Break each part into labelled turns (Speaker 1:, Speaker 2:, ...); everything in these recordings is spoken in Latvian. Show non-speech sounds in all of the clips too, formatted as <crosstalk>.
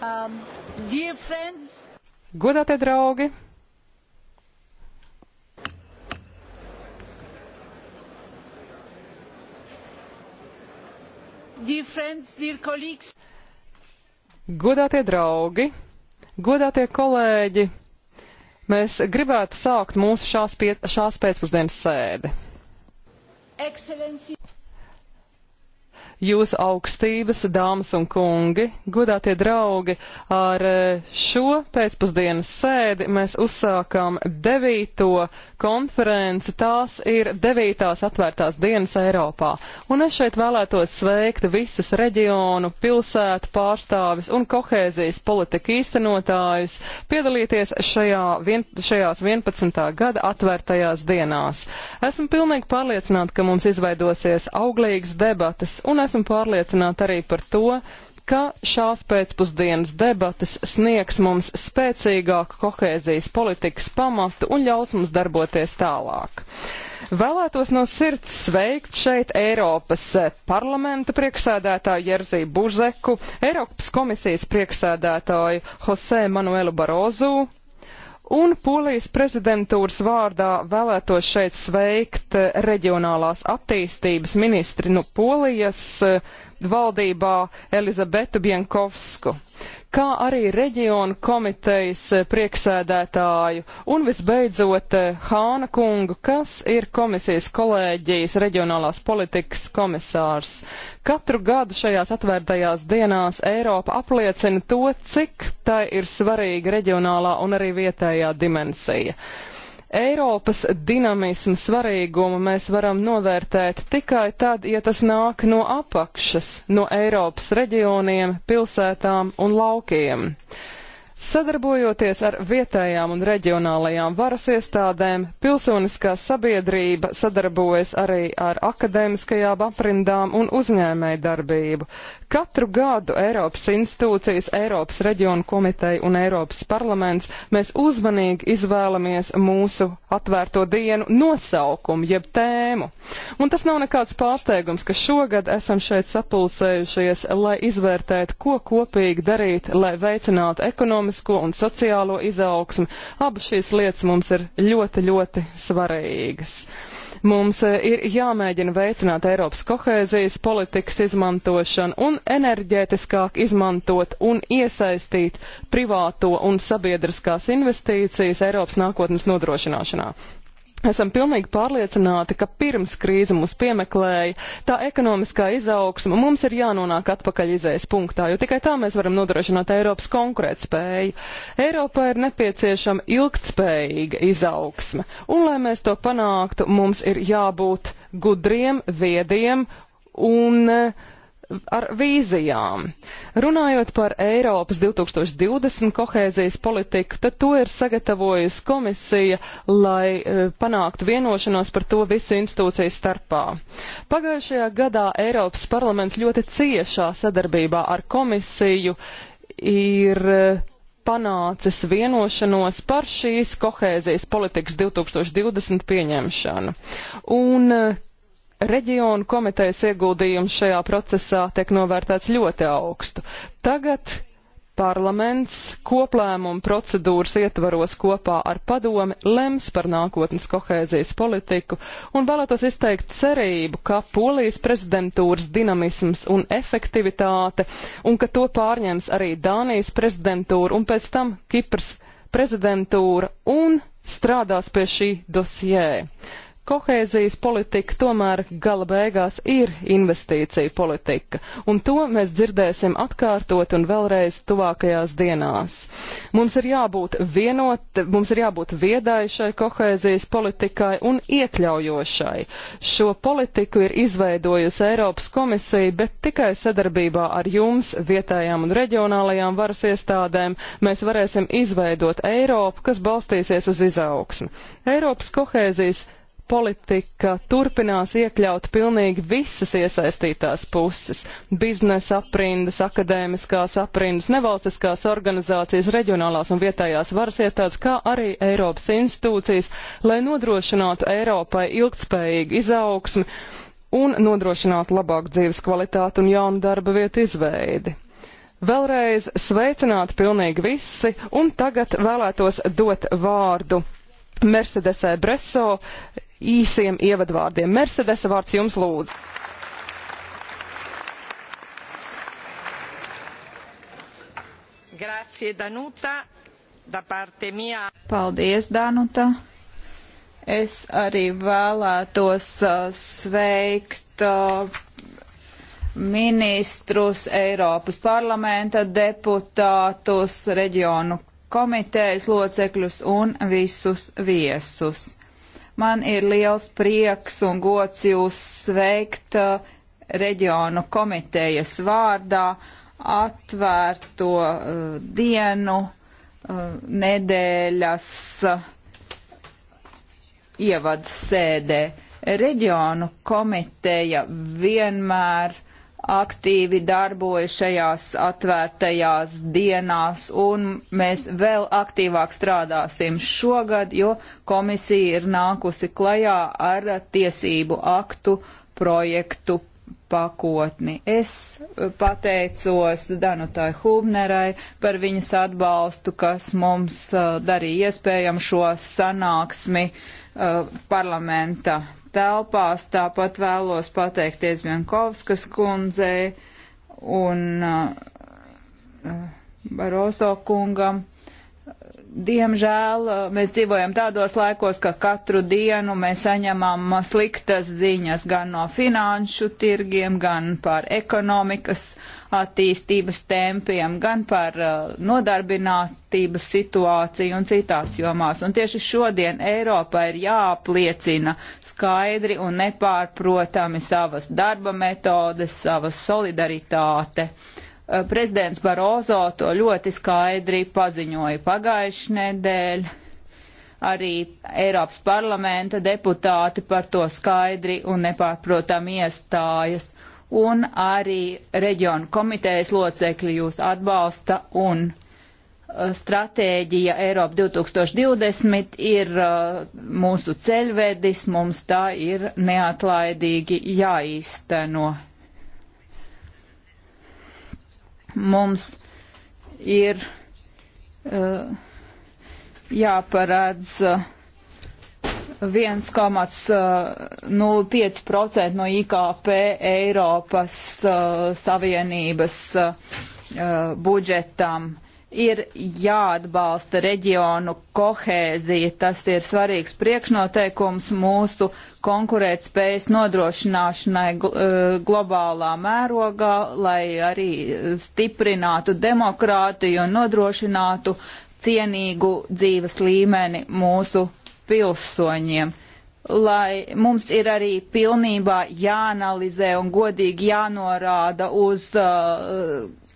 Speaker 1: Um,
Speaker 2: Godātie draugi!
Speaker 1: Dear friends, dear colleagues.
Speaker 2: Godātie draugi, godātie kolēģi, mēs gribētu sākt mūsu šās, pie, šās pēcpusdienas sēdi.
Speaker 1: Excellency.
Speaker 2: Jūs augstības, dāmas un kungi, godātie draugi, ar eh, šo pēcpusdienas sēdi mēs uzsākām devīto konference. Tās ir devītās atvērtās dienas Eiropā. Un es šeit vēlētos sveikt visus reģionu, pilsētu pārstāvis un kohēzijas politika īstenotājus piedalīties šajā, vien, šajās 11. gada atvērtajās dienās. Esmu pilnīgi pārliecināta, ka mums izveidosies auglīgas debatas un esmu pārliecināta arī par to, ka šās pēcpusdienas debatas sniegs mums spēcīgāku kohēzijas politikas pamatu un ļaus mums darboties tālāk. Vēlētos no sirds sveikt šeit Eiropas eh, parlamenta priekšsēdētāju Jerziju Buzeku, Eiropas komisijas priekšsēdētāju Jose Manuelu Barozu un Polijas prezidentūras vārdā vēlētos šeit sveikt eh, reģionālās attīstības ministri no Polijas eh, valdībā Elizabetu Bienkovsku, kā arī reģionu komitejas eh, prieksēdētāju un visbeidzot eh, Hāna kungu, kas ir komisijas kolēģijas reģionālās politikas komisārs. Katru gadu šajās atvērtajās dienās Eiropa apliecina to, cik tai ir svarīga reģionālā un arī vietējā dimensija. Eiropas dinamismu svarīgumu mēs varam novērtēt tikai tad, ja tas nāk no apakšas, no Eiropas reģioniem, pilsētām un laukiem. Uh, Sadarbojoties ar vietējām un reģionālajām varas iestādēm, pilsoniskā sabiedrība sadarbojas arī ar akadēmiskajām aprindām un uzņēmēju darbību. Katru gadu Eiropas institūcijas, Eiropas reģionu komiteja un Eiropas parlaments mēs uzmanīgi izvēlamies mūsu atvērto dienu nosaukumu jeb tēmu. Un tas nav nekāds pārsteigums, ka šogad esam šeit sapulsējušies, lai izvērtētu, ko kopīgi darīt, lai veicinātu ekonomiku ekonomisko un sociālo izaugsmi. Abas šīs lietas mums ir ļoti, ļoti svarīgas. Mums eh, ir jāmēģina veicināt Eiropas kohēzijas politikas izmantošanu un enerģētiskāk izmantot un iesaistīt privāto un sabiedriskās investīcijas Eiropas nākotnes nodrošināšanā. Esam pilnīgi pārliecināti, ka pirms krīze mūs piemeklēja, tā ekonomiskā izaugsma mums ir jānonāk atpakaļ izējas punktā, jo tikai tā mēs varam nodrošināt Eiropas konkurētspēju. Eiropā ir nepieciešama ilgtspējīga izaugsme, un lai mēs to panāktu, mums ir jābūt gudriem, viediem un uh, ar vīzijām. Runājot par Eiropas 2020 kohēzijas politiku, tad to ir sagatavojusi komisija, lai e, panāktu vienošanos par to visu institūciju starpā. Pagājušajā gadā Eiropas parlaments ļoti ciešā sadarbībā ar komisiju ir e, panācis vienošanos par šīs kohēzijas politikas 2020 pieņemšanu. Un e, Reģionu komitejas ieguldījums šajā procesā tiek novērtēts ļoti augstu. Tagad parlaments koplēmuma procedūras ietvaros kopā ar padomi lems par nākotnes kohēzijas politiku un vēlētos izteikt cerību, ka polijas prezidentūras dinamisms un efektivitāte un ka to pārņems arī Dānijas prezidentūra un pēc tam Kipras prezidentūra un strādās pie šī dosjē. Kohēzijas politika tomēr gala beigās ir investīcija politika, un to mēs dzirdēsim atkārtot un vēlreiz tuvākajās dienās. Mums ir jābūt vienot, mums ir jābūt viedai šai kohēzijas politikai un iekļaujošai. Šo politiku ir izveidojusi Eiropas komisija, bet tikai sadarbībā ar jums, vietējām un reģionālajām varas iestādēm, mēs varēsim izveidot Eiropu, kas balstīsies uz izaugsmu. Eiropas kohēzijas politika turpinās iekļaut pilnīgi visas iesaistītās puses - biznesa aprindas, akadēmiskās aprindas, nevalstiskās organizācijas, reģionālās un vietējās varas iestādes, kā arī Eiropas institūcijas, lai nodrošinātu Eiropai ilgtspējīgu izaugsmi un nodrošinātu labāku dzīves kvalitātu un jaunu darba vietu izveidi. Vēlreiz sveicināti pilnīgi visi, un tagad vēlētos dot vārdu Mercedesē Breso īsiem ievadvārdiem. Mercedesa vārds jums lūdzu.
Speaker 3: Grazie, Danuta. Da parte mia.
Speaker 1: Paldies, Danuta. Es arī vēlētos uh, sveikt uh, ministrus, Eiropas parlamenta deputātus, reģionu komitejas locekļus un visus viesus. Man ir liels prieks un gods jūs sveikt uh, reģionu komitejas vārdā atvērto uh, dienu uh, nedēļas uh, ievads sēdē. Reģionu komiteja vienmēr aktīvi darbojas šajās atvērtajās dienās, un mēs vēl aktīvāk strādāsim šogad, jo komisija ir nākusi klajā ar tiesību aktu projektu pakotni. Es pateicos Danutai Hubnerai par viņas atbalstu, kas mums uh, darīja iespējam šo sanāksmi uh, parlamenta telpās. Tāpat vēlos pateikties Vienkovskas kundzei un uh, uh Baroso kungam diemžēl eh, mēs dzīvojam tādos laikos, ka katru dienu mēs saņemam sliktas ziņas gan no finanšu tirgiem, gan par ekonomikas attīstības tempiem, gan par eh, nodarbinātības situāciju un citās jomās. Un tieši šodien Eiropā ir jāapliecina skaidri un nepārprotami savas darba metodes, savas solidaritāte. Uh, Eh, prezidents Barozo to ļoti skaidri paziņoja pagājušajā nedēļā. Arī Eiropas parlamenta deputāti par to skaidri un nepārprotami iestājas. Un arī reģionu komitejas locekļi jūs atbalsta un eh, stratēģija Eiropa 2020 ir uh, mūsu ceļvedis, mums tā ir neatlaidīgi jāīsteno. mums ir uh, jāparādz uh, 1,05% no IKP Eiropas uh, Savienības eh, budžetam ir jāatbalsta reģionu kohēzija. Tas ir svarīgs priekšnoteikums mūsu konkurētspējas nodrošināšanai gl e, globālā mērogā, lai arī stiprinātu demokrātiju un nodrošinātu cienīgu dzīves līmeni mūsu pilsoņiem. Lai mums ir arī pilnībā jāanalizē un godīgi jānorāda uz uh,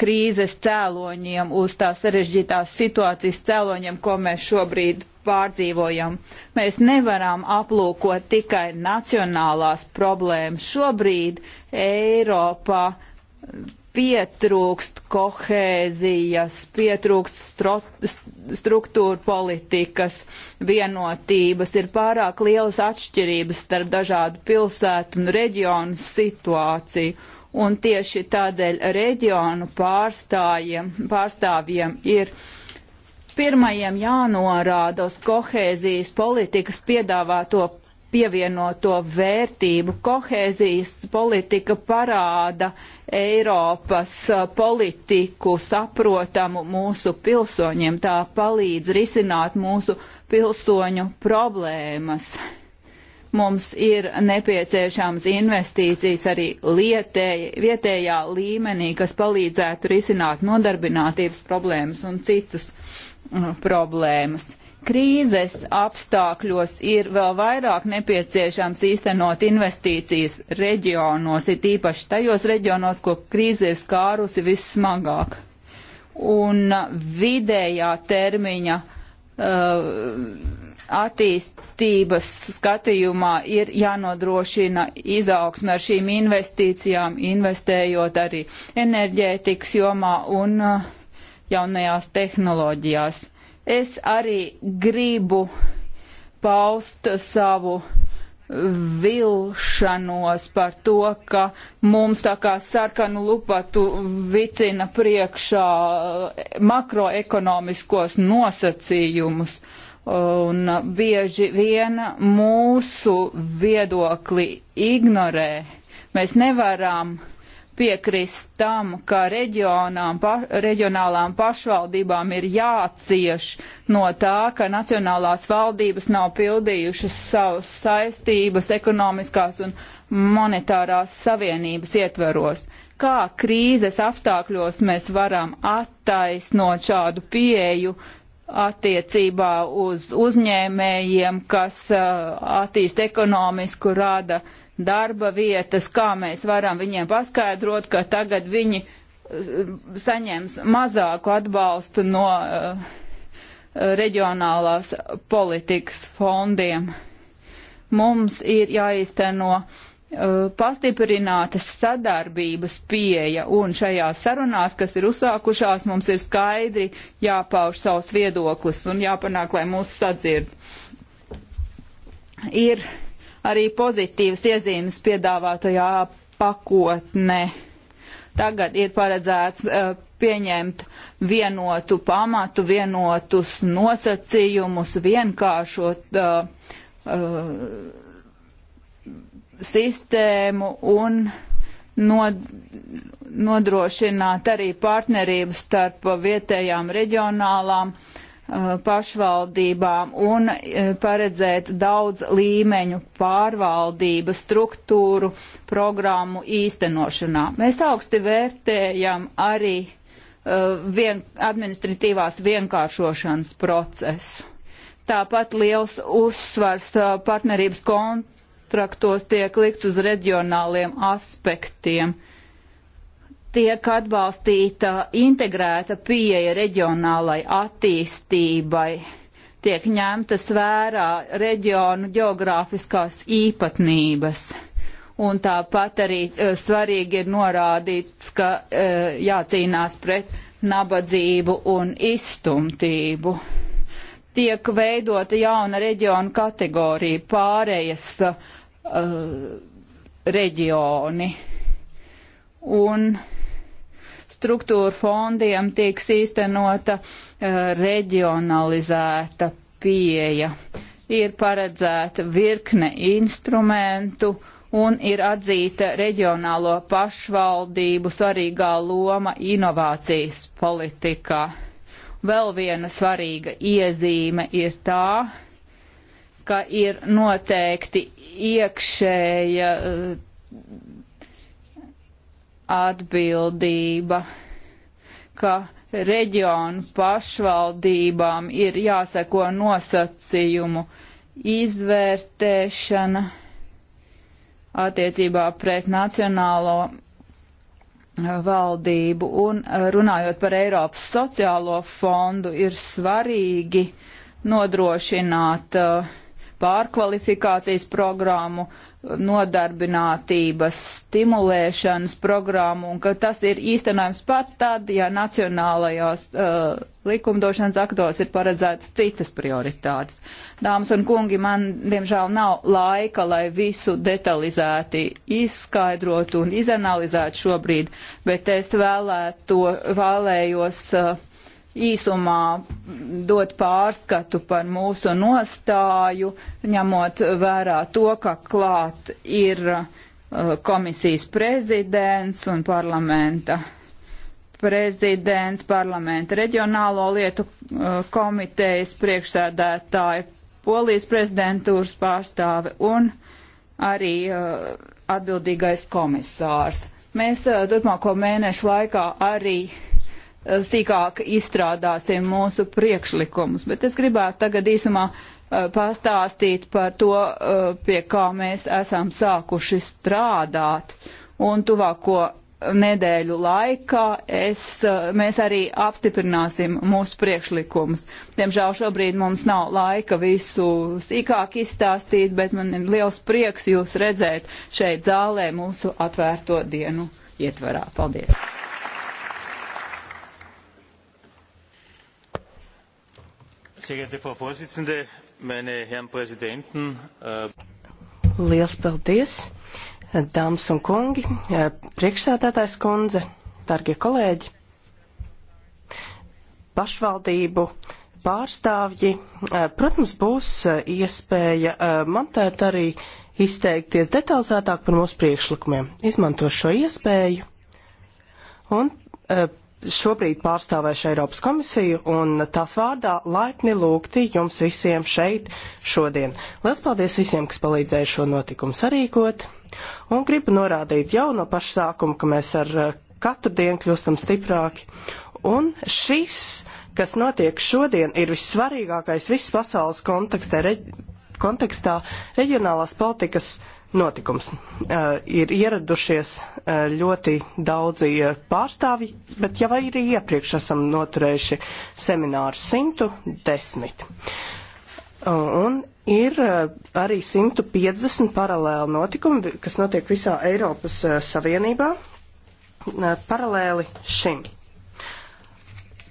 Speaker 1: krīzes cēloņiem, uz tā sarežģītās situācijas cēloņiem, ko mēs šobrīd pārdzīvojam. Mēs nevaram aplūkot tikai nacionālās problēmas. Šobrīd Eiropā pietrūkst kohēzijas, pietrūkst struktūra politikas, vienotības, ir pārāk lielas atšķirības starp dažādu pilsētu un reģionu situāciju un tieši tādēļ reģionu pārstāvjiem ir pirmajiem jānorāda uz kohēzijas politikas piedāvāto pievienoto vērtību. Kohēzijas politika parāda Eiropas politiku saprotamu mūsu pilsoņiem, tā palīdz risināt mūsu pilsoņu problēmas mums ir nepieciešams investīcijas arī lietēji, vietējā līmenī, kas palīdzētu risināt nodarbinātības problēmas un citus uh, problēmas. Krīzes apstākļos ir vēl vairāk nepieciešams īstenot investīcijas reģionos, it īpaši tajos reģionos, ko krīze ir skārusi vissmagāk. Un uh, vidējā termiņa uh, attīstības skatījumā ir jānodrošina izaugsme ar šīm investīcijām, investējot arī enerģētikas jomā un uh, jaunajās tehnoloģijās. Es arī gribu paust savu vilšanos par to, ka mums tā kā sarkanu lupatu vicina priekšā uh, makroekonomiskos nosacījumus. Uh, un bieži vien mūsu viedokli ignorē. Mēs nevaram piekrist tam, ka pa, reģionālām pašvaldībām ir jācieš no tā, ka nacionālās valdības nav pildījušas savas saistības ekonomiskās un monetārās savienības ietveros. Kā krīzes apstākļos mēs varam attaisnot šādu pieeju attiecībā uz uzņēmējiem, kas uh, attīst ekonomisku rada darba vietas, kā mēs varam viņiem paskaidrot, ka tagad viņi uh, saņems mazāku atbalstu no uh, reģionālās politikas fondiem. Mums ir jāizteno Eh, pastiprinātas sadarbības pieeja, un šajās sarunās, kas ir uzsākušās, mums ir skaidri jāpauž savs viedoklis un jāpanāk, lai mūsu sadzird. Ir arī pozitīvas iezīmes piedāvātajā pakotnē. Tagad ir paredzēts uh, pieņemt vienotu pamatu, vienotus nosacījumus, vienkāršot uh, uh, sistēmu un nodrošināt arī partnerību starp vietējām reģionālām uh, pašvaldībām un uh, paredzēt daudz līmeņu pārvaldību, struktūru, programmu īstenošanā. Mēs augsti vērtējam arī uh, vien, administratīvās vienkāršošanas procesu. Tāpat liels uzsvars partnerības kontekstā kontraktos tiek likts uz reģionāliem aspektiem. Tiek atbalstīta integrēta pieeja reģionālai attīstībai, tiek ņemtas vērā reģionu geogrāfiskās īpatnības un tāpat arī uh, svarīgi ir norādīts, ka uh, jācīnās pret nabadzību un izstumtību. Tiek veidota jauna reģionu kategorija pārējas uh, uh, reģioni. Un struktūra fondiem tiks īstenota uh, reģionalizēta pieeja. Ir paredzēta virkne instrumentu un ir atzīta reģionālo pašvaldību svarīgā loma inovācijas politikā. Vēl viena svarīga iezīme ir tā, ka ir noteikti iekšēja eh, atbildība, ka reģionu pašvaldībām ir jāseko nosacījumu izvērtēšana attiecībā pret nacionālo eh, valdību. Un eh, runājot par Eiropas sociālo fondu, ir svarīgi nodrošināt uh, pārkvalifikācijas programmu, nodarbinātības stimulēšanas programmu, un ka tas ir īstenojams pat tad, ja nacionālajos uh, likumdošanas aktos ir paredzētas citas prioritātes. Dāmas un kungi, man diemžēl nav laika, lai visu detalizēti izskaidrotu un izanalizētu šobrīd, bet es vēlēto, vēlējos uh, īsumā dot pārskatu par mūsu nostāju, ņemot vērā to, ka klāt ir uh, komisijas prezidents un parlamenta prezidents, parlamenta reģionālo lietu uh, komitejas priekšsēdētāja, polijas prezidentūras pārstāve un arī uh, atbildīgais komisārs. Mēs turpmāko mēnešu laikā arī uh, Eh, sīkāk izstrādāsim mūsu priekšlikumus. Bet es gribētu tagad īsumā eh, pastāstīt par to, eh, pie kā mēs esam sākuši strādāt. Un tuvāko nedēļu laikā es, mēs arī apstiprināsim mūsu priekšlikumus. Diemžēl šobrīd mums nav laika visu sīkāk izstāstīt, bet man ir liels prieks jūs redzēt šeit zālē mūsu atvērto dienu ietvarā. Paldies! Sehr geehrte Frau
Speaker 2: Vorsitzende, meine Herren Präsidenten. Äh...
Speaker 3: Liels paldies, dāmas un kungi, äh, priekšsēdētājs kundze, dargie kolēģi, pašvaldību pārstāvji. Äh, protams, būs äh, iespēja man tēt arī izteikties detalizētāk par mūsu priekšlikumiem. Izmantošu šo iespēju un šobrīd pārstāvēšu Eiropas komisiju un tās vārdā laipni lūgti jums visiem šeit šodien. Lielas paldies visiem, kas palīdzēja šo notikumu sarīkot. Un gribu norādīt jau no paša sākuma, ka mēs ar eh, katru dienu kļūstam stiprāki. Un šis, kas notiek šodien, ir vissvarīgākais viss pasaules kontekstē, re, kontekstā reģionālās politikas notikums. Uh, ir ieradušies uh, ļoti daudzi uh, pārstāvji, bet jau arī iepriekš esam noturējuši semināru 110. Uh, un ir uh, arī 150 paralēli notikumi, kas notiek visā Eiropas uh, Savienībā uh, paralēli šim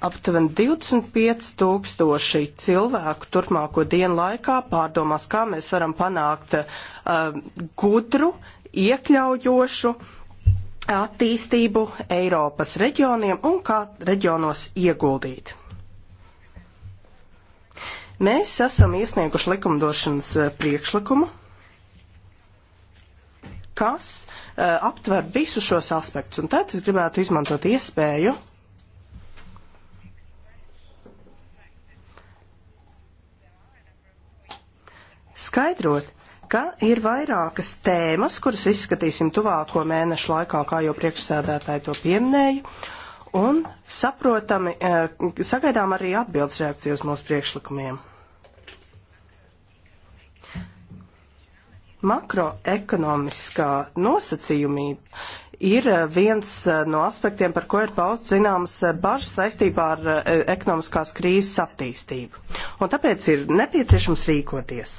Speaker 3: aptuveni 25 tūkstoši cilvēku turpmāko dienu laikā pārdomās, kā mēs varam panākt uh, gudru, iekļaujošu attīstību Eiropas reģioniem un kā reģionos ieguldīt. Mēs esam iesnieguši likumdošanas uh, priekšlikumu, kas uh, aptver visus šos aspektus, un tad es gribētu izmantot iespēju skaidrot, ka ir vairākas tēmas, kuras izskatīsim tuvāko mēnešu laikā, kā jau priekšsēdētāji to pieminēja, un saprotami, e, sagaidām arī atbildes reakciju uz mūsu priekšlikumiem. Makroekonomiskā nosacījumība ir e, viens e, no aspektiem, par ko ir pausts zināmas bažas saistībā ar ekonomiskās krīzes attīstību. Un tāpēc ir nepieciešams rīkoties.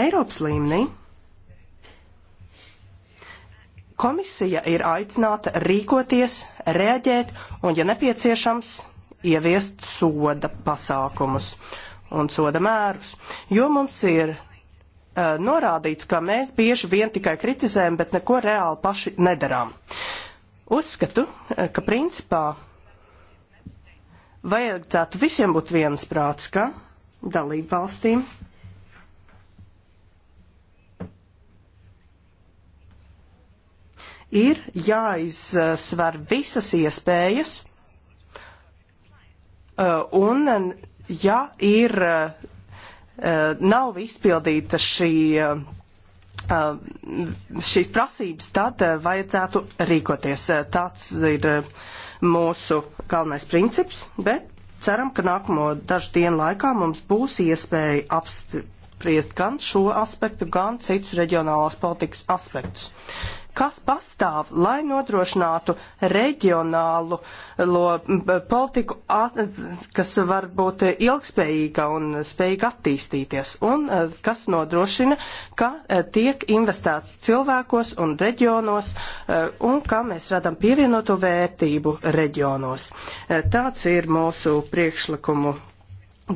Speaker 3: Eiropas līmenī komisija ir aicināta rīkoties, reaģēt un, ja nepieciešams, ieviest soda pasākumus un soda mērus, jo mums ir uh, norādīts, ka mēs bieži vien tikai kritizējam, bet neko reāli paši nedarām. Uzskatu, eh, ka principā vajadzētu visiem būt viens prāts, ka dalību valstīm ir jāizsver visas iespējas, uh, un ja ir, uh, uh, nav izpildīta šī šīs prasības, tad vajadzētu rīkoties. Tāds ir mūsu galvenais princips, bet ceram, ka nākamo dažu dienu laikā mums būs iespēja apspriest gan šo aspektu, gan citus reģionālās politikas aspektus kas pastāv, lai nodrošinātu reģionālu lo, politiku, kas var būt ilgspējīga un spējīga attīstīties, un e, kas nodrošina, ka e, tiek investēts cilvēkos un reģionos, e, un kā mēs radam pievienoto vērtību reģionos. Tāds ir mūsu priekšlikumu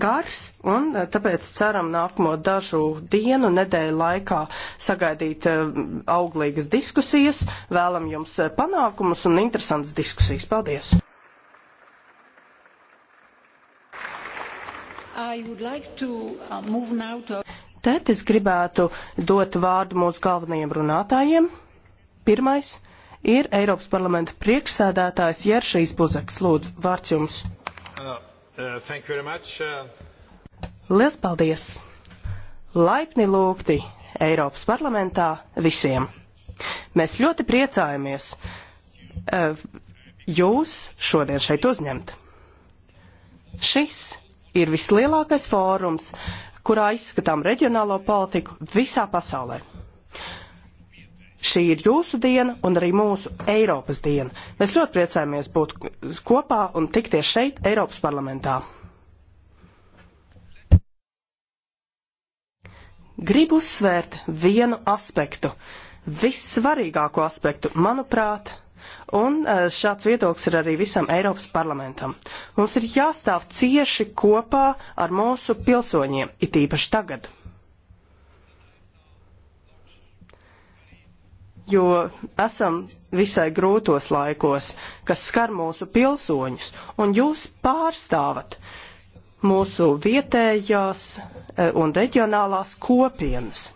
Speaker 3: gars, un eh, tāpēc ceram nākamo dažu dienu, nedēļu laikā sagaidīt eh, auglīgas diskusijas. Vēlam jums eh, panākumus un interesantas diskusijas. Paldies!
Speaker 1: Like to, uh, to...
Speaker 3: Tad es gribētu dot vārdu mūsu galvenajiem runātājiem. Pirmais ir Eiropas parlamenta priekšsēdētājs Jeršīs Buzeks. Lūdzu, vārds jums.
Speaker 1: Uh. Uh, thank you very much. Uh...
Speaker 3: Liels paldies! Laipni lūgti Eiropas parlamentā visiem! Mēs ļoti priecājamies uh, jūs šodien šeit uzņemt. Šis ir vislielākais fórums, kurā izskatām reģionālo politiku visā pasaulē. Šī ir jūsu diena un arī mūsu Eiropas diena. Mēs ļoti priecājamies būt kopā un tikties šeit, Eiropas parlamentā. Gribu uzsvērt vienu aspektu, vissvarīgāko aspektu, manuprāt, un eh, šāds viedoklis ir arī visam Eiropas parlamentam. Mums ir jāstāv cieši kopā ar mūsu pilsoņiem, it īpaši tagad. jo esam visai grūtos laikos, kas skar mūsu pilsoņus, un jūs pārstāvat mūsu vietējās eh, un reģionālās kopienas.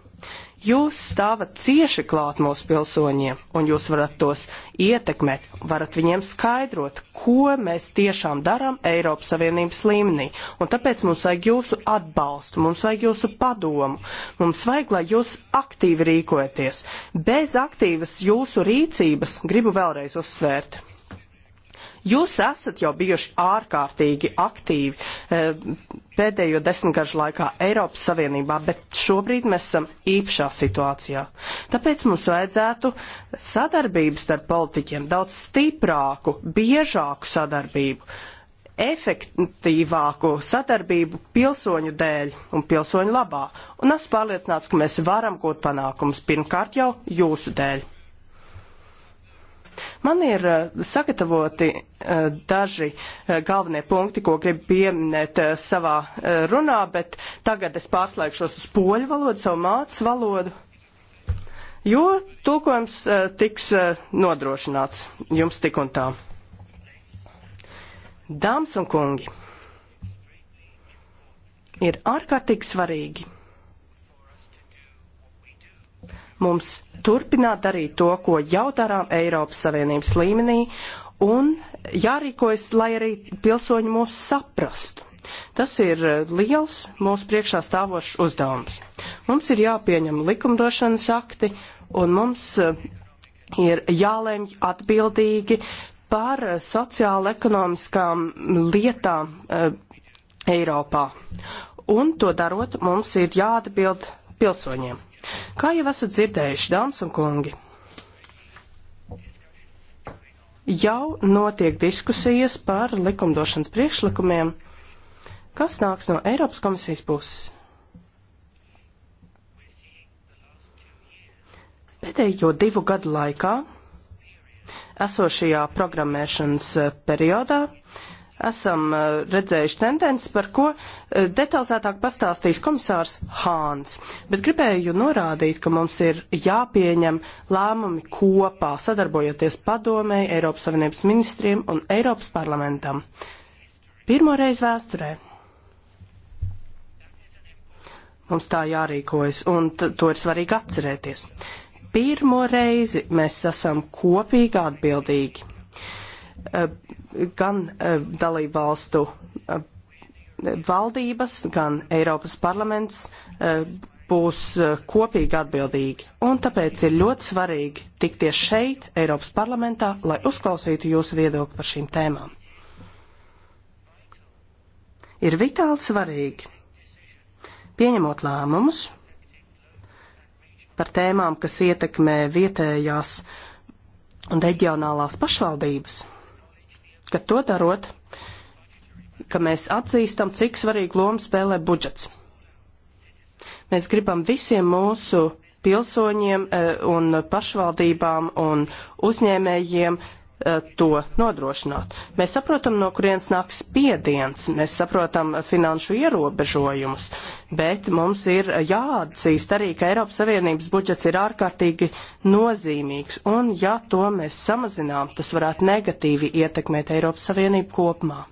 Speaker 3: Jūs stāvat cieši klāt mūsu pilsoņiem, un jūs varat tos ietekmēt, varat viņiem skaidrot, ko mēs tiešām darām Eiropas Savienības līmenī. Un tāpēc mums vajag jūsu atbalstu, mums vajag jūsu padomu, mums vajag, lai jūs aktīvi rīkojaties. Bez aktīvas jūsu rīcības gribu vēlreiz uzsvērt Jūs esat jau bijuši ārkārtīgi aktīvi eh, pēdējo desmitgažu laikā Eiropas Savienībā, bet šobrīd mēs esam īpašā situācijā. Tāpēc mums vajadzētu sadarbību starp politiķiem daudz stiprāku, biežāku sadarbību efektīvāku sadarbību pilsoņu dēļ un pilsoņu labā. Un esmu pārliecināts, ka mēs varam gūt panākums pirmkārt jau jūsu dēļ. Man ir eh, sagatavoti eh, daži eh, galvenie punkti, ko gribu pieminēt savā runā, bet tagad es pārslēgšos uz poļu valodu, savu mācu valodu, jo tulkojums tiks nodrošināts jums tik un tā. Dāmas un kungi, ir ārkārtīgi svarīgi Mums turpināt darīt to, ko jau darām Eiropas Savienības līmenī, un jārīkojas, lai arī pilsoņi mūs saprastu. Tas ir eh, liels mūsu priekšā stāvošs uzdevums. Mums ir jāpieņem likumdošanas akti, un mums eh, ir jālemj atbildīgi par eh, sociāla-ekonomiskām lietām Eiropā. Un to darot, mums ir jāatbild pilsoņiem. Kā jau esat dzirdējuši, dāmas un kungi, jau notiek diskusijas par likumdošanas priekšlikumiem, kas nāks no Eiropas komisijas puses. Pēdējo divu gadu laikā esošajā programmēšanas periodā esam eh, redzējuši tendences, par ko eh, detalizētāk pastāstīs komisārs Hāns. Bet gribēju norādīt, ka mums ir jāpieņem lēmumi kopā, sadarbojoties padomēji, Eiropas Savienības ministriem un Eiropas parlamentam. Pirmoreiz vēsturē. Mums tā jārīkojas, un to ir svarīgi atcerēties. Pirmo reizi mēs esam kopīgi atbildīgi Eh, gan eh, dalību valstu eh, valdības, gan Eiropas parlaments būs kopīgi atbildīgi. Un tāpēc ir ļoti svarīgi tikties šeit, Eiropas parlamentā, lai uzklausītu jūsu viedokli par šīm tēmām. Ir vitāli svarīgi, pieņemot lēmumus par tēmām, kas ietekmē vietējās un reģionālās pašvaldības ka to darot, ka mēs atzīstam, cik svarīgu lomu spēlē budžets. Mēs gribam visiem mūsu pilsoņiem eh, un pašvaldībām un uzņēmējiem Eh, to nodrošināt. Mēs saprotam, no kurienes nāk spiediens, mēs saprotam finanšu ierobežojumus, bet mums ir jāatzīst arī, ka Eiropas Savienības budžets ir ārkārtīgi nozīmīgs, un ja to mēs samazinām, tas varētu negatīvi ietekmēt Eiropas Savienību kopumā.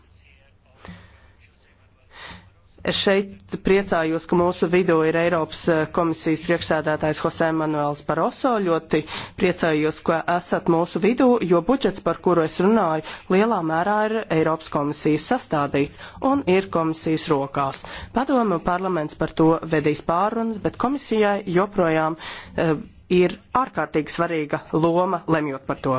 Speaker 3: Es šeit priecājos, ka mūsu vidū ir Eiropas eh, komisijas priekšsēdētājs Jose Manuels Baroso. Ļoti priecājos, ka esat mūsu vidū, jo budžets, par kuru es runāju, lielā mērā ir Eiropas komisijas sastādīts un ir komisijas rokās. Padomu parlaments par to vedīs pārunas, bet komisijai joprojām. Uh, ir ārkārtīgi svarīga loma lemjot par to.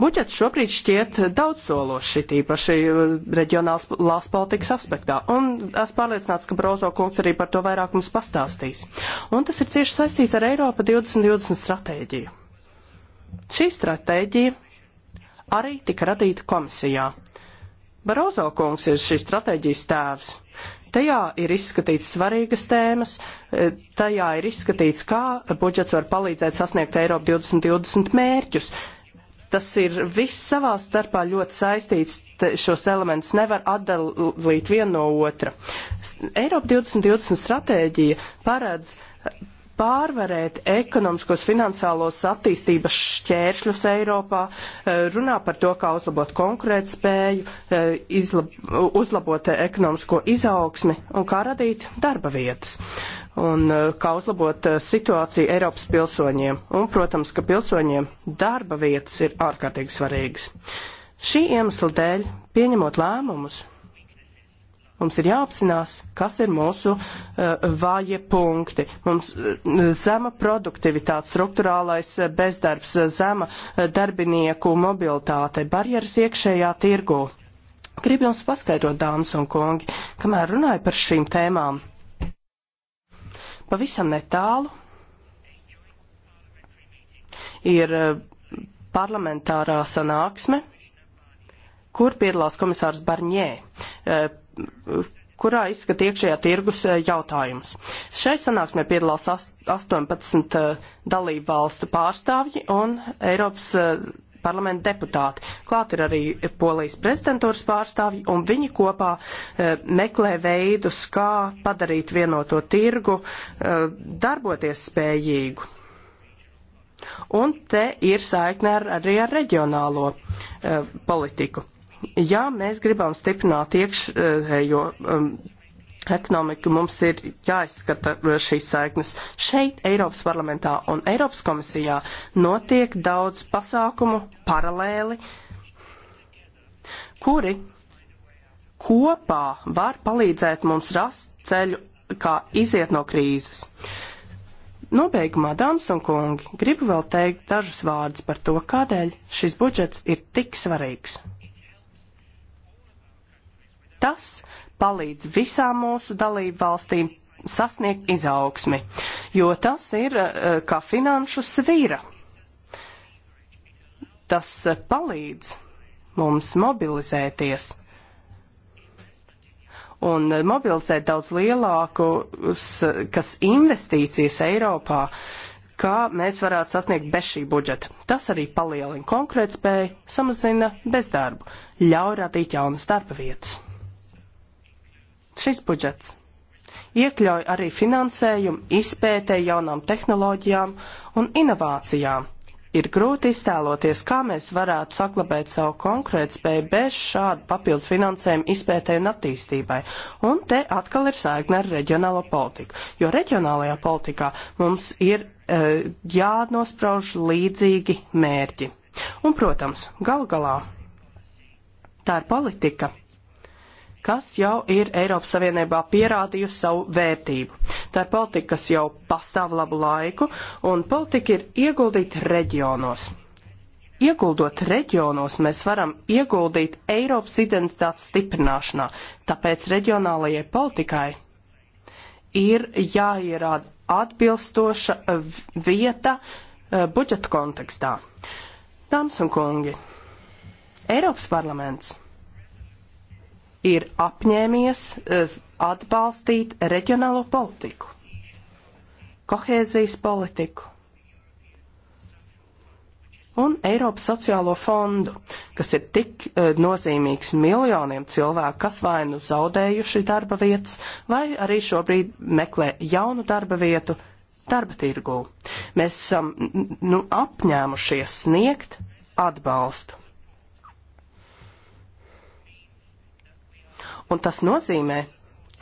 Speaker 3: Budžets šobrīd šķiet daudzsološi, tīpaši uh, reģionālās politikas aspektā, un es pārliecināts, ka Brozo kungs arī par to vairāk mums pastāstīs. Un tas ir cieši saistīts ar Eiropa 2020 stratēģiju. Šī stratēģija arī tika radīta komisijā. Barozo kungs ir šīs stratēģijas tēvs. Tajā ir izskatīts svarīgas tēmas, e, tajā ir izskatīts, kā budžets var palīdzēt sasniegt Eiropu 2020 mērķus. Tas ir viss savā starpā ļoti saistīts, šos elementus nevar atdalīt vienu no otra. Eiropa 2020 stratēģija paredz pārvarēt ekonomiskos finansiālos attīstības šķēršļus Eiropā, e, runā par to, kā uzlabot konkurētspēju, e, uzlabot ekonomisko izaugsmi un kā radīt darba vietas un e, kā uzlabot situāciju Eiropas pilsoņiem. Un, protams, ka pilsoņiem darba vietas ir ārkārtīgi svarīgas. Šī iemesla dēļ, pieņemot lēmumus, Mums ir jāapzinās, kas ir mūsu uh, eh, vāje punkti. Mums uh, zema produktivitāte, struktūrālais uh, bezdarbs, uh, zema uh, darbinieku mobilitāte, barjeras iekšējā tirgu. Gribu jums paskaidrot, dāmas un kungi, kamēr runāju par šīm tēmām. Pavisam netālu ir parlamentārā sanāksme, kur piedalās komisārs Barņē kurā izskata iekšējā tirgus eh, jautājumus. Šai sanāksmē piedalās 18 eh, dalību valstu pārstāvji un Eiropas eh, parlamenta deputāti. Klāt ir arī Polijas prezidentūras pārstāvji, un viņi kopā e, meklē veidus, kā padarīt vienoto tirgu e, darboties spējīgu. Un te ir saikne ar, arī ar reģionālo e, politiku. Ja mēs gribam stiprināt iekšējo um, ekonomiku, mums ir jāizskata uh, šīs saiknes. Šeit Eiropas parlamentā un Eiropas komisijā notiek daudz pasākumu paralēli, kuri kopā var palīdzēt mums rast ceļu, kā iziet no krīzes. Nobeigumā, dāmas un kungi, gribu vēl teikt dažus vārdus par to, kādēļ šis budžets ir tik svarīgs. Tas palīdz visām mūsu dalību valstīm sasniegt izaugsmi, jo tas ir eh, kā finanšu svīra. Tas eh, palīdz mums mobilizēties un mobilizēt daudz lielākus, kas investīcijas Eiropā, kā mēs varētu sasniegt bez šī budžeta. Tas arī palielina konkurētspēju, samazina bezdarbu, ļauj radīt jaunas darba vietas. Šis budžets iekļauj arī finansējumu izpētē jaunām tehnoloģijām un inovācijām. Ir grūti iztēloties, kā mēs varētu saglabāt savu konkurētspēju bez šāda papildus finansējuma izpētē un attīstībai. Un te atkal ir saikne ar reģionālo politiku, jo reģionālajā politikā mums ir e, jānosprauž līdzīgi mērķi. Un, protams, gal galā tā ir politika, kas jau ir Eiropas Savienībā pierādījusi savu vērtību. Tā ir politika, kas jau pastāv labu laiku, un politika ir ieguldīt reģionos. Ieguldot reģionos, mēs varam ieguldīt Eiropas identitātes stiprināšanā, tāpēc reģionālajai politikai ir jāierāda atbilstoša vieta eh, budžeta kontekstā. Dāmas un kungi, Eiropas parlaments ir apņēmies eh, atbalstīt reģionālo politiku, kohēzijas politiku un Eiropas sociālo fondu, kas ir tik uh, nozīmīgs miljoniem cilvēku, kas vai nu zaudējuši darba vietas, vai arī šobrīd meklē jaunu darba vietu darba tirgū. Mēs esam um, nu, apņēmušies sniegt atbalstu. Un tas nozīmē,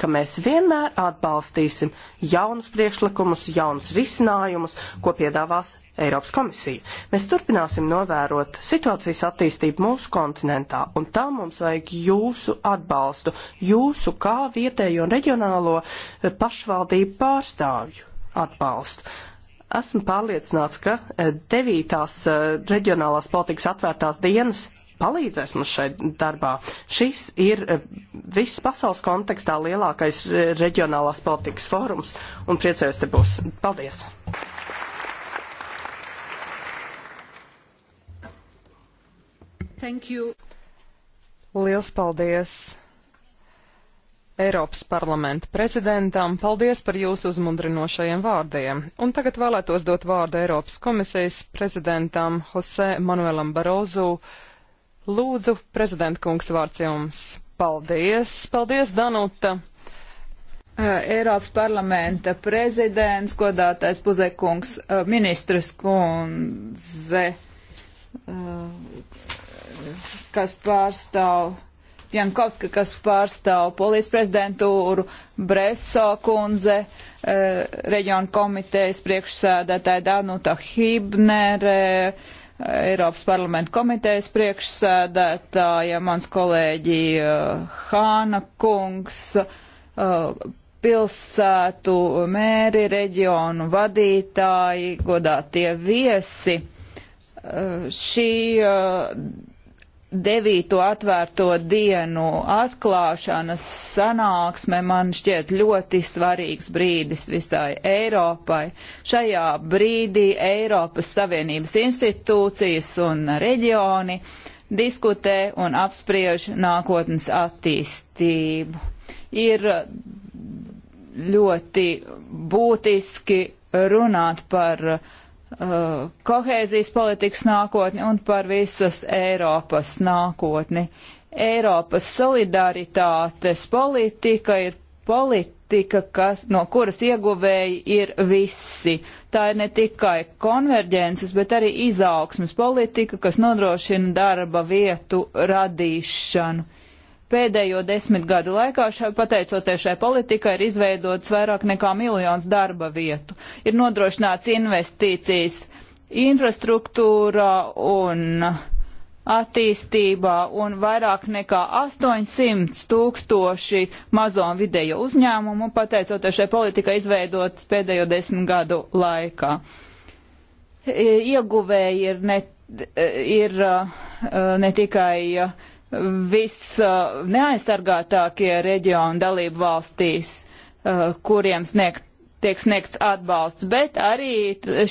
Speaker 3: ka mēs vienmēr atbalstīsim jaunus priekšlikumus, jaunus risinājumus, ko piedāvās Eiropas komisija. Mēs turpināsim novērot situācijas attīstību mūsu kontinentā, un tā mums vajag jūsu atbalstu, jūsu kā vietējo un reģionālo eh, pašvaldību pārstāvju atbalstu. Esmu pārliecināts, ka eh, devītās eh, reģionālās politikas atvērtās dienas palīdzēs mums šai darbā. Šis ir eh, viss pasaules kontekstā lielākais eh, reģionālās politikas fórums un priecājos te būs. Paldies!
Speaker 2: Thank you. Liels paldies Eiropas parlamenta prezidentam, paldies par jūsu uzmundrinošajiem vārdiem. Un tagad vēlētos dot vārdu Eiropas komisijas prezidentam Jose Manuelam Barozu. Lūdzu, prezidenta kungs, vārds jums. Paldies, paldies, Danuta.
Speaker 1: Eiropas parlamenta prezidents, godātais puzekungs, ministras kundze, kas pārstāv Jankovska, kas pārstāv polijas prezidentūru, Breso kundze, reģionu komitejas priekšsēdētāja Danuta Hibnere, Eiropas parlamenta komitejas priekšsēdētāja, mans kolēģi uh, Hāna kungs, uh, pilsētu mēri, reģionu vadītāji, godātie viesi. Uh, šī devīto atvērto dienu atklāšanas sanāksme man šķiet ļoti svarīgs brīdis visai Eiropai. Šajā brīdī Eiropas Savienības institūcijas un reģioni diskutē un apspriež nākotnes attīstību. Ir ļoti būtiski runāt par uh, uh, kohēzijas politikas nākotni un par visas Eiropas nākotni. Eiropas solidaritātes politika ir politika, kas, no kuras ieguvēji ir visi. Tā ir ne tikai konverģences, bet arī izaugsmas politika, kas nodrošina darba vietu radīšanu. Pēdējo desmit gadu laikā, šai, pateicoties šai politikai, ir izveidots vairāk nekā miljons darba vietu. Ir nodrošināts investīcijas infrastruktūrā un attīstībā un vairāk nekā 800 tūkstoši mazo un vidējo uzņēmumu, pateicoties šai politikai izveidot pēdējo desmit gadu laikā. Ieguvēji ir ne, ir uh, ne tikai uh, visneaizsargātākie reģioni dalību valstīs, eh, kuriem sniegt, tiek sniegts atbalsts, bet arī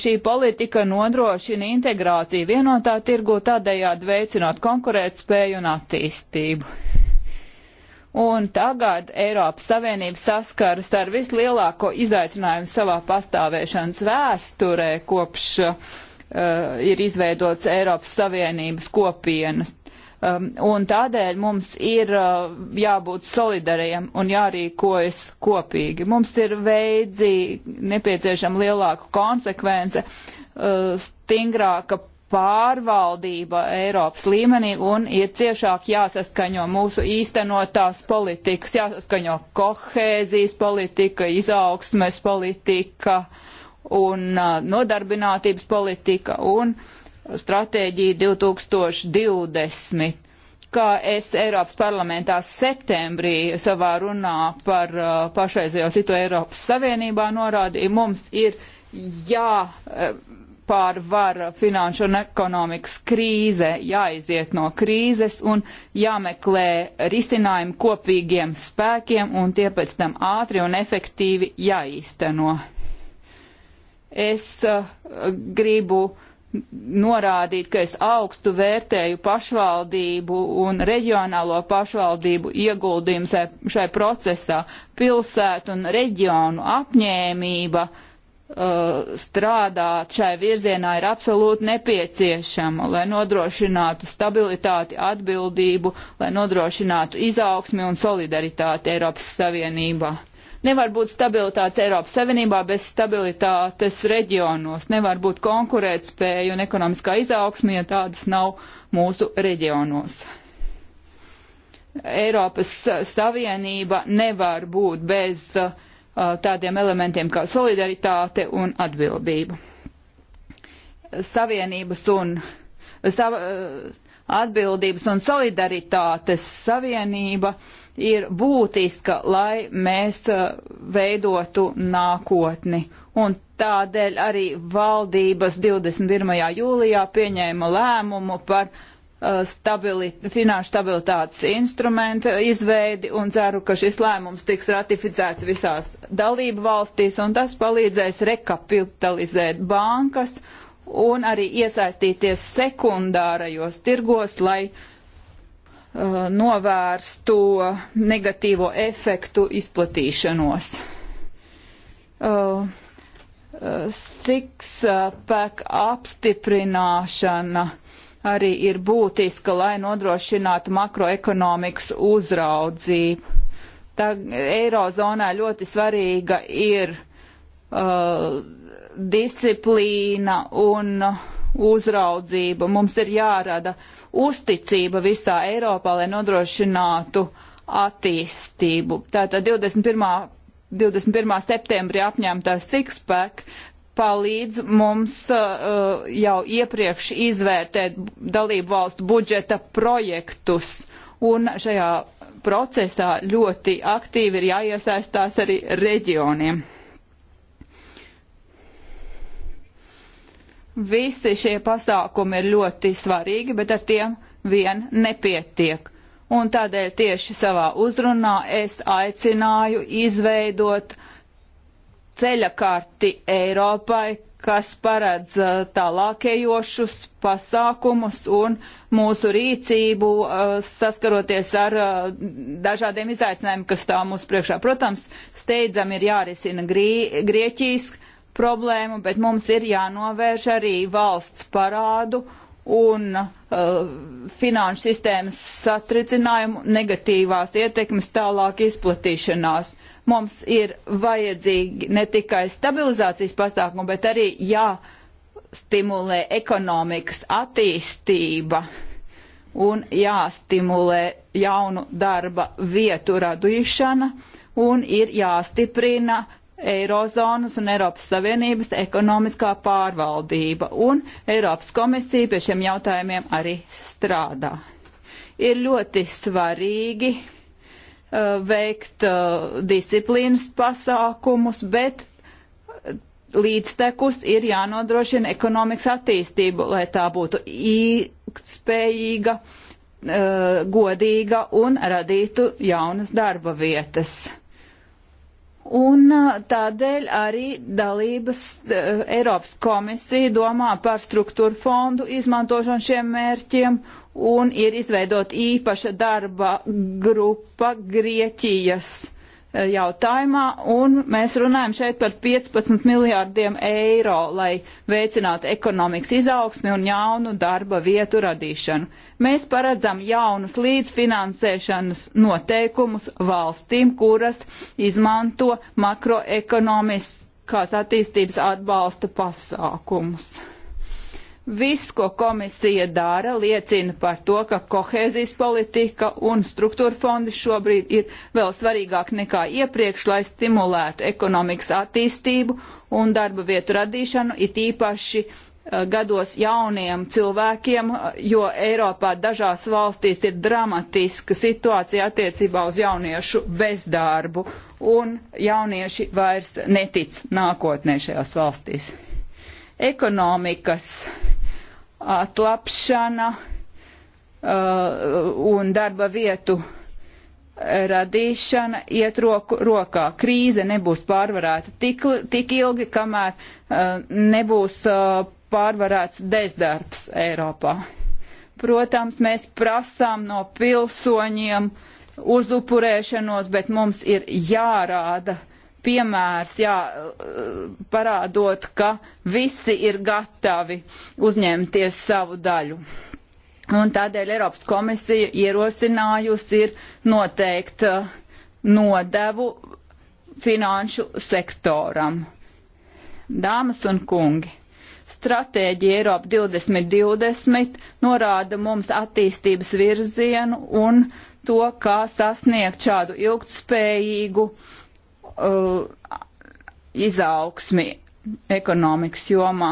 Speaker 1: šī politika nodrošina integrāciju vienotā tirgu, tādējādi veicinot konkurētspēju un attīstību. Un tagad Eiropas Savienība saskaras ar vislielāko izaicinājumu savā pastāvēšanas vēsturē, kopš uh, ir izveidots Eiropas Savienības kopienas Um, un tādēļ mums ir uh, jābūt solidariem un jārīkojas kopīgi. Mums ir veidzi nepieciešama lielāka konsekvence, uh, stingrāka pārvaldība Eiropas līmenī un ir ciešāk jāsaskaņo mūsu īstenotās politikas, jāsaskaņo kohēzijas politika, izaugsmes politika un uh, nodarbinātības politika un uh, stratēģiju 2020 kā es Eiropas parlamentā septembrī savā runā par uh, pašreizējo situ Eiropas Savienībā norādīju, mums ir jāpārvar uh, finanšu un ekonomikas krīze, jāiziet no krīzes un jāmeklē risinājumi kopīgiem spēkiem un tie pēc tam ātri un efektīvi jāīsteno. Es uh, gribu uh, norādīt, ka es augstu vērtēju pašvaldību un reģionālo pašvaldību ieguldījumu šai procesā. Pilsētu un reģionu apņēmība uh, strādāt šai virzienā ir absolūti nepieciešama, lai nodrošinātu stabilitāti, atbildību, lai nodrošinātu izaugsmi un solidaritāti Eiropas Savienībā. Nevar būt stabilitātes Eiropas Savienībā bez stabilitātes reģionos. Nevar būt konkurētspēja un ekonomiskā izaugsme, ja tādas nav mūsu reģionos. Eiropas Savienība nevar būt bez uh, tādiem elementiem kā solidaritāte un atbildība. Savienības un sava, uh, atbildības un solidaritātes savienība uh, ir būtiska, lai mēs uh, veidotu nākotni. Un tādēļ arī valdības 21. jūlijā pieņēma lēmumu par uh, stabilit, finanšu stabilitātes instrumenta izveidi un ceru, ka šis lēmums tiks ratificēts visās dalību valstīs un tas palīdzēs rekapitalizēt bankas un arī iesaistīties sekundārajos tirgos, lai uh, Uh, novērstu negatīvo efektu izplatīšanos. Uh, uh, Sikspēka apstiprināšana arī ir būtiska, lai nodrošinātu makroekonomikas uzraudzību. Tā Eirozonā ļoti svarīga ir uh, disciplīna un uh, uzraudzība. Mums ir jārada uzticība visā Eiropā, lai nodrošinātu attīstību. Tātad 21. 21. septembrī apņemtā Sixpack palīdz mums uh, jau iepriekš izvērtēt dalību valstu budžeta projektus. Un šajā procesā ļoti aktīvi ir jāiesaistās arī reģioniem. Visi šie pasākumi ir ļoti svarīgi, bet ar tiem vien nepietiek. Un tādēļ tieši savā uzrunā es aicināju izveidot ceļakarti Eiropai, kas paredz uh, tālākējošus pasākumus un mūsu rīcību uh, saskaroties ar uh, dažādiem izaicinājumiem, kas stāv mūsu priekšā. Protams, steidzam ir jārisina Grieķijas problēmu, bet mums ir jānovērš arī valsts parādu un uh, finanšu sistēmas satricinājumu negatīvās ietekmes tālāk izplatīšanās. Mums ir vajadzīgi ne tikai stabilizācijas pasākumi, bet arī jāstimulē ekonomikas attīstība un jāstimulē jaunu darba vietu radīšana un ir jāstiprina Eirozonas un Eiropas Savienības ekonomiskā pārvaldība, un Eiropas komisija pie šiem jautājumiem arī strādā. Ir ļoti svarīgi uh, veikt uh, disciplīnas pasākumus, bet uh, līdztekus ir jānodrošina ekonomikas attīstību, lai tā būtu ilgtspējīga, uh, godīga un radītu jaunas darba vietas. Un tādēļ arī dalības Eiropas komisija domā par struktūru fondu izmantošanu šiem mērķiem un ir izveidot īpaša darba grupa Grieķijas E, jautājumā, un mēs runājam šeit par 15 miljārdiem eiro, lai veicinātu ekonomikas izaugsmi un jaunu darba vietu radīšanu. Mēs paredzam jaunus līdzfinansēšanas noteikumus valstīm, kuras izmanto makroekonomiskās attīstības atbalsta pasākumus. Viss, ko komisija dara, liecina par to, ka kohēzijas politika un struktūra fondi šobrīd ir vēl svarīgāk nekā iepriekš, lai stimulētu ekonomikas attīstību un darba vietu radīšanu, it īpaši eh, gados jauniem cilvēkiem, jo Eiropā dažās valstīs ir dramatiska situācija attiecībā uz jauniešu bezdarbu, un jaunieši vairs netic nākotnē šajās valstīs. Ekonomikas uh, atlapšana uh, un darba vietu radīšana iet roku rokā. Krīze nebūs pārvarēta tik, tik ilgi, kamēr uh, nebūs uh, pārvarēts bezdarbs Eiropā. Protams, mēs prasām no pilsoņiem uzupurēšanos, bet mums ir jārāda uh, piemērs, jā, parādot, ka visi ir gatavi uzņemties savu daļu. Un tādēļ Eiropas komisija ierosinājusi ir noteikt uh, nodevu finanšu sektoram. Dāmas un kungi, stratēģija Eiropa 2020 norāda mums attīstības virzienu un to, kā sasniegt šādu ilgtspējīgu uh, uh, izaugsmi ekonomikas jomā.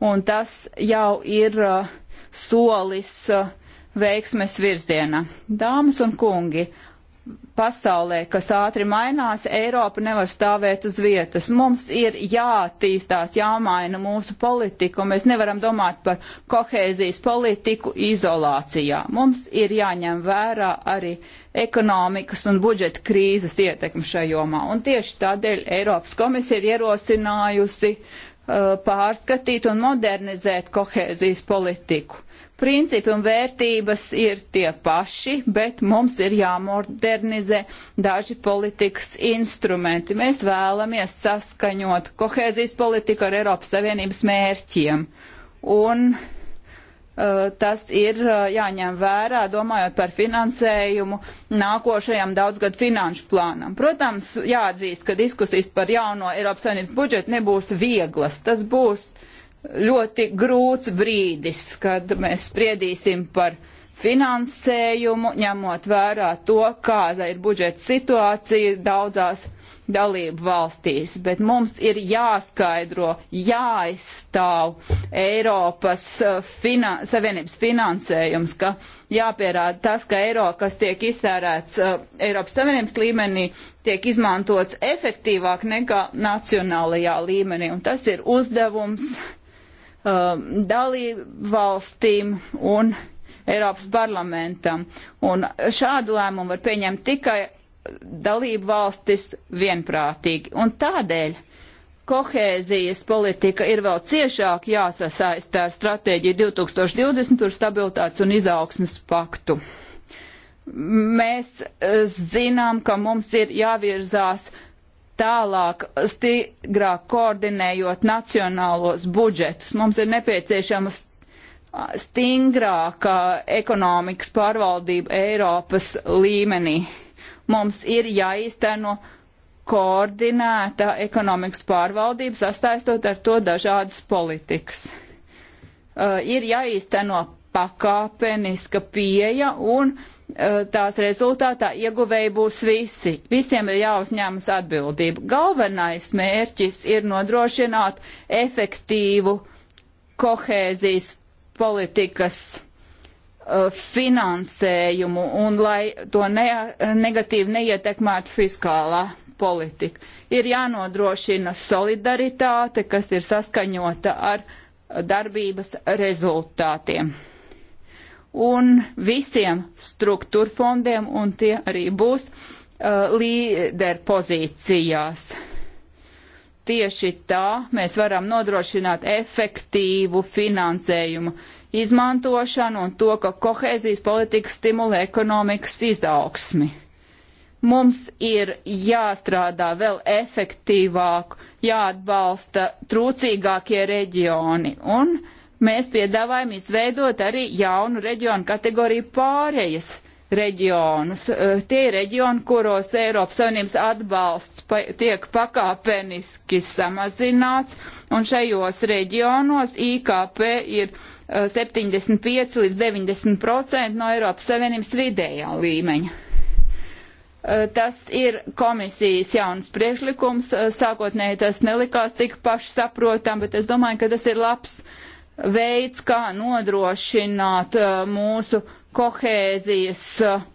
Speaker 1: Un tas jau ir uh, solis uh, veiksmes virziena. Dāmas un kungi, uh, pasaulē, kas ātri mainās, Eiropa nevar stāvēt uz vietas. Mums ir jātīstās, jāmaina mūsu politika, un mēs nevaram domāt par kohēzijas politiku izolācijā. Mums ir jāņem vērā arī ekonomikas un budžeta krīzes ietekmi šajomā. Un tieši tādēļ Eiropas komisija ir ierosinājusi uh, pārskatīt un modernizēt kohēzijas politiku. Principi un vērtības ir tie paši, bet mums ir jāmodernizē daži politikas instrumenti. Mēs vēlamies saskaņot kohēzijas politiku ar Eiropas Savienības mērķiem. Un uh, tas ir uh, jāņem vērā, domājot par finansējumu nākošajam daudzgad finanšu plānam. Protams, jāatzīst, ka diskusijas par jauno Eiropas Savienības budžetu nebūs vieglas. Tas būs uh, ļoti grūts brīdis, kad mēs spriedīsim par finansējumu, ņemot vērā to, kāda ir budžeta situācija daudzās dalību valstīs, bet mums ir jāskaidro, jāizstāv Eiropas uh, finan Savienības finansējums, ka jāpierāda tas, ka eiro, kas tiek iztērēts uh, Eiropas Savienības līmenī, tiek izmantots efektīvāk nekā nacionālajā līmenī, un tas ir uzdevums. Mm Um, dalību valstīm un Eiropas parlamentam. Un šādu lēmumu var pieņemt tikai dalību valstis vienprātīgi. Un tādēļ kohēzijas politika ir vēl ciešāk jāsasaista ar stratēģiju 2020 un stabilitātes un izaugsmas paktu. Mēs eh, zinām, ka mums ir jāvirzās uh, tālāk stingrāk koordinējot nacionālos budžetus. Mums ir nepieciešama stingrāka ekonomikas pārvaldība Eiropas līmenī. Mums ir jāīsteno koordinēta ekonomikas pārvaldība, sastāstot ar to dažādas politikas. Uh, ir jāīsteno pakāpeniska pieeja un uh, Eh, tās rezultātā ieguvēji būs visi. Visiem ir jāuzņemas atbildība. Galvenais mērķis ir nodrošināt efektīvu kohēzijas politikas uh, finansējumu un lai to ne, negatīvi neietekmētu fiskālā politika. Ir jānodrošina solidaritāte, kas ir saskaņota ar darbības rezultātiem un visiem struktūrfondiem, un tie arī būs uh, līderpozīcijās. Tieši tā mēs varam nodrošināt efektīvu finansējumu izmantošanu un to, ka kohēzijas politika stimulē ekonomikas izaugsmi. Mums ir jāstrādā vēl efektīvāk, jāatbalsta trūcīgākie reģioni un uh, mēs piedāvājam izveidot arī jaunu reģionu kategoriju pārējas reģionus. Tie ir reģioni, kuros Eiropas Savienības atbalsts pa, tiek pakāpeniski samazināts, un šajos reģionos IKP ir 75 līdz 90 procenti no Eiropas Savienības vidējā līmeņa. Tas ir komisijas jauns priešlikums. Sākotnēji tas nelikās tik pašsaprotam, bet es domāju, ka tas ir labs uh, veids, kā nodrošināt uh, mūsu kohēzijas uh,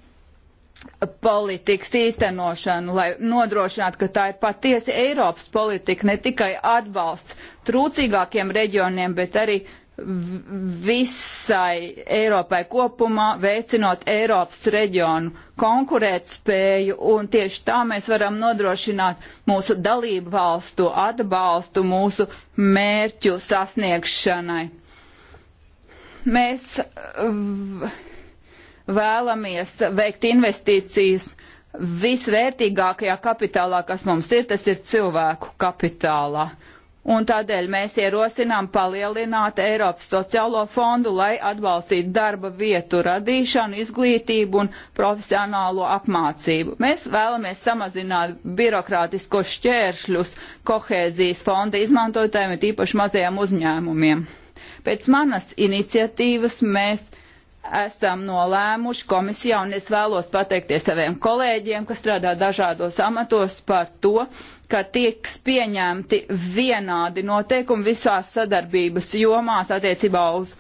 Speaker 1: politikas īstenošanu, lai nodrošinātu, ka tā ir patiesi Eiropas politika, ne tikai atbalsts trūcīgākiem reģioniem, bet arī uh, visai Eiropai kopumā, veicinot Eiropas reģionu konkurētspēju, un tieši tā mēs varam nodrošināt mūsu dalību valstu atbalstu mūsu mērķu sasniegšanai. Mēs vēlamies veikt investīcijas visvērtīgākajā kapitālā, kas mums ir, tas ir cilvēku kapitālā. Uh, un tādēļ mēs ierosinām palielināt Eiropas sociālo fondu, lai atbalstītu darba vietu radīšanu, izglītību un profesionālo apmācību. Mēs vēlamies samazināt birokrātiskos šķēršļus kohēzijas fonda izmantotājiem, tīpaši mazajiem uzņēmumiem. Pēc manas iniciatīvas mēs esam nolēmuši komisijā, un es vēlos pateikties saviem kolēģiem, kas strādā dažādos amatos par to, ka tiks pieņemti vienādi noteikumi visās sadarbības jomās attiecībā uz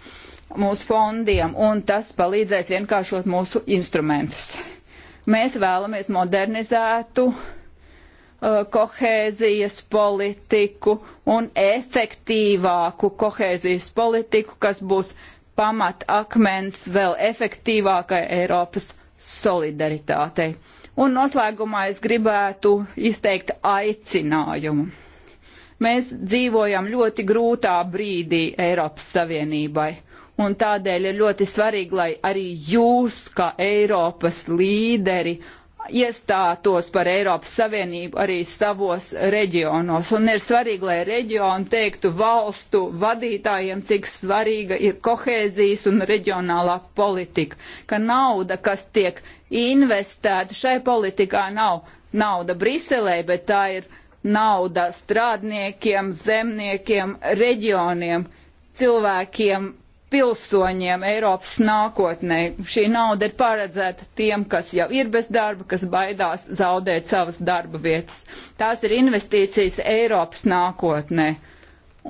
Speaker 1: mūsu fondiem, un tas palīdzēs vienkāršot mūsu instrumentus. Mēs vēlamies modernizētu uh, kohēzijas politiku un efektīvāku kohēzijas politiku, kas būs uh, pamatakmens vēl efektīvākai Eiropas solidaritātei. Un noslēgumā es gribētu izteikt aicinājumu. Mēs dzīvojam ļoti grūtā brīdī Eiropas Savienībai, un tādēļ ir ļoti svarīgi, lai arī jūs, kā Eiropas līderi, iestātos par Eiropas Savienību arī savos reģionos. Un ir svarīgi, lai reģioni teiktu valstu vadītājiem, cik svarīga ir kohēzijas un reģionālā politika, ka nauda, kas tiek investēta šai politikā, nav nauda Briselē, bet tā ir nauda strādniekiem, zemniekiem, reģioniem, cilvēkiem, pilsoņiem Eiropas nākotnē. Šī nauda ir paredzēta tiem, kas jau ir bez darba, kas baidās zaudēt savas darba vietas. Tās ir investīcijas Eiropas nākotnē.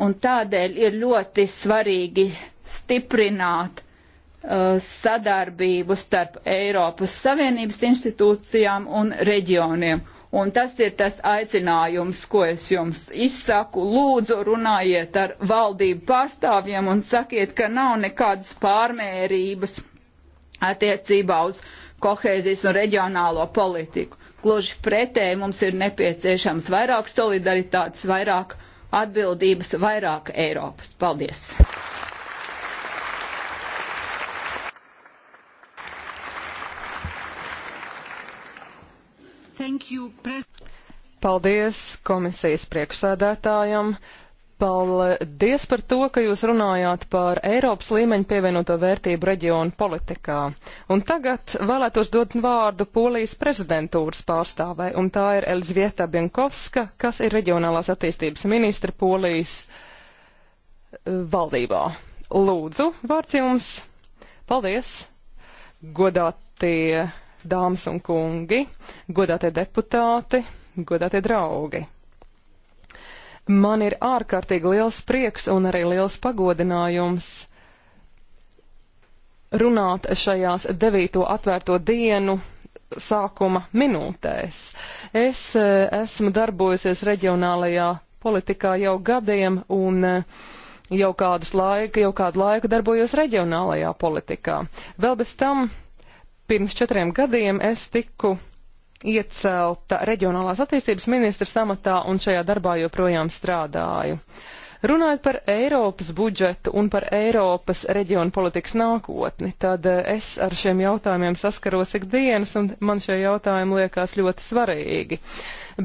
Speaker 1: Un tādēļ ir ļoti svarīgi stiprināt uh, sadarbību starp Eiropas Savienības institūcijām un reģioniem. Un tas ir tas aicinājums, ko es jums izsaku. Lūdzu, runājiet ar valdību pārstāvjiem un sakiet, ka nav nekādas pārmērības attiecībā uz kohēzijas un reģionālo politiku. Gluži pretēji mums ir nepieciešams vairāk solidaritātes, vairāk atbildības, vairāk Eiropas. Paldies!
Speaker 2: You, Paldies komisijas priekšsēdētājam. Paldies par to, ka jūs runājāt par Eiropas līmeņa pievienoto vērtību reģionu politikā. Un tagad vēlētos dot vārdu Polijas prezidentūras pārstāvē, un tā ir Elzvieta Bienkovska, kas ir reģionālās attīstības ministra Polijas eh, valdībā. Lūdzu, vārds jums. Paldies. Godātie dāmas un kungi, godātie deputāti, godātie draugi. Man ir ārkārtīgi liels prieks un arī liels pagodinājums runāt šajās devīto atvērto dienu sākuma minūtēs. Es eh, esmu darbojusies reģionālajā politikā jau gadiem un eh, jau, laika, jau kādu laiku darbojos reģionālajā politikā. Vēl bez tam Pirms četriem gadiem es tiku iecelta reģionālās attīstības ministra samatā un šajā darbā joprojām strādāju. Runājot par Eiropas budžetu un par Eiropas reģionu politikas nākotni, tad eh, es ar šiem jautājumiem saskaros ikdienas un man šie jautājumi liekas ļoti svarīgi.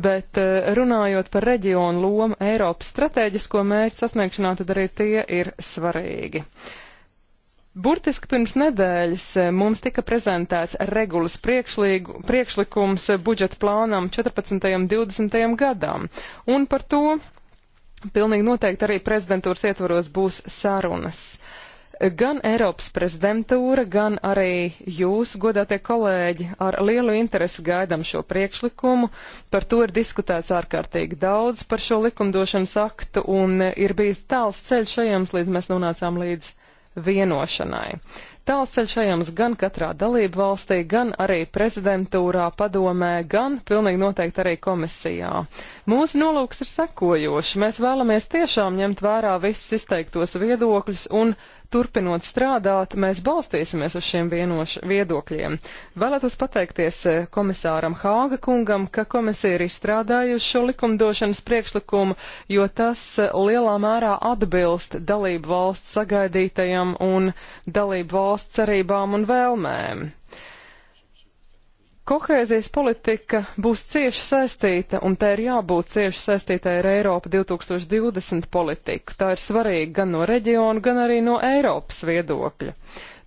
Speaker 2: Bet eh, runājot par reģionu lomu Eiropas strateģisko mērķu sasniegšanā, tad arī tie ir svarīgi. Uh, Burtiski pirms nedēļas e, mums tika prezentēts regulas priekšlikums budžeta plānam 14. un 20. gadam, un par to pilnīgi noteikti arī prezidentūras ietvaros būs sarunas. Gan Eiropas prezidentūra, gan arī jūs, godātie kolēģi, ar lielu interesi gaidām šo priekšlikumu. Par to ir diskutēts ārkārtīgi daudz par šo likumdošanas aktu, un ir bijis tāls ceļš šajams, līdz mēs nonācām līdz vienošanai. Tālceļš ejams gan katrā dalību valstī, gan arī prezidentūrā, padomē, gan pilnīgi noteikti arī komisijā. Mūsu nolūks ir sekojoši. Mēs vēlamies tiešām ņemt vērā visus izteiktos viedokļus un turpinot strādāt, mēs balstīsimies uz šiem vienoš, viedokļiem. Vēlētos pateikties eh, komisāram Hāga kungam, ka komisija ir izstrādājusi šo likumdošanas priekšlikumu, jo tas eh, lielā mērā atbilst dalību valsts sagaidītajam un dalību valsts cerībām un vēlmēm. Kohēzijas politika būs cieši saistīta, un tai ir jābūt cieši saistītai ar Eiropa 2020 politiku. Tā ir svarīga gan no reģiona, gan arī no Eiropas viedokļa.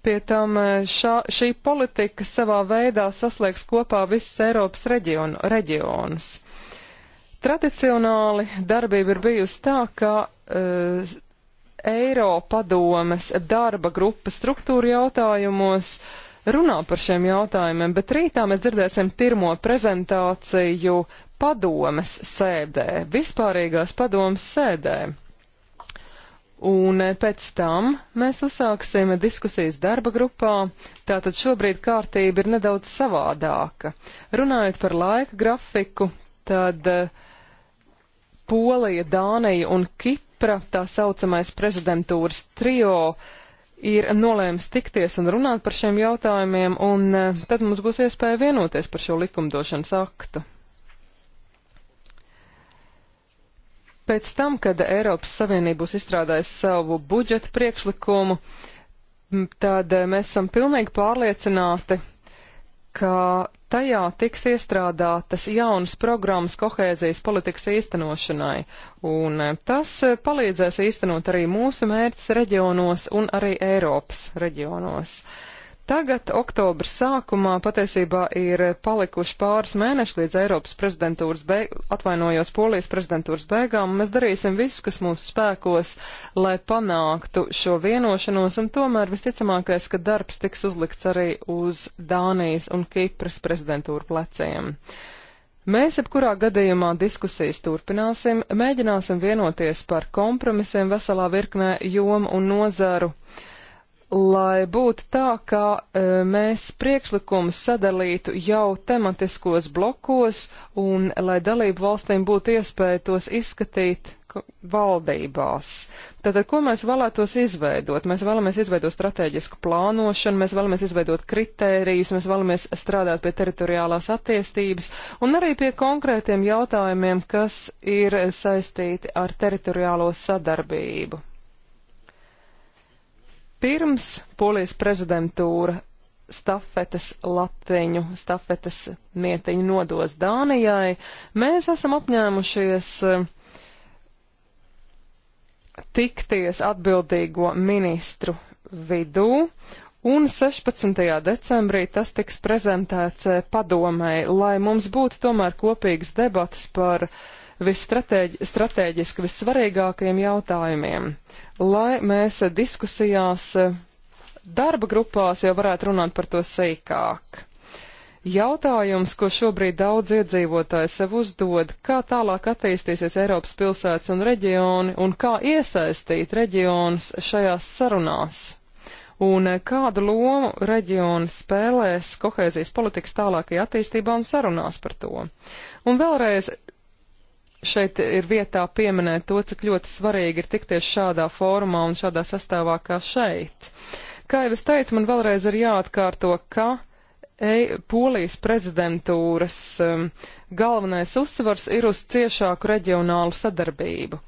Speaker 2: Pie tam eh, šā, šī politika savā veidā saslēgs kopā visas Eiropas reģionu, reģionus. Tradicionāli darbība ir bijusi tā, ka uh, Eiropadomes darba grupa struktūra jautājumos uh, runā par šiem jautājumiem, bet rītā mēs dzirdēsim pirmo prezentāciju padomes sēdē, vispārīgās padomes sēdē. Un eh, pēc tam mēs uzsāksim diskusijas darba grupā, tātad šobrīd kārtība ir nedaudz savādāka. Runājot par laika grafiku, tad eh, Polija, Dānija un Kipra, tā saucamais prezidentūras trio, uh, ir nolēmis tikties un runāt par šiem jautājumiem, un e, tad mums būs iespēja vienoties par šo likumdošanas aktu. Pēc tam, kad Eiropas Savienība būs izstrādājusi savu budžeta priekšlikumu, tad e, mēs esam pilnīgi pārliecināti, ka tajā tiks iestrādātas jaunas programmas kohēzijas politikas īstenošanai, un tas palīdzēs īstenot arī mūsu mērķis reģionos un arī Eiropas reģionos. Uh, Tagad, oktobra sākumā, patiesībā ir palikuši pāris mēneši līdz Eiropas prezidentūras beig, atvainojos Polijas prezidentūras beigām, un mēs darīsim visu, kas mūsu spēkos, lai panāktu šo vienošanos, un tomēr visticamākais, ka darbs tiks uzlikts arī uz Dānijas un Kipras prezidentūru pleciem. Mēs jebkurā gadījumā diskusijas turpināsim, mēģināsim vienoties par kompromisiem veselā virknē jomu un nozaru. Uh, lai būtu tā, ka e, mēs priekšlikumus sadalītu jau tematiskos blokos un lai dalību valstīm būtu iespēja tos izskatīt valdībās. Tātad, ko mēs vēlētos izveidot? Mēs vēlamies izveidot strateģisku plānošanu, mēs vēlamies izveidot kritērijus, mēs vēlamies strādāt pie teritoriālās attīstības un arī pie konkrētiem jautājumiem, kas ir saistīti ar teritoriālo sadarbību. Pirms polijas prezidentūra stafetes latiņu, stafetes mietiņu nodos Dānijai, mēs esam apņēmušies eh, tikties atbildīgo ministru vidū, un 16. decembrī tas tiks prezentēts eh, padomēji, lai mums būtu tomēr kopīgas debatas par uh, visstrateģiski vissvarīgākajiem jautājumiem, lai mēs diskusijās darba grupās jau varētu runāt par to seikāk. Jautājums, ko šobrīd daudz iedzīvotāji sev uzdod, kā tālāk attīstīsies Eiropas pilsētas un reģioni un kā iesaistīt reģionus šajās sarunās? Un kādu lomu reģioni spēlēs kohēzijas politikas tālākajā attīstībā un sarunās par to? Un vēlreiz šeit ir vietā pieminēt to, cik ļoti svarīgi ir tikties šādā formā un šādā sastāvā kā šeit. Kā jau es teicu, man vēlreiz ir jāatkārto, ka e Polijas prezidentūras um, galvenais uzsvars ir uz ciešāku reģionālu sadarbību,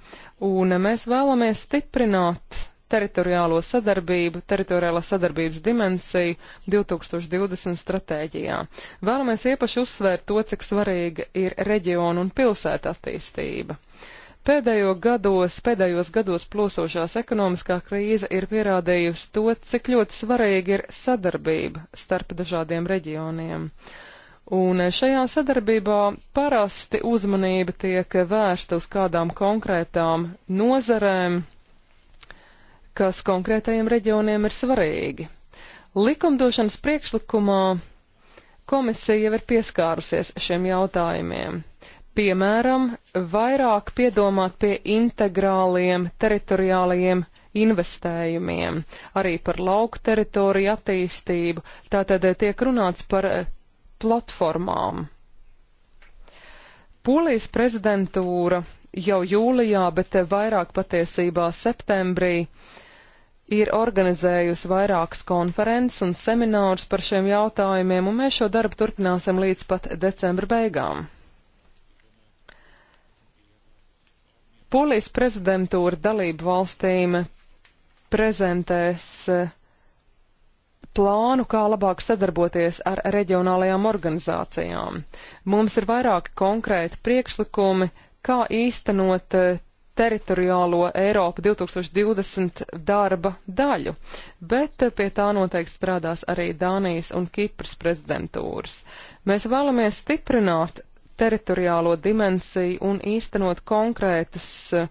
Speaker 2: un mēs vēlamies stiprināt teritoriālo sadarbību, teritoriālās sadarbības dimensiju 2020 stratēģijā. Vēlamies iepaši uzsvērt to, cik svarīga ir reģionu un pilsētu attīstība. Pēdējo gados, pēdējos gados plosošās ekonomiskā krīze ir pierādījusi to, cik ļoti svarīga ir sadarbība starp dažādiem reģioniem. Un šajā sadarbībā parasti uzmanība tiek vērsta uz kādām konkrētām nozarēm, kas konkrētajiem reģioniem ir svarīgi. Likumdošanas priekšlikumā komisija jau ir pieskārusies šiem jautājumiem. Piemēram, vairāk piedomāt pie integrāliem teritoriālajiem investējumiem, arī par lauku teritoriju attīstību, tātad tiek runāts par eh, platformām. Polijas prezidentūra jau jūlijā, bet vairāk patiesībā septembrī uh, ir organizējusi vairākas konferences un seminārus par šiem jautājumiem, un mēs šo darbu turpināsim līdz pat decembra beigām. Polijas prezidentūra dalību valstīm prezentēs eh, plānu, kā labāk sadarboties ar reģionālajām organizācijām. Mums ir vairāki konkrēti priekšlikumi, kā īstenot eh, teritoriālo Eiropu 2020 darba daļu, bet pie tā noteikti strādās arī Dānijas un Kipras prezidentūras. Mēs vēlamies stiprināt teritoriālo dimensiju un īstenot konkrētus eh,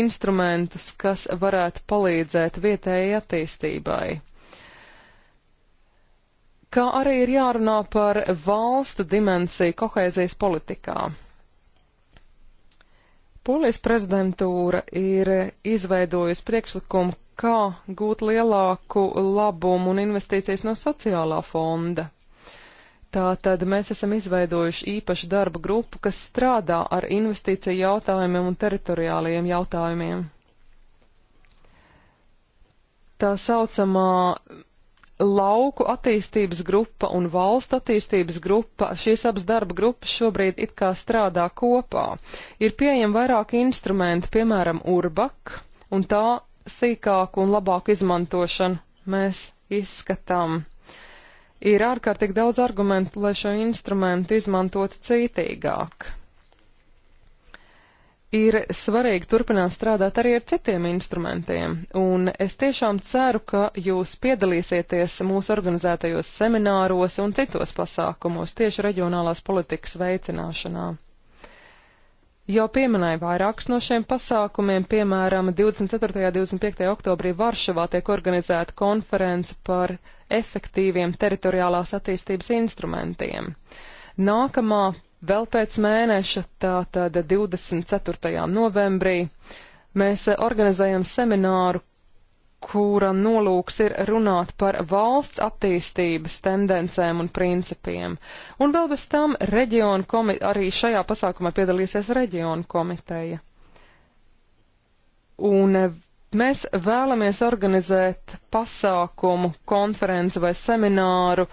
Speaker 2: instrumentus, kas varētu palīdzēt vietējai attīstībai. Kā arī ir jārunā par valstu dimensiju kohēzijas politikā. Polijas prezidentūra ir izveidojusi priekšlikumu, kā gūt lielāku labumu un investīcijas no sociālā fonda. Tātad mēs esam izveidojuši īpašu darba grupu, kas strādā ar investīciju jautājumiem un teritoriālajiem jautājumiem. Tā saucamā lauku attīstības grupa un valstu attīstības grupa, šīs abas darba grupas šobrīd it kā strādā kopā. Ir pieejami vairāki instrumenti, piemēram, urbak, un tā sīkāku un labāku izmantošanu mēs izskatām. Ir ārkārtīgi daudz argumentu, lai šo instrumentu izmantotu cītīgāk ir svarīgi turpināt strādāt arī ar citiem instrumentiem, un es tiešām ceru, ka jūs piedalīsieties mūsu organizētajos semināros un citos pasākumos tieši reģionālās politikas veicināšanā. Jau pieminēju vairākus no šiem pasākumiem, piemēram, 24. un 25. oktobrī Varšavā tiek organizēta konference par efektīviem teritoriālās attīstības instrumentiem. Nākamā Vēl pēc mēneša, tātad 24. novembrī, mēs organizējam semināru, kura nolūks ir runāt par valsts attīstības tendencēm un principiem. Un vēl bez tam reģionu komiteja, arī šajā pasākumā piedalīsies reģionu komiteja. Un Mēs vēlamies organizēt pasākumu, konferenci vai semināru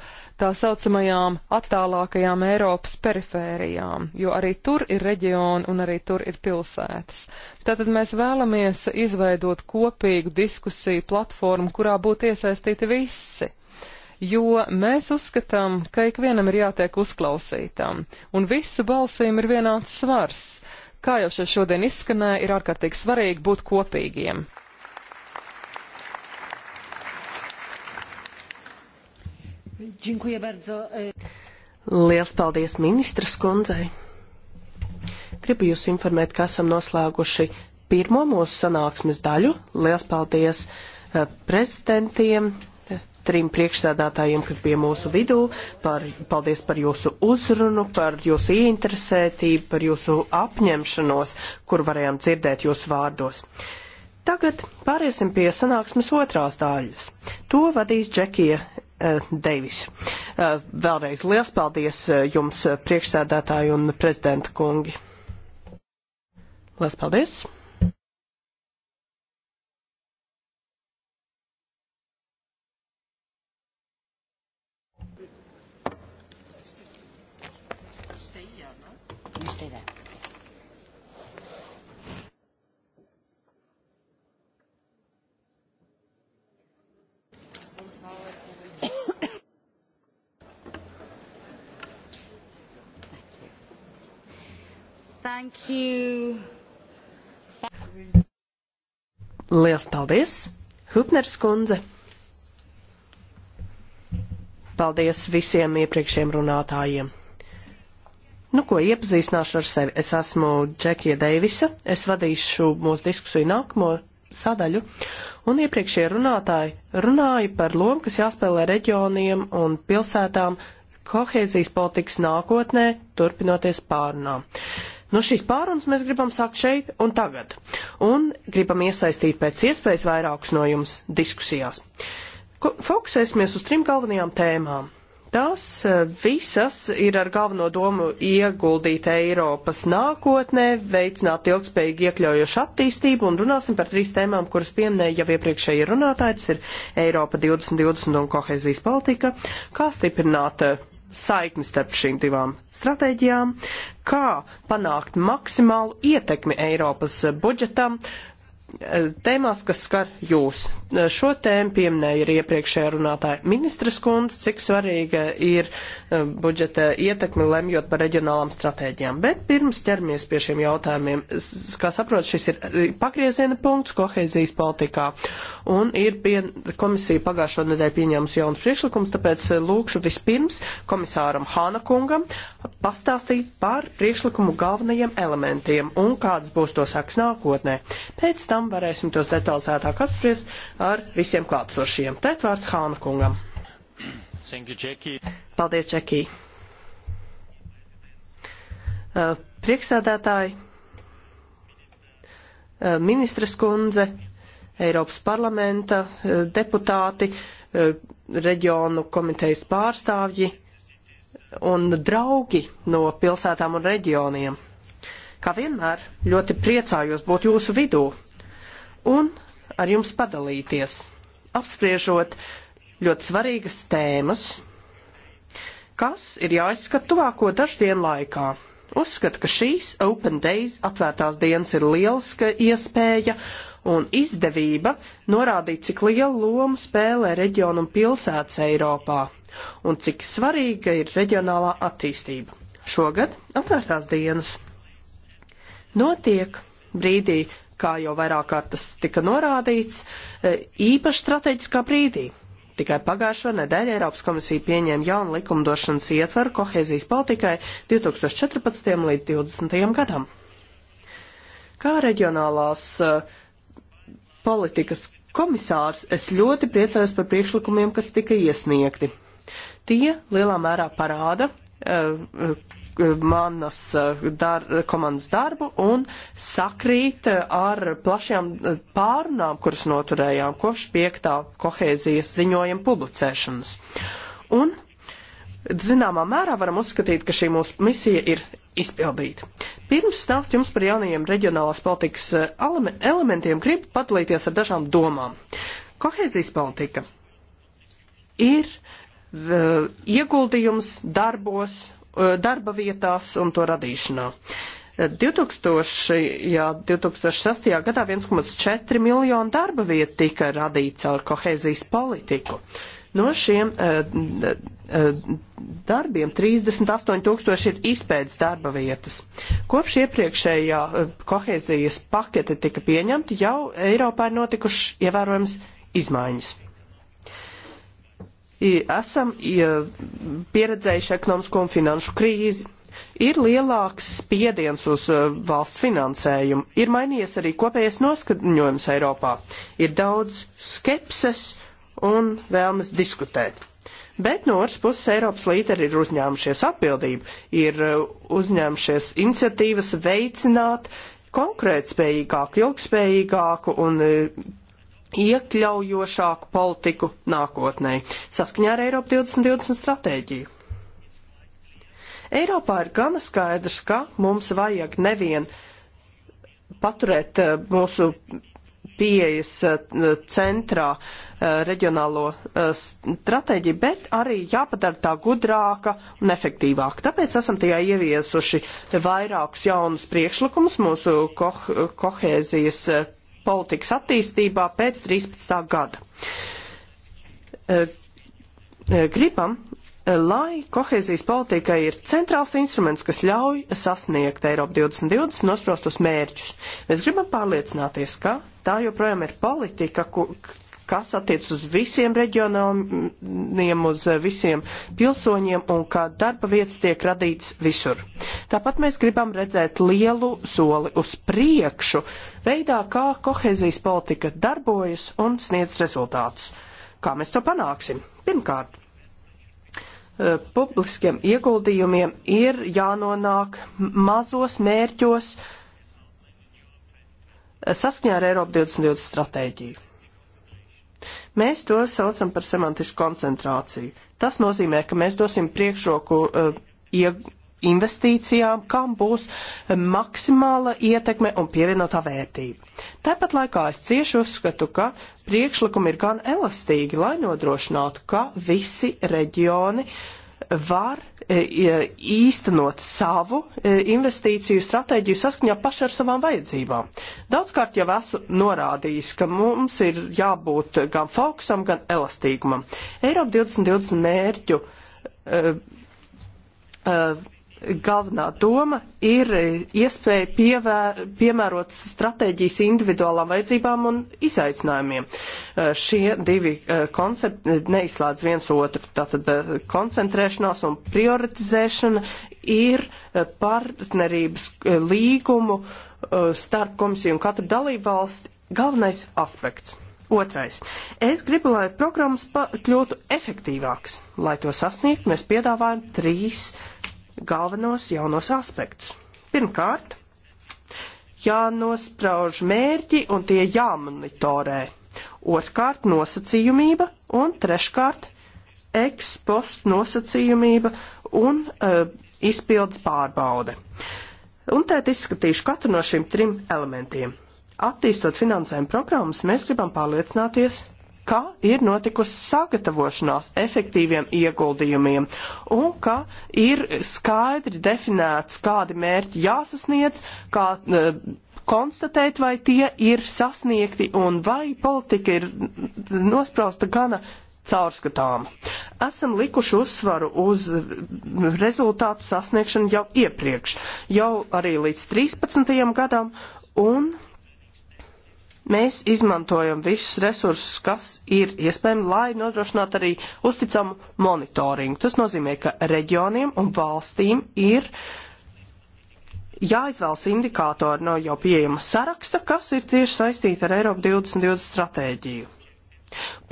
Speaker 2: tā saucamajām attālākajām Eiropas perifērijām, jo arī tur ir reģioni un arī tur ir pilsētas. Tātad mēs vēlamies izveidot kopīgu diskusiju platformu, kurā būtu iesaistīti visi jo mēs uzskatām, ka ikvienam ir jātiek uzklausītam, un visu balsīm ir vienāds svars. Kā jau šeit šodien izskanēja, ir ārkārtīgi svarīgi būt kopīgiem. Liels
Speaker 3: paldies ministras kundzei! Gribu jūs informēt, ka esam noslēguši pirmo mūsu sanāksmes daļu. Liels paldies eh, prezidentiem, trim priekšsēdātājiem, kas bija mūsu vidū. Par, paldies par jūsu uzrunu, par jūsu ieinteresētību, par jūsu apņemšanos, kur varējām dzirdēt jūsu vārdos. Tagad pāriesim pie sanāksmes otrās daļas. To vadīs Džekija Eh, Deivis. Eh, vēlreiz liels paldies eh, jums, priekšsēdētāji un prezidenta kungi. Liels paldies!
Speaker 1: Thank you.
Speaker 3: Liels paldies, Hupners kundze! Paldies visiem iepriekšējiem runātājiem! Nu, ko iepazīstināšu ar sevi? Es esmu Džekija Deivisa, es vadīšu mūsu diskusiju nākamo sadaļu, un iepriekšējie runātāji runāja par lomu, kas jāspēlē reģioniem un pilsētām kohēzijas politikas nākotnē, turpinoties pārunām. Uh, Nu, šīs pārunas mēs gribam sākt šeit un tagad. Un gribam iesaistīt pēc iespējas vairākus no jums diskusijās. Ko, fokusēsimies uz trim galvenajām tēmām. Tās eh, visas ir ar galveno domu ieguldīt Eiropas nākotnē, veicināt ilgspējīgi iekļaujošu attīstību un runāsim par trīs tēmām, kuras pieminēja jau iepriekšēji runātāji. Tas ir Eiropa 2020 un kohezijas politika, kā stiprināt eh, saikni starp šīm divām stratēģijām, kā panākt maksimālu ietekmi Eiropas budžetam, uh, tēmās, kas skar jūs. Šo tēmu pieminēja arī iepriekšējā runātāja ministras kundze, cik svarīga ir e, budžeta ietekme lemjot par reģionālām stratēģijām. Bet pirms ķermies pie šiem jautājumiem, kā saprot, šis ir e, pagrieziena punkts kohēzijas politikā. Un ir pie komisija pagājušo nedēļu pieņēmusi jauns priekšlikums, tāpēc e, lūkšu vispirms komisāram Hāna kungam pastāstīt par priekšlikumu galvenajiem elementiem un kādas būs to saks nākotnē. Pēc tam tam varēsim tos detalizētāk apspriest ar visiem klātsošiem. Tēt vārds Hāna kungam. Thank you, Jackie. Paldies, Čekī. Prieksēdētāji, ministres kundze, Eiropas parlamenta deputāti, reģionu komitejas pārstāvji un draugi no pilsētām un reģioniem. Kā vienmēr, ļoti priecājos būt jūsu vidū un ar jums padalīties, apspriežot ļoti svarīgas tēmas, kas ir jāizskat tuvāko daždienu laikā. Uzskatu, ka šīs Open Days atvērtās dienas ir lieliska iespēja un izdevība norādīt, cik lielu lomu spēlē reģionu un pilsētas Eiropā un cik svarīga ir reģionālā attīstība. Šogad atvērtās dienas notiek brīdī, kā jau vairāk kārtas tika norādīts, e, īpaši strateģiskā brīdī. Tikai pagājušo nedēļu Eiropas komisija pieņēma jaunu likumdošanas ietveru kohēzijas politikai 2014. līdz 2020. gadam. Kā reģionālās e, politikas komisārs es ļoti priecājos par priekšlikumiem, kas tika iesniegti. Tie lielā mērā parāda, e, manas eh, dar, komandas darbu un sakrīt eh, ar plašajām eh, pārunām, kuras noturējām kopš piektā kohēzijas ziņojuma publicēšanas. Un, zināmā mērā, varam uzskatīt, ka šī mūsu misija ir izpildīt. Pirms stāstu jums par jaunajiem reģionālās politikas elementiem, gribu padalīties ar dažām domām. Kohēzijas politika ir uh, ieguldījums darbos Eh, darba vietās un to radīšanā. 2000, eh, jā, 2006. gadā 1,4 miljonu darba vietu tika radīts ar kohēzijas politiku. No šiem uh, uh, darbiem 38 tūkstoši ir izpējas darba vietas. Kopš iepriekšējā uh, kohēzijas pakete tika pieņemta, jau Eiropā ir notikušas ievērojams izmaiņas esam e, pieredzējuši ekonomisko un finanšu krīzi. Ir lielāks spiediens uz e, valsts finansējumu, ir mainījies arī kopējais noskaņojums Eiropā, ir daudz skepses un vēlmes diskutēt. Bet no otras puses Eiropas līderi ir uzņēmušies atbildību, ir e, uzņēmušies iniciatīvas veicināt konkurētspējīgāku, ilgspējīgāku un iekļaujošāku politiku nākotnē, saskaņā ar Eiropu 2020 stratēģiju. Eiropā ir gana skaidrs, ka mums vajag nevien paturēt eh, mūsu pieejas eh, centrā eh, reģionālo stratēģiju, bet arī jāpadara tā gudrāka un efektīvāka. Tāpēc esam tajā ieviesuši vairākus jaunus priekšlikumus mūsu ko kohēzijas politikas attīstībā pēc 13. gada. E, e, gribam, lai kohēzijas politika ir centrāls instruments, kas ļauj sasniegt Eiropu 2020 nosprostos mērķus. Mēs gribam pārliecināties, ka tā joprojām ir politika, kas attiec uz visiem reģioniem, uz eh, visiem pilsoņiem un kā darba vietas tiek radīts visur. Tāpat mēs gribam redzēt lielu soli uz priekšu veidā, kā kohēzijas politika darbojas un sniedz rezultātus. Kā mēs to panāksim? Pirmkārt, eh, publiskiem ieguldījumiem ir jānonāk mazos mērķos eh, saskaņā ar Eiropu 2020 stratēģiju. Mēs to saucam par semantisku koncentrāciju. Tas nozīmē, ka mēs dosim priekšroku uh, investīcijām, kam būs eh, maksimāla ietekme un pievienotā vērtība. Tāpat laikā es cieši uzskatu, ka priekšlikumi ir gan elastīgi, lai nodrošinātu, ka visi reģioni uh, var e, e, īstenot savu e, investīciju stratēģiju saskaņā paši ar savām vajadzībām. Daudzkārt jau esmu norādījis, ka mums ir jābūt gan fokusam, gan elastīgumam. Eiropa 2020 mērķu galvenā doma ir iespēja pievēr, piemērot stratēģijas individuālām vajadzībām un izaicinājumiem. Eh, šie divi eh, koncepti neizslēdz viens otru. Tātad eh, koncentrēšanās un prioritizēšana ir partnerības līgumu starp komisiju un katru dalību valsti galvenais aspekts. Otrais. Es gribu, lai programmas kļūtu efektīvāks. Lai to sasniegtu, mēs piedāvājam trīs uh, galvenos jaunos aspektus. Pirmkārt, jānosprauž mērķi un tie jāmonitorē. Otrkārt, nosacījumība un treškārt, ekspost nosacījumība un uh, izpildes pārbaude. Un tēt izskatīšu katru no šiem trim elementiem. Attīstot finansējumu programmas, mēs gribam pārliecināties, ka ir notikusi sagatavošanās efektīviem ieguldījumiem un ka ir skaidri definēts, kādi mērķi jāsasniedz, kā uh, konstatēt, vai tie ir sasniegti un vai politika ir nosprausta gana caurskatām. Esam likuši uzsvaru uz rezultātu sasniegšanu jau iepriekš, jau arī līdz 13. gadam, un Mēs izmantojam visus resursus, kas ir iespējami, lai nodrošinātu arī uzticamu monitoringu. Tas nozīmē, ka reģioniem un valstīm ir jāizvēlas indikātori no jau pieejama saraksta, kas ir cieši saistīti ar Eiropu 2020 stratēģiju.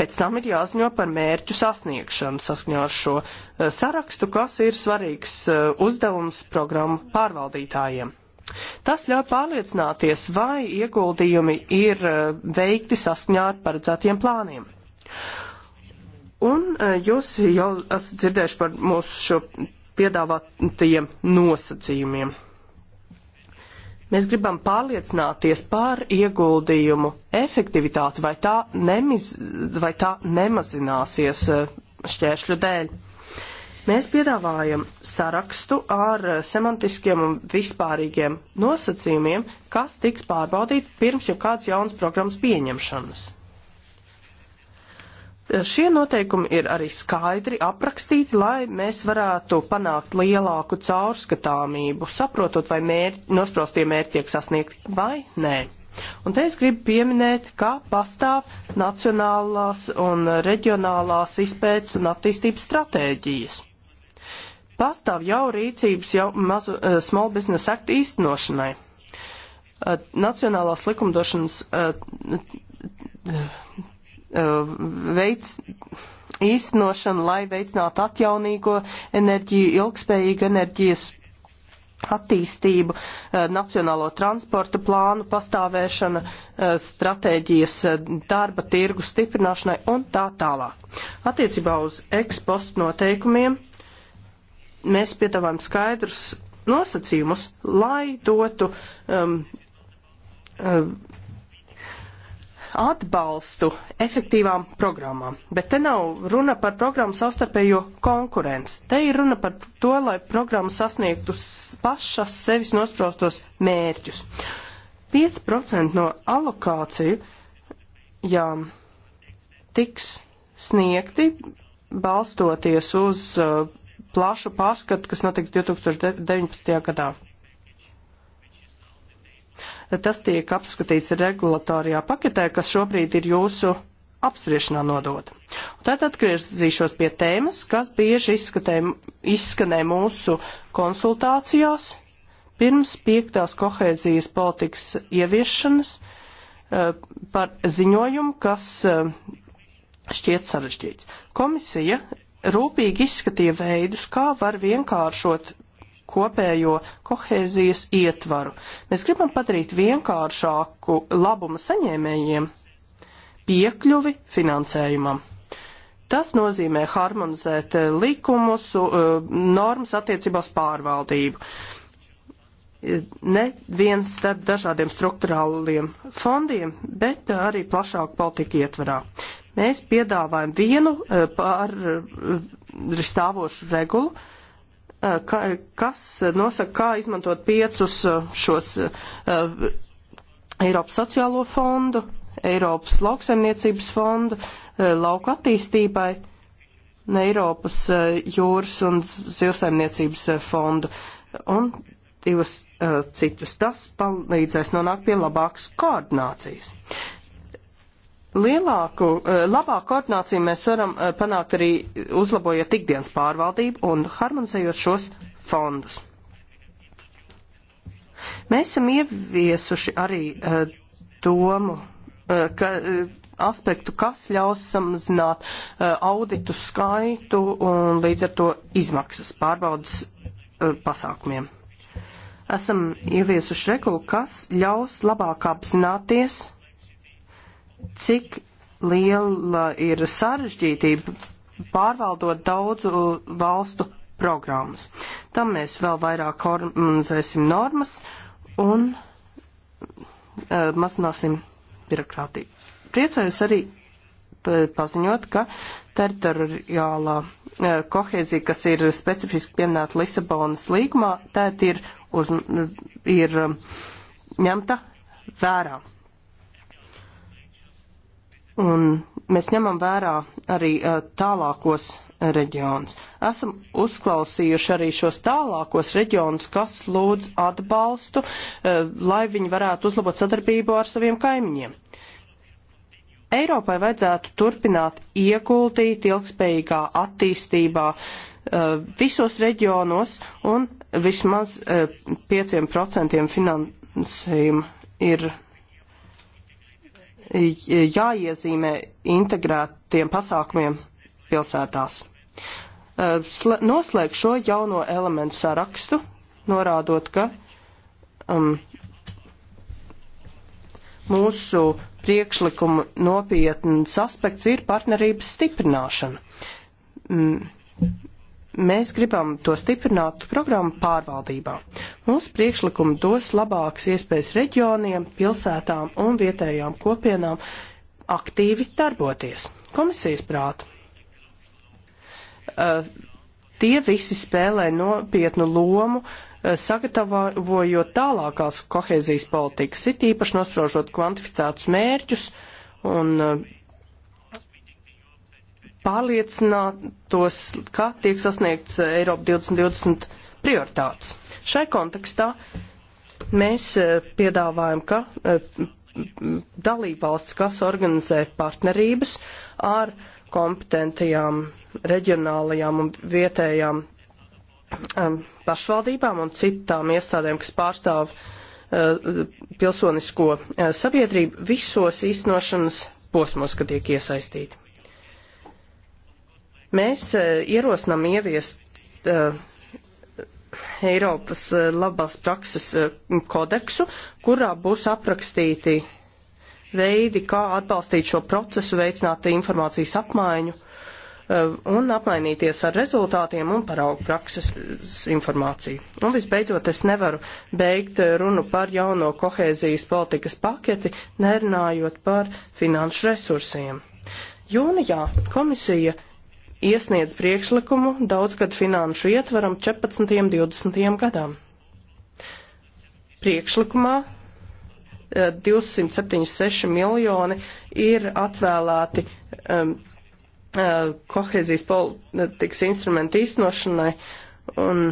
Speaker 3: Pēc tam ir jāziņo par mērķu sasniegšanu saskaņā ar šo eh, sarakstu, kas ir svarīgs eh, uzdevums programmu pārvaldītājiem. Tas ļauj pārliecināties, vai ieguldījumi ir eh, veikti saskaņā ar paredzētiem plāniem. Un eh, jūs jau esat dzirdējuši par mūsu šo piedāvātajiem nosacījumiem. Mēs gribam pārliecināties par ieguldījumu efektivitāti, vai tā, nemiz, vai tā nemazināsies eh, šķēršļu dēļ. Mēs piedāvājam sarakstu ar semantiskiem un vispārīgiem nosacījumiem, kas tiks pārbaudīti pirms jau kāds jauns programmas pieņemšanas. Šie noteikumi ir arī skaidri aprakstīti, lai mēs varētu panākt lielāku caurskatāmību, saprotot, vai mērķi, nostrostie mērķi tiek sasniegti vai nē. Un te es gribu pieminēt, ka pastāv nacionālās un reģionālās izpētes un attīstības stratēģijas. Pastāv jau rīcības jau mazu eh, Small Business Act īstenošanai. Eh, Nacionālās likumdošanas eh, veids īstenošana, lai veicinātu atjaunīgo enerģiju, ilgspējīgu enerģijas attīstību, nacionālo transporta plānu pastāvēšana, stratēģijas darba tirgu stiprināšanai un tā tālāk. Attiecībā uz ekspostu noteikumiem mēs piedāvājam skaidrus nosacījumus, lai dotu um, um, atbalstu efektīvām programmām. Bet te nav runa par programmu savstarpējo konkurenci. Te ir runa par to, lai programma sasniegtu pašas sevis nospraustos mērķus. 5% no alokāciju, jā, tiks sniegti balstoties uz uh, plašu pārskatu, kas notiks 2019. gadā. Tas tiek apskatīts regulatorijā paketē, kas šobrīd ir jūsu apspriešanā nodota. Tad atgriezīšos pie tēmas, kas bieži izskatē, izskanē mūsu konsultācijās pirms piektās kohēzijas politikas ieviešanas eh, par ziņojumu, kas eh, šķiet sarežģīts. Komisija rūpīgi izskatīja veidus, kā var vienkāršot kopējo kohēzijas ietvaru. Mēs gribam padarīt vienkāršāku labuma saņēmējiem piekļuvi finansējumam. Tas nozīmē harmonizēt likumus, uh, normas attiecībās pārvaldību. Uh, ne vien starp dažādiem struktūrāliem fondiem, bet eh, arī plašāku politiku ietvarā. Mēs piedāvājam vienu eh, par eh, stāvošu regulu, kas nosaka, kā izmantot piecus šos Eiropas sociālo fondu, Eiropas lauksaimniecības fondu, lauka attīstībai un Eiropas jūras un zilsaimniecības fondu. Un divus uh, citus. Tas palīdzēs nonākt pie labākas koordinācijas. Lielāku, uh, labāku koordināciju mēs varam uh, panākt arī uzlabojot ikdienas pārvaldību un harmonizējot šos fondus. Mēs esam ieviesuši arī uh, domu, uh, ka uh, aspektu, kas ļaus samazināt uh, auditu skaitu un līdz ar to izmaksas pārbaudas uh, pasākumiem esam ieviesuši regulu, kas ļaus labāk apzināties, cik liela ir sarežģītība pārvaldot daudzu valstu programmas. Tam mēs vēl vairāk harmonizēsim normas un uh, mazināsim birokrātiju. Priecājos arī paziņot, ka teritoriālā uh, kohēzija, kas ir specifiski pieminēta Lisabonas līgumā, tā ir uz, ir um, ņemta vērā. Un mēs ņemam vērā arī uh, tālākos reģionus. Esam uzklausījuši arī šos tālākos reģionus, kas lūdz atbalstu, uh, lai viņi varētu uzlabot sadarbību ar saviem kaimiņiem. Eiropai vajadzētu turpināt ieguldīt ilgspējīgā attīstībā uh, visos reģionos un vismaz 5% e, finansējuma ir jāiezīmē integrētiem pasākumiem pilsētās. E, noslēg šo jauno elementu sarakstu, norādot, ka um, mūsu priekšlikuma nopietns aspekts ir partnerības stiprināšana. Mm Mēs gribam to stiprināt programmu pārvaldībā. Mūsu priekšlikumi dos labākas iespējas reģioniem, pilsētām un vietējām kopienām aktīvi darboties. Komisijas prāta. Uh, tie visi spēlē nopietnu lomu uh, sagatavojot tālākās kohēzijas politikas, it īpaši nosprožot kvantificētus mērķus un uh, pārliecinātos, ka tiek sasniegts Eiropa 2020 prioritātes. Šai kontekstā mēs eh, piedāvājam, ka eh, dalībvalsts, kas organizē partnerības ar kompetentajām reģionālajām un vietējām eh, pašvaldībām un citām iestādēm, kas pārstāv pilsonisko sabiedrību visos īstenošanas posmos, kad tiek iesaistīti. Mēs eh, ierosinām ieviest eh, Eiropas eh, labās prakses kodeksu, kurā būs aprakstīti veidi, kā atbalstīt šo procesu, veicināt informācijas apmaiņu un apmainīties ar rezultātiem un paraugu prakses informāciju. Un visbeidzot, es nevaru beigt runu par jauno kohēzijas politikas paketi, nerunājot par finanšu resursiem. Jūnijā komisija iesniedz priekšlikumu daudzgad finanšu ietvaram 14. un 20. gadam. Priekšlikumā 276 eh, miljoni ir atvēlēti um, uh, kohēzijas politikas instrumentu īstenošanai, un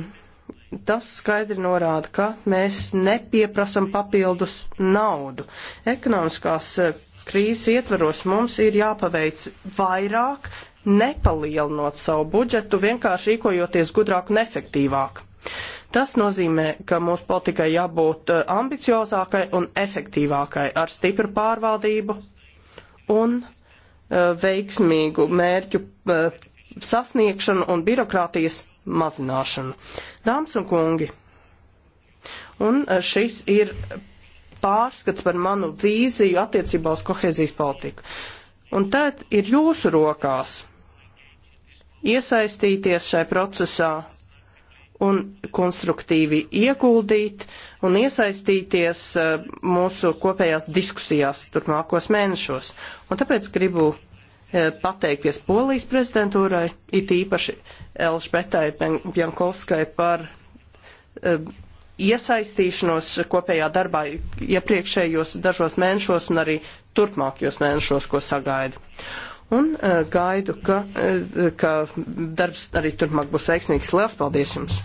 Speaker 3: tas skaidri norāda, ka mēs nepieprasam papildus naudu. Ekonomiskās uh, krīzes ietvaros mums ir jāpaveic vairāk nepalielinot savu budžetu, vienkārši rīkojoties gudrāk un efektīvāk. Tas nozīmē, ka mūsu politikai jābūt eh, ambiciozākai un efektīvākai ar stipru pārvaldību un eh, veiksmīgu mērķu eh, sasniegšanu un birokrātijas mazināšanu. Dāmas un kungi, un šis ir pārskats par manu vīziju attiecībā uz kohēzijas politiku. Un tad ir jūsu rokās iesaistīties šai procesā un konstruktīvi ieguldīt un iesaistīties e, mūsu kopējās diskusijās turpmākos mēnešos. Un tāpēc gribu e, pateikties Polijas prezidentūrai, it īpaši Elžbetai Bjankovskai par e, iesaistīšanos kopējā darbā iepriekšējos dažos mēnešos un arī turpmākajos mēnešos, ko sagaida un uh, gaidu, ka, uh, ka darbs arī turpmāk būs veiksmīgs. Lielas paldies
Speaker 2: jums!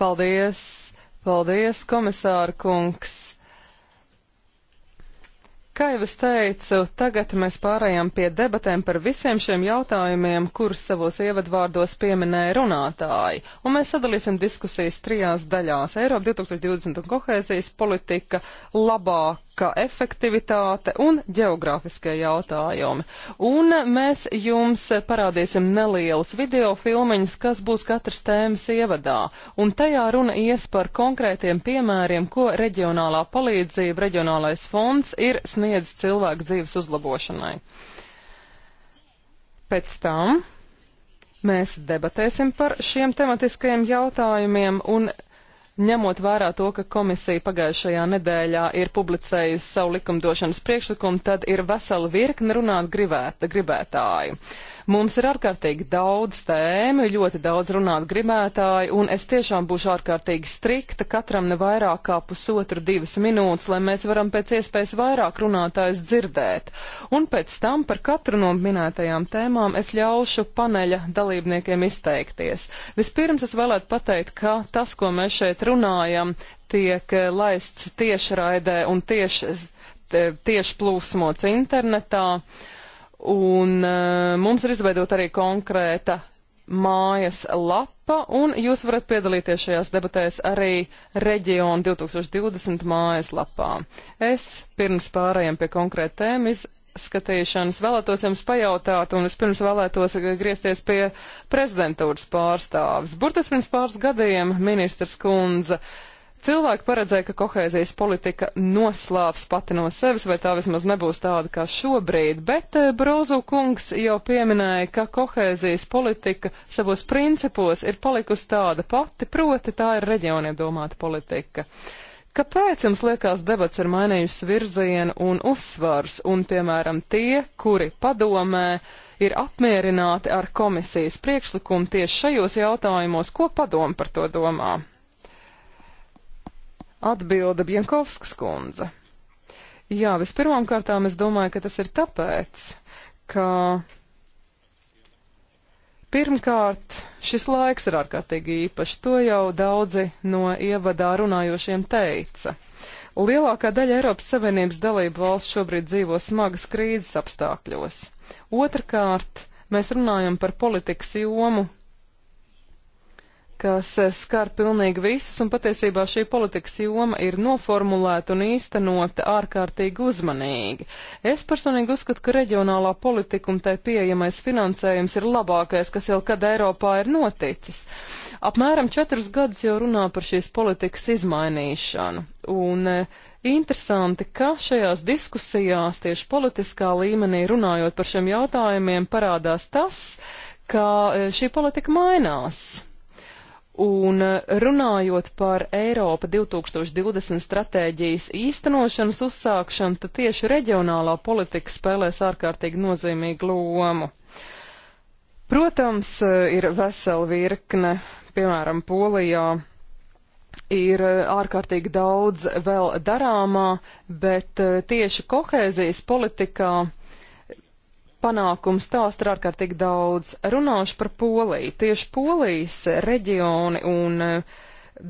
Speaker 2: Paldies! Paldies, komisāra kungs! Kā jau es teicu, tagad mēs pārējām pie debatēm par visiem šiem jautājumiem, kurus savos ievadvārdos pieminēja runātāji. Un mēs sadalīsim diskusijas trijās daļās - Eiropa 2020 un kohēzijas politika, labāk kā efektivitāte un geogrāfiskie jautājumi. Un mēs jums parādīsim nelielus video filmiņus, kas būs katras tēmas ievadā. Un tajā runa ies par konkrētiem piemēriem, ko reģionālā palīdzība, reģionālais fonds ir sniedz cilvēku dzīves uzlabošanai. Pēc tam mēs debatēsim par šiem tematiskajiem jautājumiem, un ņemot vērā to, ka komisija pagājušajā nedēļā ir publicējusi savu likumdošanas priekšlikumu, tad ir vesela virkne runāt gribēt, gribētāju. Mums ir ārkārtīgi daudz tēmu, ļoti daudz runāt gribētāji, un es tiešām būšu ārkārtīgi strikta katram ne vairāk kā pusotru divas minūtes, lai mēs varam pēc iespējas vairāk runātājus dzirdēt. Un pēc tam par katru no minētajām tēmām es ļaušu paneļa dalībniekiem izteikties. Vispirms es vēlētu pateikt, ka tas, ko mēs šeit runājam, tiek eh, laists tiešraidē un tieši, tieši plūsmots internetā. Uh, Un eh, mums ir izveidota arī konkrēta mājas lapa, un jūs varat piedalīties šajās debatēs arī reģionu 2020 mājas lapā. Es pirms pārējiem pie konkrēta tēma izskatīšanas vēlētos jums pajautāt, un es pirms vēlētos griezties pie prezidentūras pārstāvis. Burtis pirms pāris gadiem ministrs kundze uh, Cilvēki paredzēja, ka kohēzijas politika noslāps pati no sevis, vai tā vismaz nebūs tāda kā šobrīd, bet eh, Brozu kungs jau pieminēja, ka kohēzijas politika savos principos ir palikusi tāda pati, proti tā ir reģioniem domāta politika. Kāpēc jums liekas debats ir mainījusi virzienu un uzsvars, un, piemēram, tie, kuri padomē, ir apmierināti ar komisijas priekšlikumu tieši šajos jautājumos, ko padomu par to domā? Atbilda Bienkovskas kundze. Jā, vispirmām kārtām es domāju, ka tas ir tāpēc, ka pirmkārt šis laiks ir ārkārtīgi īpašs, to jau daudzi no ievadā runājošiem teica. Lielākā daļa Eiropas Savienības dalību valsts šobrīd dzīvo smagas krīzes apstākļos. Otrakārt, mēs runājam par politikas jomu, kas eh, skar pilnīgi visus, un patiesībā šī politikas joma ir noformulēta un īstenota ārkārtīgi uzmanīgi. Es personīgi uzskatu, ka reģionālā politika un tai pieejamais finansējums ir labākais, kas jau kad Eiropā ir noticis. Apmēram četrus gadus jau runā par šīs politikas izmainīšanu, un eh, Interesanti, ka šajās diskusijās tieši politiskā līmenī runājot par šiem jautājumiem parādās tas, ka eh, šī politika mainās Un eh, runājot par Eiropa 2020 stratēģijas īstenošanas uzsākšanu, tad tieši reģionālā politika spēlēs ārkārtīgi nozīmīgu lomu. Protams, eh, ir vesela virkne, piemēram, Polijā ir eh, ārkārtīgi daudz vēl darāmā, bet tieši kohēzijas politikā panākumu stāstu ir ārkārtīgi daudz. Runāšu par Poliju. Tieši Polijas reģioni un eh,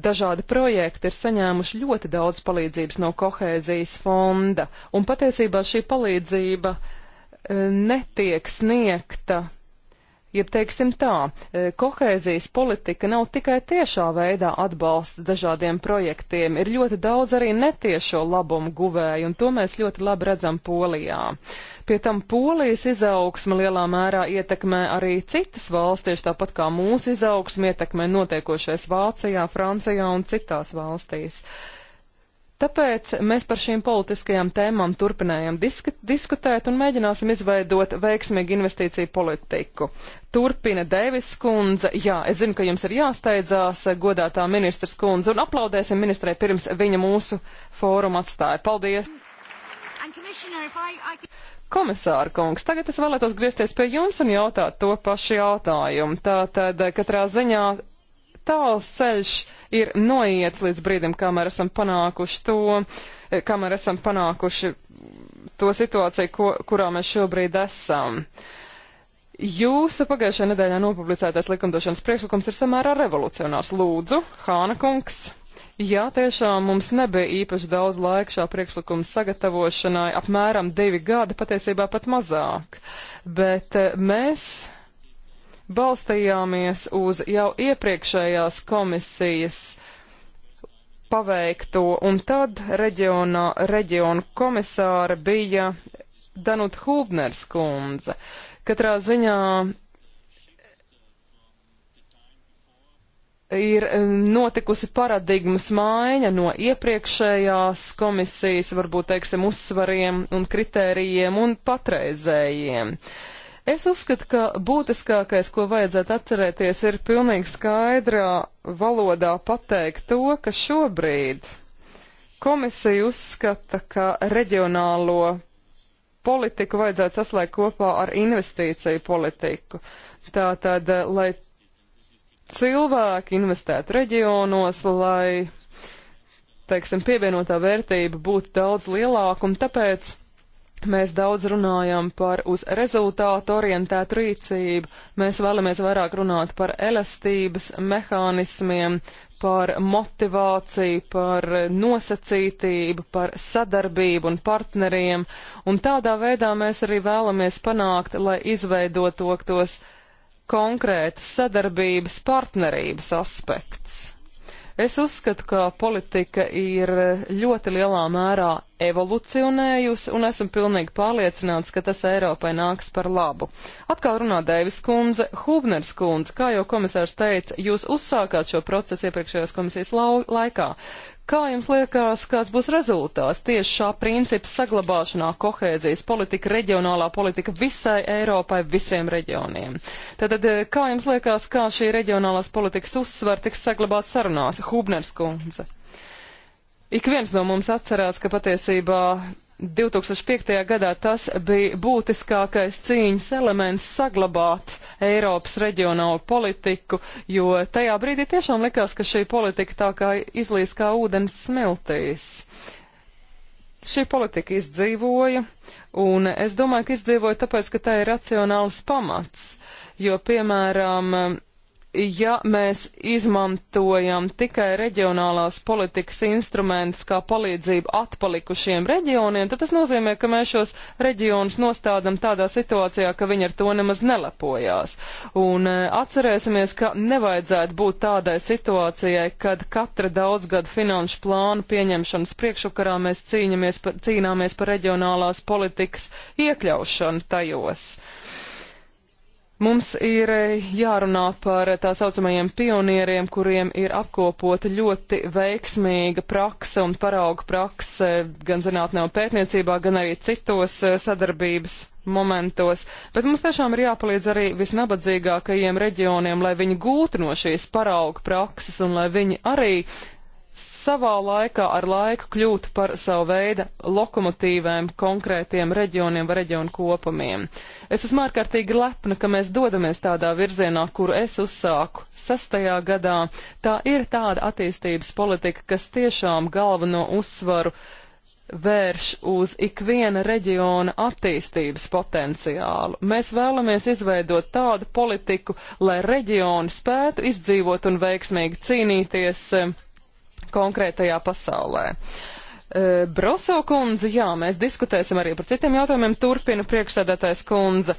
Speaker 2: dažādi projekti ir saņēmuši ļoti daudz palīdzības no kohēzijas fonda, un patiesībā šī palīdzība eh, netiek sniegta Jeb teiksim tā, e, kohēzijas politika nav tikai tiešā veidā atbalsts dažādiem projektiem, ir ļoti daudz arī netiešo labumu guvēju, un to mēs ļoti labi redzam Polijā. Pie tam Polijas izaugsme lielā mērā ietekmē arī citas valsts, tieši tāpat kā mūsu izaugsme ietekmē notiekošais Vācijā, Francijā un citās valstīs. Uh, Tāpēc mēs par šīm politiskajām tēmām turpinājām disk diskutēt un mēģināsim izveidot veiksmīgu investīciju politiku. Turpina Deivis skundze. Jā, es zinu, ka jums ir jāsteidzās godātā ministra skundze un aplaudēsim ministrei pirms viņa mūsu fórumu atstāja. Paldies! Komisāra kungs, tagad es vēlētos griezties pie jums un jautāt to pašu jautājumu. Tātad katrā ziņā tāls ceļš ir noiets līdz brīdim, kamēr esam panākuši to, kamēr esam panākuši to situāciju, ko, kurā mēs šobrīd esam. Jūsu pagājušajā nedēļā nopublicētais likumdošanas priekšlikums ir samērā revolucionārs. Lūdzu, Hāna kungs, Jā, tiešām mums nebija īpaši daudz laika šā priekšlikuma sagatavošanai, apmēram divi gadi, patiesībā pat mazāk. Bet eh, mēs balstījāmies uz jau iepriekšējās komisijas paveikto, un tad reģionā, reģionu komisāra bija Danuta Hubners kundze. Katrā ziņā ir notikusi paradigmas maiņa no iepriekšējās komisijas, varbūt teiksim, uzsvariem un kritērijiem un patreizējiem. Uh, Es uzskatu, ka būtiskākais, ko vajadzētu atcerēties, ir pilnīgi skaidrā valodā pateikt to, ka šobrīd komisija uzskata, ka reģionālo politiku vajadzētu saslēgt kopā ar investīciju politiku. Tātad, eh, lai cilvēki investētu reģionos, lai, teiksim, pievienotā vērtība būtu daudz lielāka, un tāpēc Mēs daudz runājam par uz rezultātu orientētu rīcību, mēs vēlamies vairāk runāt par elastības mehānismiem, par motivāciju, par nosacītību, par sadarbību un partneriem, un tādā veidā mēs arī vēlamies panākt, lai izveidotos konkrētas sadarbības partnerības aspekts. Es uzskatu, ka politika ir ļoti lielā mērā evolucionējusi, un esmu pilnīgi pārliecināts, ka tas Eiropai nāks par labu. Atkal runā Deivis kundze, Hubners kundze, kā jau komisārs teica, jūs uzsākāt šo procesu iepriekšējās komisijas laikā. Kā jums liekas, kāds būs rezultāts tieši šā principa saglabāšanā kohēzijas politika, reģionālā politika visai Eiropai, visiem reģioniem? Tātad, kā jums liekas, kā šī reģionālās politikas uzsver tiks saglabāts sarunās? Hubners kundze. Ik viens no mums atcerās, ka patiesībā 2005. gadā tas bija būtiskākais cīņas elements saglabāt Eiropas reģionālo politiku, jo tajā brīdī tiešām likās, ka šī politika tā kā izlīs kā ūdens smiltīs. Šī politika izdzīvoja, un es domāju, ka izdzīvoja tāpēc, ka tā ir racionāls pamats, jo, piemēram, ja mēs izmantojam tikai reģionālās politikas instrumentus kā palīdzību atpalikušiem reģioniem, tad tas nozīmē, ka mēs šos reģionus nostādam tādā situācijā, ka viņi ar to nemaz nelepojās. Un e, atcerēsimies, ka nevajadzētu būt tādai situācijai, kad katra daudzgada finanšu plānu pieņemšanas priekšukarā mēs cīņamies par, cīnāmies par reģionālās politikas iekļaušanu tajos. Uh, Mums ir eh, jārunā par tā saucamajiem pionieriem, kuriem ir apkopota ļoti veiksmīga prakse un parauga prakse gan zinātnē un pētniecībā, gan arī citos eh, sadarbības momentos. Bet mums tiešām ir jāpalīdz arī visnabadzīgākajiem reģioniem, lai viņi gūtu no šīs parauga prakses un lai viņi arī savā laikā ar laiku kļūt par savu veidu lokomotīvēm konkrētiem reģioniem vai reģionu kopumiem. Es esmu ārkārtīgi lepna, ka mēs dodamies tādā virzienā, kuru es uzsāku sastajā gadā. Tā ir tāda attīstības politika, kas tiešām galveno uzsvaru vērš uz ikviena reģiona attīstības potenciālu. Mēs vēlamies izveidot tādu politiku, lai reģioni spētu izdzīvot un veiksmīgi cīnīties konkrētajā pasaulē. E, Broso kundze, jā, mēs diskutēsim arī par citiem jautājumiem, turpina priekšsēdētājs kundze,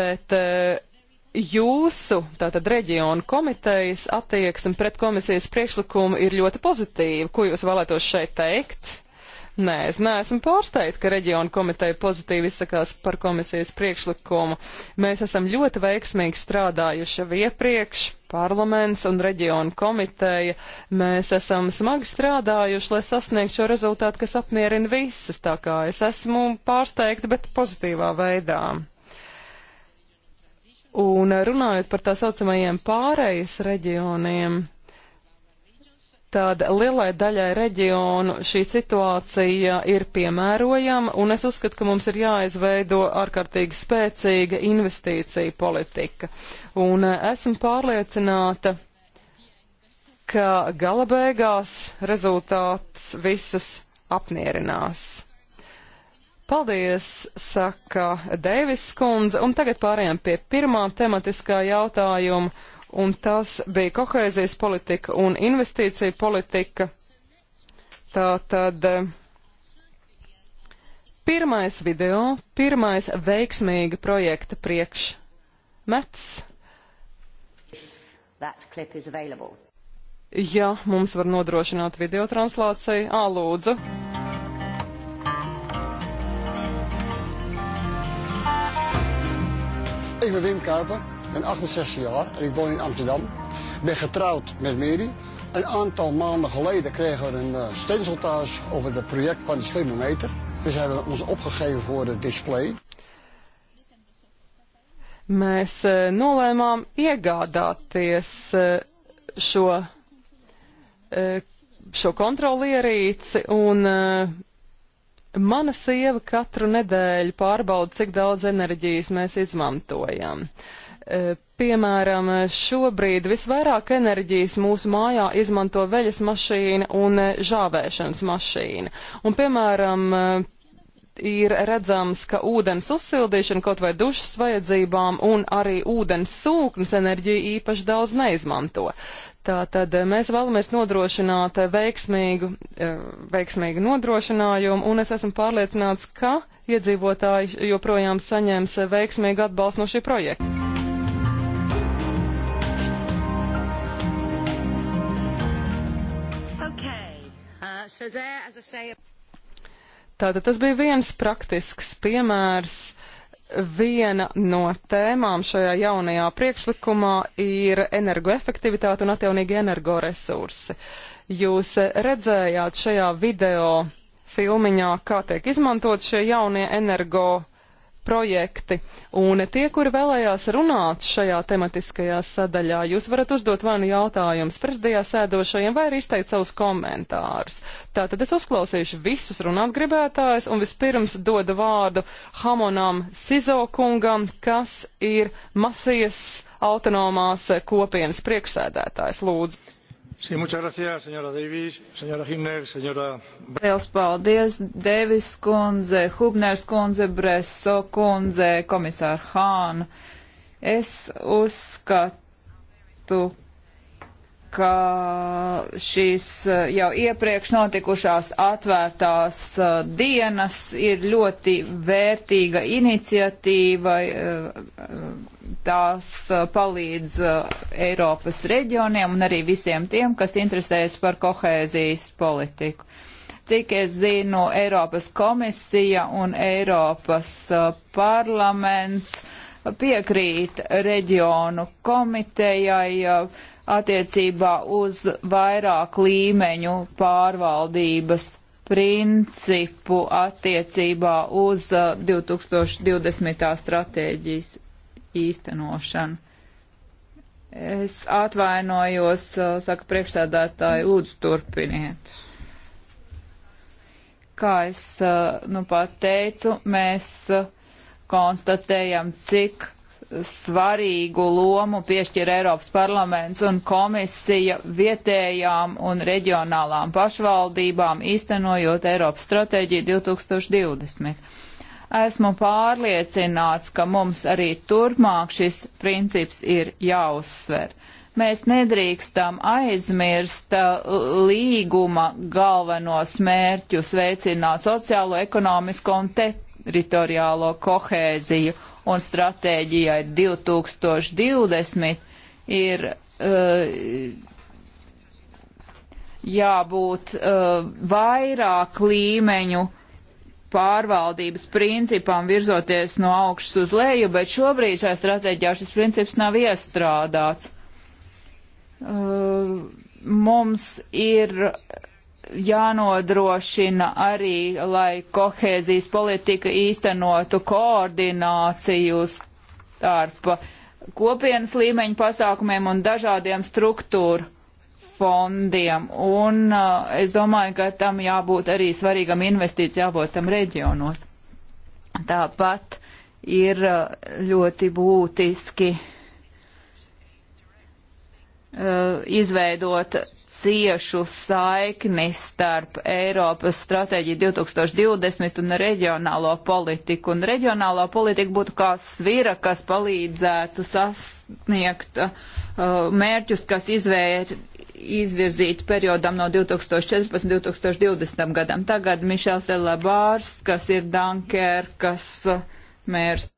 Speaker 2: bet e, jūsu, tātad reģionu komitejas attieksme pret komisijas priekšlikumu ir ļoti pozitīva. Ko jūs vēlētos šeit teikt? Nē, es neesmu pārsteigta, ka reģiona komiteja pozitīvi izsakās par komisijas priekšlikumu. Mēs esam ļoti veiksmīgi strādājuši jau iepriekš, parlaments un reģiona komiteja. Mēs esam smagi strādājuši, lai sasniegtu šo rezultātu, kas apmierina visus, tā kā es esmu pārsteigta, bet pozitīvā veidā. Un runājot par tā saucamajiem pārējas reģioniem, tad lielai daļai reģionu šī situācija ir piemērojama, un es uzskatu, ka mums ir jāizveido ārkārtīgi spēcīga investīcija politika. Un eh, esmu pārliecināta, ka gala beigās rezultāts visus apmierinās. Paldies, saka Deivis skundze, un tagad pārējām pie pirmā tematiskā jautājuma un tas bija kohēzijas politika un investīcija politika. Tā tad eh, pirmais video, pirmais veiksmīga projekta priekšmets. Ja mums var nodrošināt video translāciju, ālūdzu. Ich bin Wim Kauper ben 68 jaar en ik woon in Amsterdam. Ik ben getrouwd met Mary. Een aantal maanden geleden kregen we een uh, stencil thuis over het project van de slimme meter. Dus hebben we ons opgegeven voor het display. Mēs uh, nolēmām iegādāties uh, šo, uh, šo kontrolierīci un uh, Mana sieva katru nedēļu pārbauda, cik daudz enerģijas mēs izmantojam. Uh, E, piemēram, šobrīd visvairāk enerģijas mūsu mājā izmanto veļas mašīna un e, žāvēšanas mašīna. Un, piemēram, e, ir redzams, ka ūdens uzsildīšana kaut vai dušas vajadzībām un arī ūdens sūknes enerģiju īpaši daudz neizmanto. Tātad mēs vēlamies nodrošināt veiksmīgu, veiksmīgu nodrošinājumu, un es esmu pārliecināts, ka iedzīvotāji joprojām saņems veiksmīgu atbalstu no šī projekta. So there, as I say... Tātad tas bija viens praktisks piemērs. Viena no tēmām šajā jaunajā priekšlikumā ir energoefektivitāte un atjaunīgi energoresursi. Jūs redzējāt šajā video filmiņā, kā tiek izmantot šie jaunie energoresursi projekti. Un tie, kuri vēlējās runāt šajā tematiskajā sadaļā, jūs varat uzdot man jautājumus prezidijā sēdošajiem vai arī izteikt savus komentārus. Tātad es uzklausīšu visus runāt gribētājus un vispirms dodu vārdu Hamonam Sizokungam, kas ir Masijas autonomās kopienas priekšsēdētājs. Lūdzu. Sí, gracias, señora Davis, señora Himner, señora...
Speaker 1: Liels paldies, Devis kundze, Hubners kundze, Breso kundze, komisāra Hāna. Es uzskatu, ka šīs e, jau iepriekš notikušās atvērtās e, dienas ir ļoti vērtīga iniciatīva. E, tās palīdz Eiropas reģioniem un arī visiem tiem, kas interesējas par kohēzijas politiku. Cik es zinu, Eiropas komisija un Eiropas parlaments piekrīt reģionu komitejai attiecībā uz vairāk līmeņu pārvaldības principu attiecībā uz 2020. Uh, stratēģijas īstenošanu. Es atvainojos, uh, saka priekšstādātāji, lūdzu turpiniet. Kā es uh, nu pat teicu, mēs konstatējam, cik svarīgu lomu piešķir Eiropas parlaments un komisija vietējām un reģionālām pašvaldībām, īstenojot Eiropas stratēģiju 2020. Esmu pārliecināts, ka mums arī turpmāk šis princips ir jāuzsver. Mēs nedrīkstam aizmirst uh, līguma galvenos mērķus veicināt sociālo, ekonomisko un teritoriālo kohēziju un stratēģijai 2020 ir uh, jābūt uh, vairāk līmeņu pārvaldības principam virzoties no augšas uz leju, bet šobrīd šajā stratēģijā šis princips nav iestrādāts. Uh, mums ir jānodrošina arī, lai kohēzijas politika īstenotu koordināciju starp kopienas līmeņa pasākumiem un dažādiem struktūru fondiem. Un uh, es domāju, ka tam jābūt arī svarīgam investīciju avotam reģionos. Tāpat ir uh, ļoti būtiski uh, izveidot ciešu saikni starp Eiropas stratēģiju 2020 un reģionālo politiku. Un reģionālā politika būtu kā svira, kas palīdzētu sasniegt uh, mērķus, kas izvēr, izvirzīti periodam no 2014. un 2020. gadam. Tagad Mišels Delabārs, kas ir Dankerkas uh, mērs.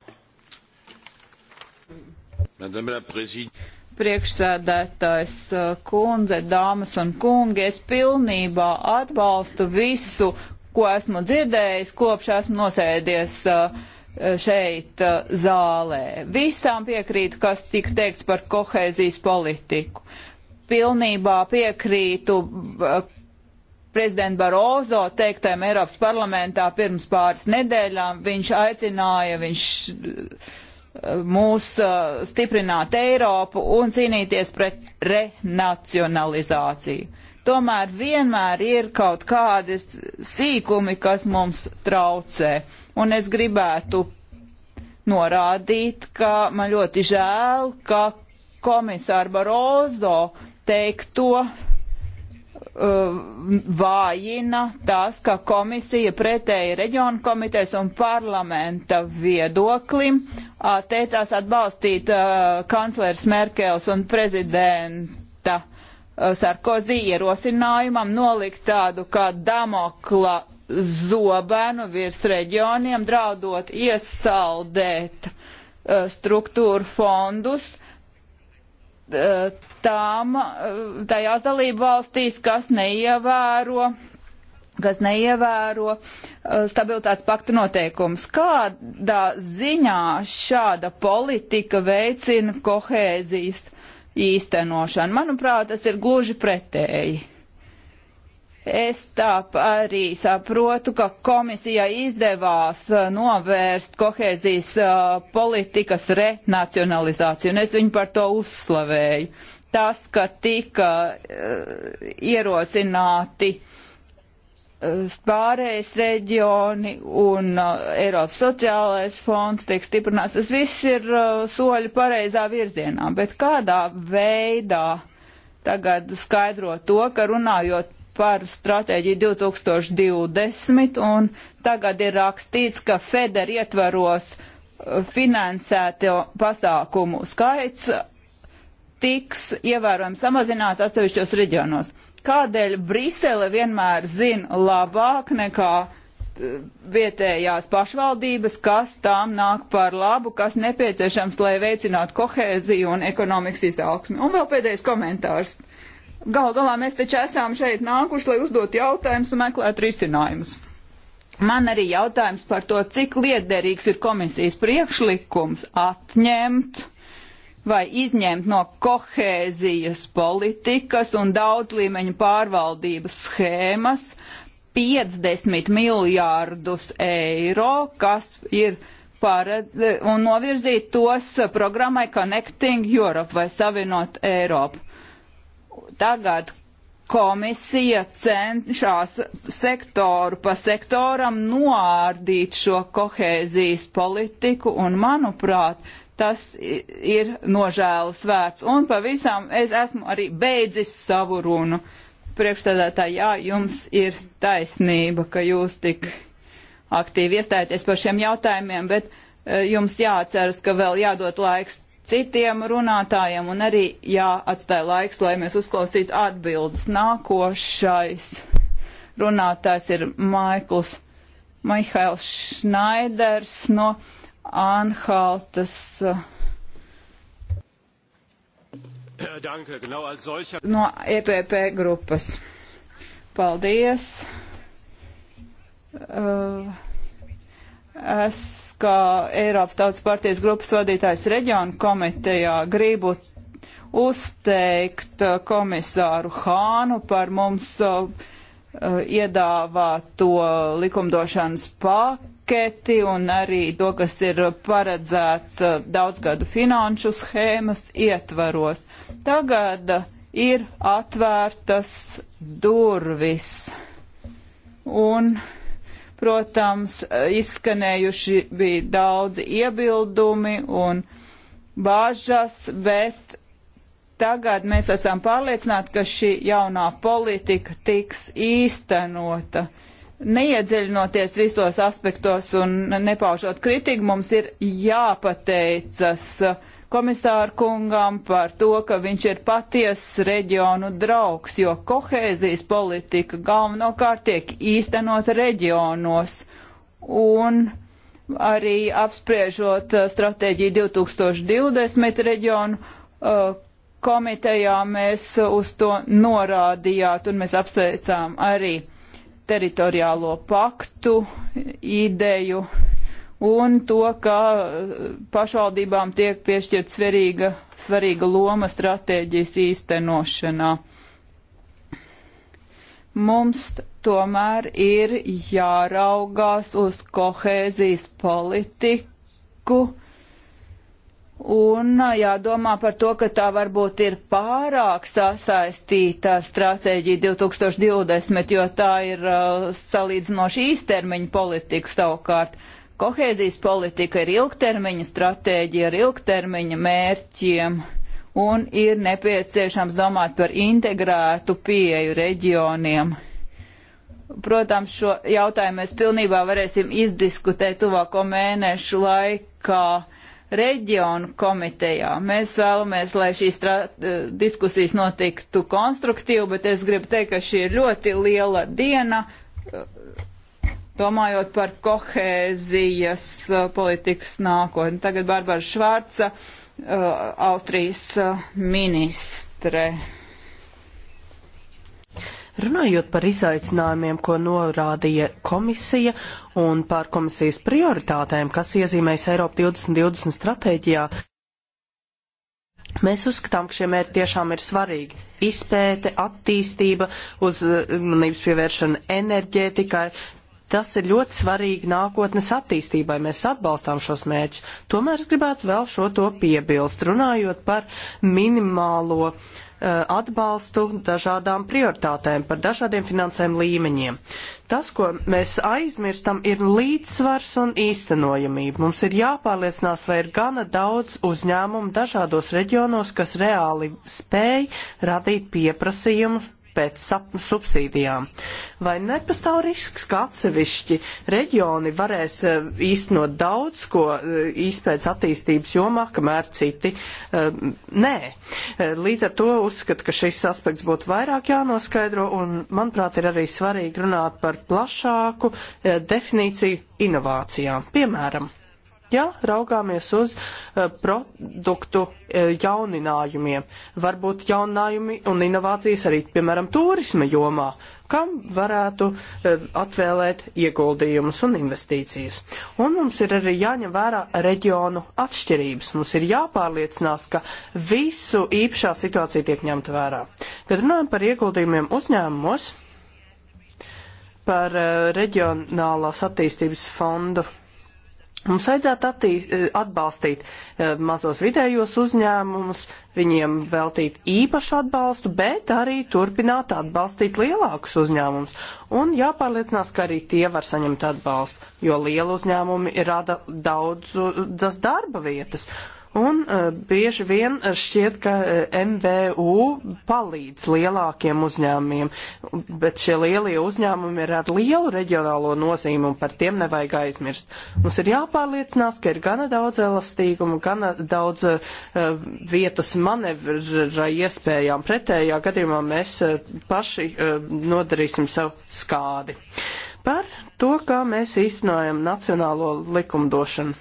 Speaker 3: Madame la Présidente
Speaker 1: priekšsēdētājs eh, kundze, dāmas un kungi, es pilnībā atbalstu visu, ko esmu dzirdējis, kopš esmu nosēdies eh, šeit eh, zālē. Visām piekrītu, kas tika teikts par kohēzijas politiku. Pilnībā piekrītu prezidenta Barozo teiktajam Eiropas parlamentā pirms pāris nedēļām. Viņš aicināja, viņš mūs uh, stiprināt Eiropu un cīnīties pret renacionalizāciju. Tomēr vienmēr ir kaut kādi sīkumi, kas mums traucē. Un es gribētu norādīt, ka man ļoti žēl, ka komisāra Barozo teikto Uh, vājina tas, ka komisija pretēji reģionu komitejas un parlamenta viedoklim teicās atbalstīt uh, kanclers Merkels un prezidenta uh, Sarkozī ierosinājumam nolikt tādu kā damokla zobenu virs reģioniem, draudot iesaldēt uh, struktūru fondus tām, eh, tajās dalību valstīs, kas neievēro kas neievēro eh, stabilitātes paktu noteikumus. Kādā ziņā šāda politika veicina kohēzijas īstenošanu? Manuprāt, tas ir gluži pretēji. Es tāp arī saprotu, ka komisijai izdevās uh, novērst kohēzijas uh, politikas renacionalizāciju, un es viņu par to uzslavēju. Tas, ka tika uh, ierosināti pārējais reģioni un Eiropas sociālais fonds tiek stiprināts, tas viss ir soļi pareizā virzienā, bet kādā veidā tagad skaidro to, ka runājot par stratēģiju 2020, un tagad ir rakstīts, ka Feder ietvaros uh, finansēto pasākumu skaits uh, tiks ievērojami samazināts atsevišķos reģionos. Kādēļ Brisele vienmēr zina labāk nekā uh, vietējās pašvaldības, kas tām nāk par labu, kas nepieciešams, lai veicinātu kohēziju un ekonomikas izaugsmi? Un vēl pēdējais komentārs Galu galā mēs taču esam šeit nākuši, lai uzdot jautājumus un meklētu risinājumus. Man arī jautājums par to, cik liederīgs ir komisijas priekšlikums atņemt vai izņemt no kohēzijas politikas un daudzlīmeņu pārvaldības schēmas 50 miljārdus eiro, kas ir paredz, un novirzīt tos programmai Connecting Europe vai Savienot Eiropu. Tagad komisija cenšas sektoru pa sektoram noārdīt šo kohēzijas politiku, un manuprāt, tas ir nožēlas vērts. Un pavisam es esmu arī beidzis savu runu. Priekšstādātāji, jā, jums ir taisnība, ka jūs tik aktīvi iestājaties par šiem jautājumiem, bet e, jums jāatceras, ka vēl jādod laiks citiem runātājiem un arī jāatstāja laiks, lai mēs uzklausītu atbildes. Nākošais runātājs ir Maikls Mihails Šnaiders no Anhaltas. Äh, no EPP grupas. Paldies. Uh, Es kā Eiropas Tautas partijas grupas vadītājs reģionu komitejā gribu uzteikt uh, komisāru Hānu par mums uh, uh, iedāvāto likumdošanas paketi un arī to, kas ir paredzēts uh, daudzgadu finanšu schēmas ietvaros. Tagad uh, ir atvērtas durvis. Un Protams, izskanējuši bija daudzi iebildumi un bāžas, bet tagad mēs esam pārliecināti, ka šī jaunā politika tiks īstenota. Neiedziļinoties visos aspektos un nepaužot kritiku, mums ir jāpateicas uh, komisāru kungam par to, ka viņš ir patiess reģionu draugs, jo kohēzijas politika galvenokārt tiek īstenot reģionos. Un arī apspriežot uh, stratēģiju 2020 reģionu uh, komitejā mēs uz to norādījāt un mēs apsveicām arī teritoriālo paktu ideju un to, ka eh, pašvaldībām tiek piešķirt svarīga, svarīga loma stratēģijas īstenošanā. Mums tomēr ir jāraugās uz kohēzijas politiku un eh, jādomā par to, ka tā varbūt ir pārāk sasaistīta stratēģija 2020, jo tā ir uh, salīdzinoši īstermiņa politika savukārt. Uh, Kohēzijas politika ir ilgtermiņa stratēģija ar ilgtermiņa mērķiem un ir nepieciešams domāt par integrētu pieeju reģioniem. Protams, šo jautājumu mēs pilnībā varēsim izdiskutēt tuvāko mēnešu laikā reģionu komitejā. Mēs vēlamies, lai šīs diskusijas notiktu konstruktīvi, bet es gribu teikt, ka šī ir ļoti liela diena domājot par kohēzijas uh, politikas nākotni. Tagad Barbara Švārca, uh, Austrijas uh, ministre.
Speaker 3: Runājot par izaicinājumiem, ko norādīja komisija un par komisijas prioritātēm, kas iezīmējas Eiropa 2020 stratēģijā, mēs uzskatām, ka šie mērķi tiešām ir svarīgi. Izpēte, attīstība, uzmanības pievēršana enerģētikai, Tas ir ļoti svarīgi nākotnes attīstībai. Mēs atbalstām šos mērķus. Tomēr es gribētu vēl šo to piebilst, runājot par minimālo uh, atbalstu dažādām prioritātēm, par dažādiem finansēm līmeņiem. Tas, ko mēs aizmirstam, ir līdzsvars un īstenojamība. Mums ir jāpārliecinās, vai ir gana daudz uzņēmumu dažādos reģionos, kas reāli spēj radīt pieprasījumus pēc subsīdijām. Vai nepastāv risks, ka atsevišķi reģioni varēs eh, īstenot daudz ko eh, izpēc attīstības jomā, kamēr citi eh, nē? Līdz ar to uzskatu, ka šis aspekts būtu vairāk jānoskaidro un, manuprāt, ir arī svarīgi runāt par plašāku definīciju inovācijām. Piemēram, Ja raugāmies uz uh, produktu uh, jauninājumiem, varbūt jauninājumi un inovācijas arī, piemēram, turisma jomā, kam varētu uh, atvēlēt ieguldījumus un investīcijas. Un mums ir arī jāņem vērā reģionu atšķirības. Mums ir jāpārliecinās, ka visu īpašā situācija tiek ņemta vērā. Kad runājam par ieguldījumiem uzņēmumos, par reģionālās attīstības fondu Mums vajadzētu attī, eh, atbalstīt eh, mazos vidējos uzņēmumus, viņiem veltīt īpašu atbalstu, bet arī turpināt atbalstīt lielākus uzņēmumus. Un jāpārliecinās, ka arī tie var saņemt atbalstu, jo liela uzņēmumi rada daudzas darba vietas. Uh, Un uh, bieži vien e, šķiet, ka uh, e, MVU palīdz lielākiem uzņēmumiem, bet šie lielie uzņēmumi ir ar lielu reģionālo nozīmi un par tiem nevajag aizmirst. Mums ir jāpārliecinās, ka ir gana daudz elastīguma, gana daudz uh, vietas manevra iespējām. Pretējā gadījumā mēs uh, paši uh, nodarīsim savu skādi. Par to, kā mēs īstenojam nacionālo likumdošanu.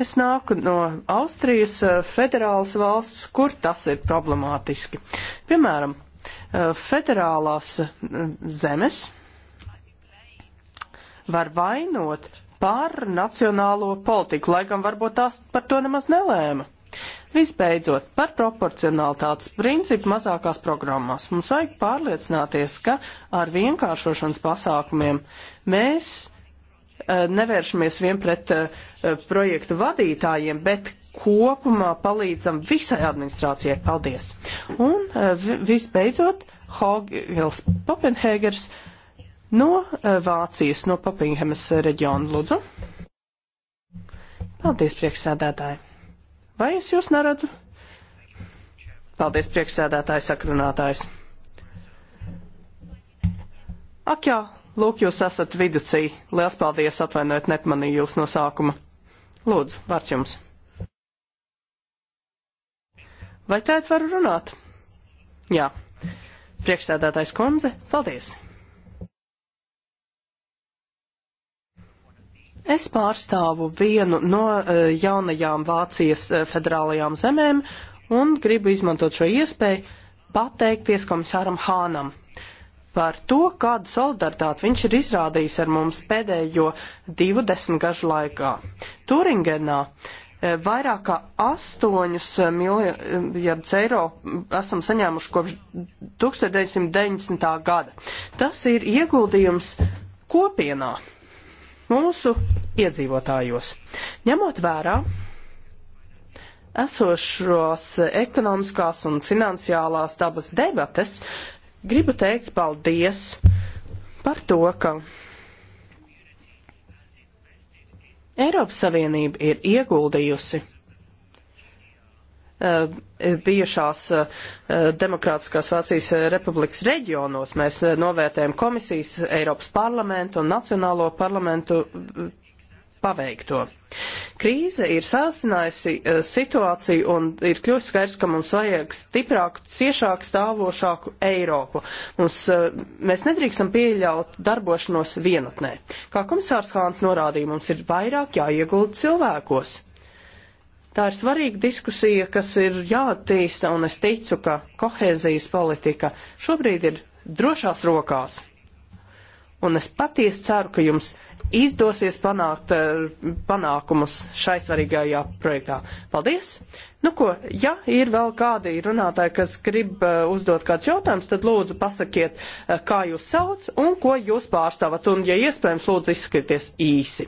Speaker 3: Es nāku no Austrijas eh, federālas valsts, kur tas ir problemātiski. Piemēram, eh, federālās eh, zemes var vainot par nacionālo politiku, lai gan varbūt tās par to nemaz nelēma. Visbeidzot, par proporcionalitātes principu mazākās programmās mums vajag pārliecināties, ka ar vienkāršošanas pasākumiem mēs Eh, nevēršamies vien pret eh, projektu vadītājiem, bet kopumā palīdzam visai administrācijai. Paldies! Un eh, visbeidzot, Hogels Popenhēgers no Vācijas, no Popinghemas reģiona, lūdzu. Paldies, priekšsēdētāji! Vai es jūs neredzu? Paldies, priekšsēdētāji, sakrunātājs. Ak jā, Lūk, jūs esat viducī. Lielas paldies, atvainojiet, nepamanīju jūs no sākuma. Lūdzu, vārds jums. Vai tēt varu runāt? Jā. Priekšsēdētājs kundze, paldies. Es pārstāvu vienu no uh, jaunajām Vācijas uh, federālajām zemēm un gribu izmantot šo iespēju pateikties komisāram Hānam par to, kādu solidaritāti viņš ir izrādījis ar mums pēdējo divu desmitgažu laikā. Turingenā eh, vairāk kā 8 miljardus eiro esam saņēmuši kopš 1990. gada. Tas ir ieguldījums kopienā mūsu iedzīvotājos. Ņemot vērā esošos ekonomiskās un finansiālās dabas debates, Gribu teikt paldies par to, ka Eiropas Savienība ir ieguldījusi eh, bijušās eh, Demokrātiskās Vācijas republikas reģionos. Mēs eh, novērtējam komisijas, Eiropas parlamentu un Nacionālo parlamentu paveikto. Krīze ir sāsinājusi eh, situāciju un ir kļuvis skaidrs, ka mums vajag stiprāku, ciešāku, stāvošāku Eiropu. Mums, eh, mēs nedrīkstam pieļaut darbošanos vienatnē. Kā komisārs Hāns norādīja, mums ir vairāk jāiegulda cilvēkos. Tā ir svarīga diskusija, kas ir jāattīsta, un es ticu, ka kohēzijas politika šobrīd ir drošās rokās. Un es patiesi ceru, ka jums izdosies panākt eh, panākumus šai svarīgajā projektā. Paldies! Nu ko, ja ir vēl kādi runātāji, kas grib eh, uzdot kāds jautājums, tad lūdzu pasakiet, eh, kā jūs sauc un ko jūs pārstāvat, un, ja iespējams, lūdzu izskaties īsi.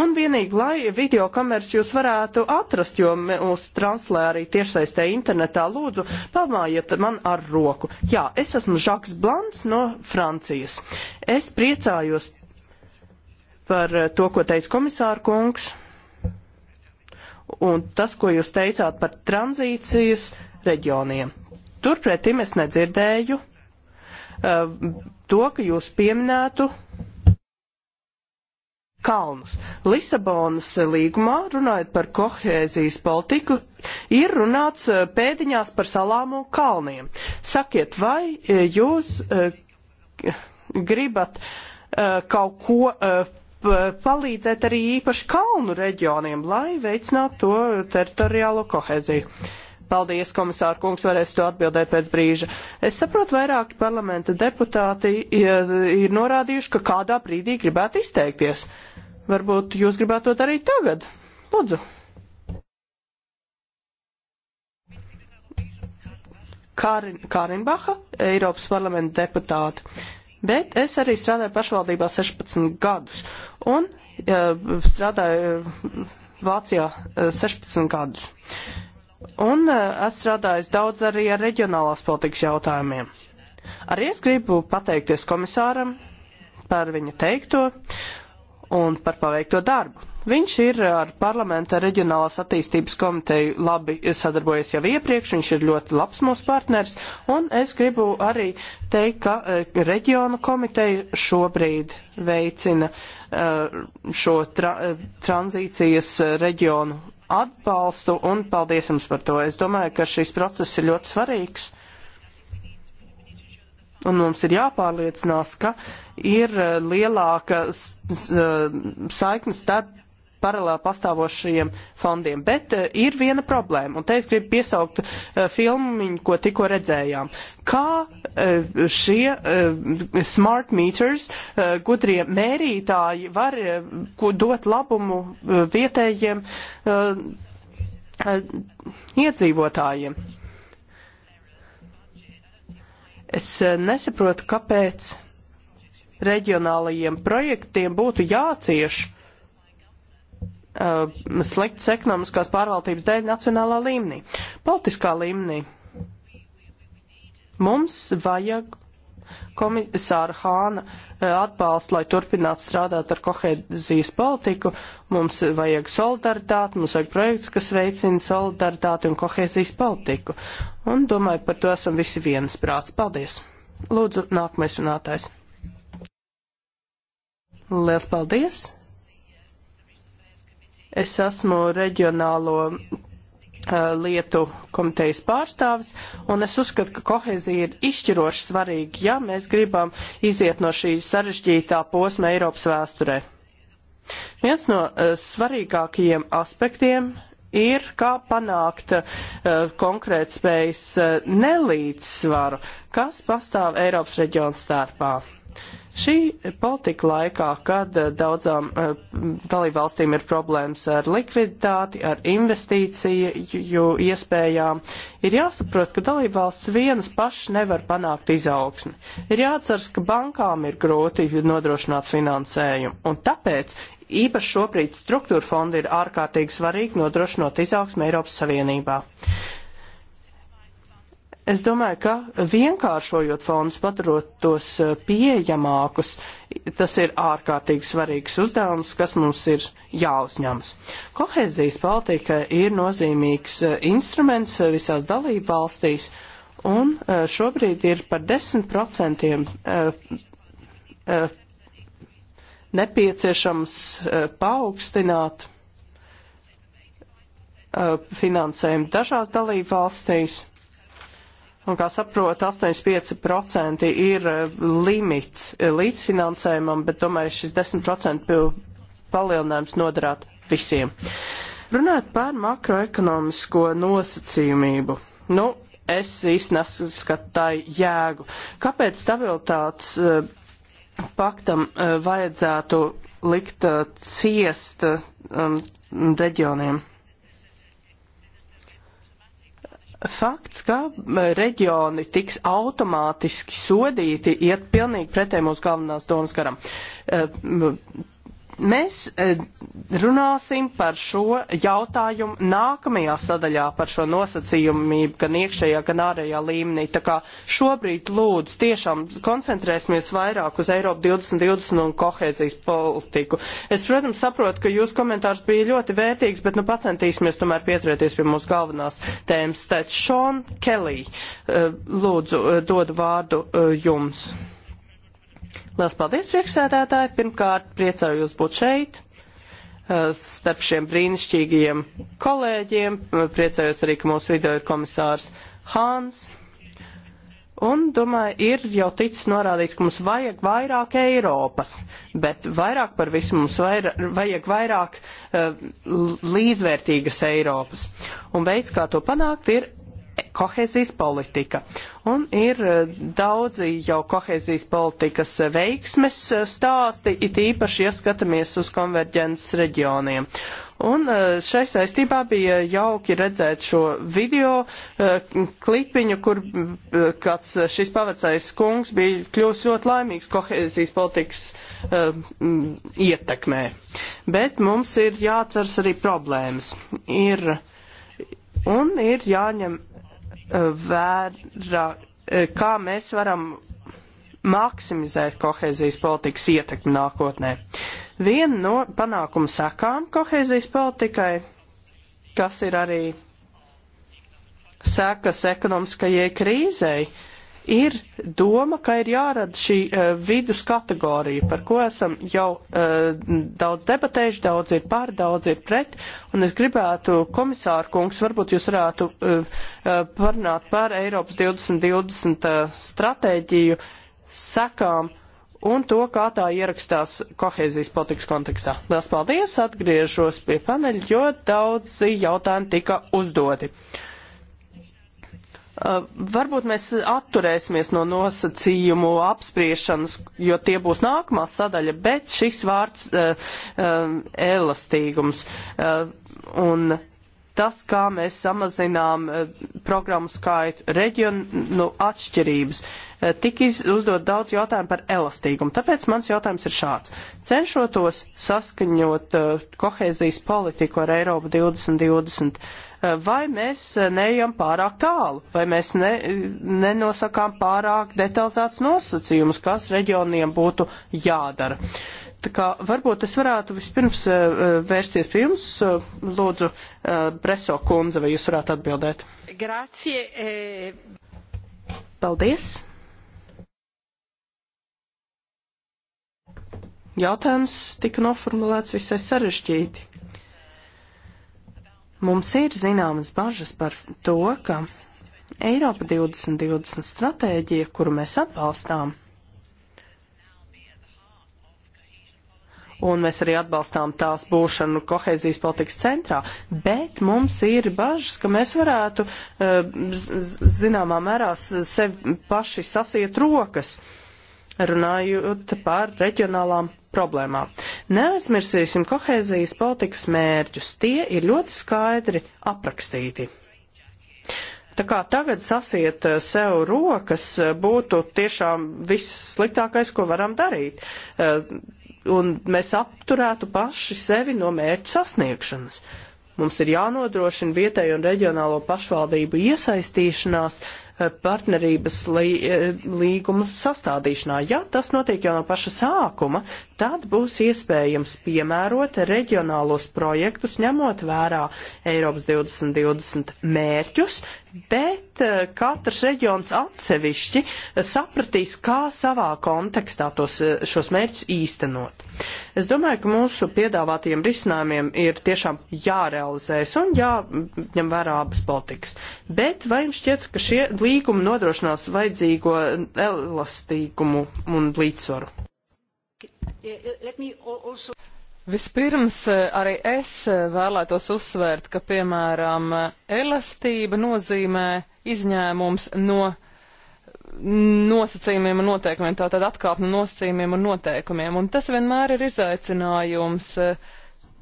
Speaker 3: Un vienīgi, lai video kameras jūs varētu atrast, jo mūs translē arī tiešsaistē internetā, lūdzu, pamājiet man ar roku. Jā, es esmu Žaks Blants no Francijas. Es priecājos par eh, to, ko teica komisāra kungs, un tas, ko jūs teicāt par tranzīcijas reģioniem. Turpretim es nedzirdēju uh, to, ka jūs pieminētu kalnus. Lisabonas līgumā, runājot par kohēzijas politiku, ir runāts eh, pēdiņās par salām un kalniem. Sakiet, vai jūs gribat kaut ko palīdzēt arī īpaši kalnu reģioniem, lai veicinātu to teritoriālo koheziju. Paldies, komisāra kungs, varēs to atbildēt pēc brīža. Es saprotu, vairāki parlamenta deputāti ir, ir norādījuši, ka kādā brīdī gribētu izteikties. Varbūt jūs gribētu to darīt tagad? Lūdzu. Kārin, Kārinbaha, Eiropas parlamenta deputāte. Bet es arī strādāju pašvaldībā 16 gadus, un strādāju eh, Vācijā 16 eh, gadus. Un eh, es strādāju daudz arī ar reģionālās politikas jautājumiem. Arī es gribu pateikties komisāram par viņa teikto un par paveikto darbu. Viņš ir eh, ar parlamenta reģionālās attīstības komiteju labi sadarbojies jau iepriekš, viņš ir ļoti labs mūsu partners, un es gribu arī teikt, ka eh, reģionu komiteja šobrīd veicina eh, šo tra tranzīcijas reģionu atbalstu, un paldies jums par to. Es domāju, ka šis process ir ļoti svarīgs. Un mums ir jāpārliecinās, ka ir lielāka saikne starp paralēli pastāvošajiem fondiem. Bet uh, ir viena problēma, un te es gribu piesaukt uh, eh, filmu, ko tikko redzējām. Kā uh, šie uh, smart meters, uh, gudrie mērītāji, var uh, dot labumu uh, vietējiem uh, uh, iedzīvotājiem? Es uh, nesaprotu, kāpēc reģionālajiem projektiem būtu jācieš uh, uh, sliktas ekonomiskās pārvaldības dēļ nacionālā līmenī. Politiskā līmenī mums vajag komisāra Hāna uh, atbalstu, lai turpinātu strādāt ar kohēzijas politiku. Mums vajag solidaritāti, mums vajag projekts, kas veicina solidaritāti un kohēzijas politiku. Un domāju, par to esam visi vienas prāts. Paldies! Lūdzu, nākamais runātājs. Lielas paldies! Es esmu reģionālo lietu komitejas pārstāvis, un es uzskatu, ka kohezija ir izšķiroši svarīga, ja mēs gribam iziet no šī sarežģītā posma Eiropas vēsturē. Viens no uh, svarīgākajiem aspektiem ir, kā panākt uh, konkrētspējas uh, nelīdzsvaru, kas pastāv Eiropas reģionu starpā. Šī politika laikā, kad eh, daudzām eh, dalībvalstīm ir problēmas ar likviditāti, ar investīciju iespējām, ir jāsaprot, ka dalībvalsts vienas pašas nevar panākt izaugsmi. Ir jāatceras, ka bankām ir grūti nodrošināt finansējumu, un tāpēc īpaši šobrīd struktūra fondi ir ārkārtīgi svarīgi nodrošinot izaugsmu Eiropas Savienībā. Es domāju, ka vienkāršojot fondus, padarot tos e, pieejamākus, tas ir ārkārtīgi svarīgs uzdevums, kas mums ir jāuzņemas. Kohēzijas politika ir nozīmīgs e, instruments e, visās dalību valstīs, un šobrīd ir par 10% nepieciešams paaugstināt finansējumu dažās dalību valstīs Un, kā saprotu, 85% ir eh, limits eh, līdzfinansējumam, bet domāju, šis 10% palielinājums noderētu visiem. Runājot par makroekonomisko nosacījumību. Nu, es īsti neskatu tai jēgu. Kāpēc stabilitātes eh, paktam vajadzētu likt ciest um, reģioniem? fakts, ka reģioni tiks automātiski sodīti, iet pilnīgi pretēji mūsu galvenās domas karam. Eh, Mēs e, runāsim par šo jautājumu nākamajā sadaļā par šo nosacījumību gan iekšējā, gan ārējā līmenī. Tā kā šobrīd lūdzu tiešām koncentrēsimies vairāk uz Eiropu 2020 un kohēzijas politiku. Es, protams, saprotu, ka jūsu komentārs bija ļoti vērtīgs, bet nu pacentīsimies tomēr pieturēties pie mūsu galvenās tēmas. Tāds Šon Kelly, e, lūdzu, e, dodu vārdu jums. Lielas paldies, priekšsēdētāji! Pirmkārt, priecājos būt šeit eh, starp šiem brīnišķīgajiem kolēģiem. Eh, priecājos arī, ka mūsu video ir komisārs Hāns. Un, domāju, ir jau ticis norādīts, ka mums vajag vairāk Eiropas, bet vairāk par visu mums vaira, vajag vairāk uh, līdzvērtīgas Eiropas. Un veids, kā to panākt, ir kohēzijas politika. Un ir eh, daudzi jau kohēzijas politikas eh, veiksmes eh, stāsti, it īpaši ieskatāmies uz konverģences reģioniem. Un šai saistībā bija jauki redzēt šo video klipiņu, kur kāds šis pavacais kungs bija kļūst ļoti laimīgs kohēzijas politikas ietekmē. Bet mums ir jāatceras arī problēmas. Ir Un ir jāņem vērā, eh, kā mēs varam maksimizēt kohēzijas politikas ietekmi nākotnē. Viena no panākuma sekām kohēzijas politikai, kas ir arī sekas ekonomiskajai krīzei, uh, ir doma, ka ir jārada šī uh, vidus kategorija, par ko esam jau uh, daudz debatējuši, daudz ir pār, daudz ir pret, un es gribētu, komisāra kungs, varbūt jūs varētu uh, uh, parunāt par Eiropas 2020 uh, stratēģiju, sekām un to, kā tā ierakstās kohēzijas politikas kontekstā. Lielas paldies, atgriežos pie paneļa, jo daudzi jautājumi tika uzdoti. Uh, Eh, varbūt mēs atturēsimies no nosacījumu apspriešanas, jo tie būs nākamā sadaļa, bet šis vārds uh, uh, elastīgums. Uh, un tas, kā mēs samazinām eh, programmu skaitu, reģionu nu, atšķirības. Eh, tik uzdot daudz jautājumu par elastīgumu. Tāpēc mans jautājums ir šāds. Cenšotos saskaņot eh, kohēzijas politiku ar Eiropu 2020 vai mēs neejam pārāk tālu, vai mēs ne, nenosakām pārāk detalizētus nosacījumus, kas reģioniem būtu jādara. Tā kā varbūt es varētu vispirms eh, eh, vērsties pie jums, eh, lūdzu, Breso kundze, vai jūs varētu atbildēt?
Speaker 1: Grācie.
Speaker 3: Paldies. Jautājums tika noformulēts visai sarežģīti. Mums ir zināmas bažas par to, ka Eiropa 2020 stratēģija, kuru mēs atbalstām, un mēs arī atbalstām tās būšanu kohēzijas politikas centrā, bet mums ir bažas, ka mēs varētu eh, zināmā mērā sevi paši sasiet rokas, runājot par reģionālām problēmām. Neaizmirsīsim kohēzijas politikas mērķus. Tie ir ļoti skaidri aprakstīti. Tā kā tagad sasiet eh, sev rokas eh, būtu tiešām viss sliktākais, ko varam darīt un mēs apturētu paši sevi no mērķu sasniegšanas. Mums ir jānodrošina vietēju un reģionālo pašvaldību iesaistīšanās partnerības e, līguma sastādīšanā. Ja tas notiek jau no paša sākuma, tad būs iespējams piemērot reģionālos projektus, ņemot vērā Eiropas 2020 mērķus, bet e, katrs reģions atsevišķi sapratīs, kā savā kontekstā tos, e, šos mērķus īstenot. Es domāju, ka mūsu piedāvātajiem risinājumiem ir tiešām jārealizēs un jāņem vērā abas politikas. Bet vai jums šķiet, ka šie līdzekļi līgumi nodrošinās vajadzīgo elastīgumu un līdzsvaru.
Speaker 1: Also...
Speaker 2: Vispirms eh, arī es eh, vēlētos uzsvērt, ka, piemēram, elastība nozīmē izņēmums no nosacījumiem un noteikumiem, tātad atkāpni no nosacījumiem un noteikumiem, un tas vienmēr ir izaicinājums uh,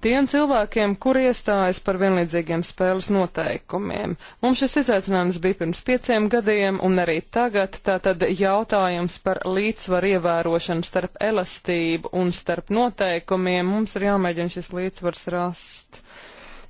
Speaker 2: tiem cilvēkiem, kur iestājas par vienlīdzīgiem spēles noteikumiem. Mums šis izaicinājums bija pirms pieciem gadiem un arī tagad, tātad jautājums par līdzsvaru ievērošanu starp elastību un starp noteikumiem, mums ir jāmēģina šis līdzsvars rast.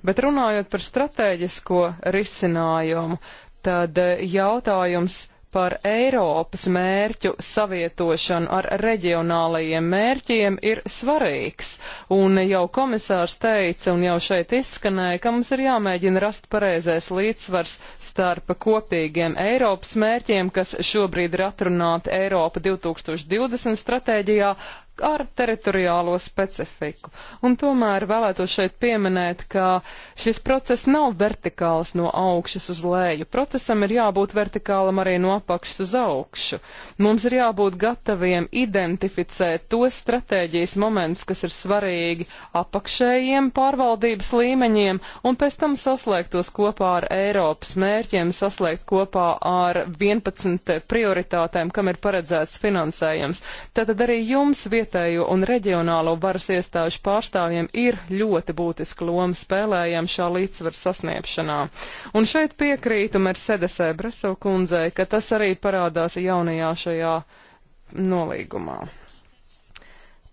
Speaker 2: Bet runājot par strateģisko risinājumu, tad jautājums par Eiropas mērķu savietošanu ar reģionālajiem mērķiem ir svarīgs, un jau komisārs teica, un jau šeit izskanēja, ka mums ir jāmēģina rast pareizais līdzsvars starp kopīgiem Eiropas mērķiem, kas šobrīd ir atrunāti Eiropa 2020 stratēģijā, ar teritoriālo specifiku. Un tomēr vēlētos šeit pieminēt, ka šis process nav vertikāls no augšas uz leju. Procesam ir jābūt vertikālam arī no apakšas uz augšu. Mums ir jābūt gataviem identificēt tos stratēģijas momentus, kas ir svarīgi apakšējiem pārvaldības līmeņiem, un pēc tam saslēgt tos kopā ar Eiropas mērķiem, saslēgt kopā ar 11 prioritātēm, kam ir paredzēts finansējums. Tātad arī jums vietā vietējo un reģionālo varas iestāžu pārstāvjiem ir ļoti būtiska loma spēlējama šā līdzsvara sasniegšanā. Un šeit piekrītu Mercedesē Breso kundzei, ka tas arī parādās jaunajā šajā nolīgumā.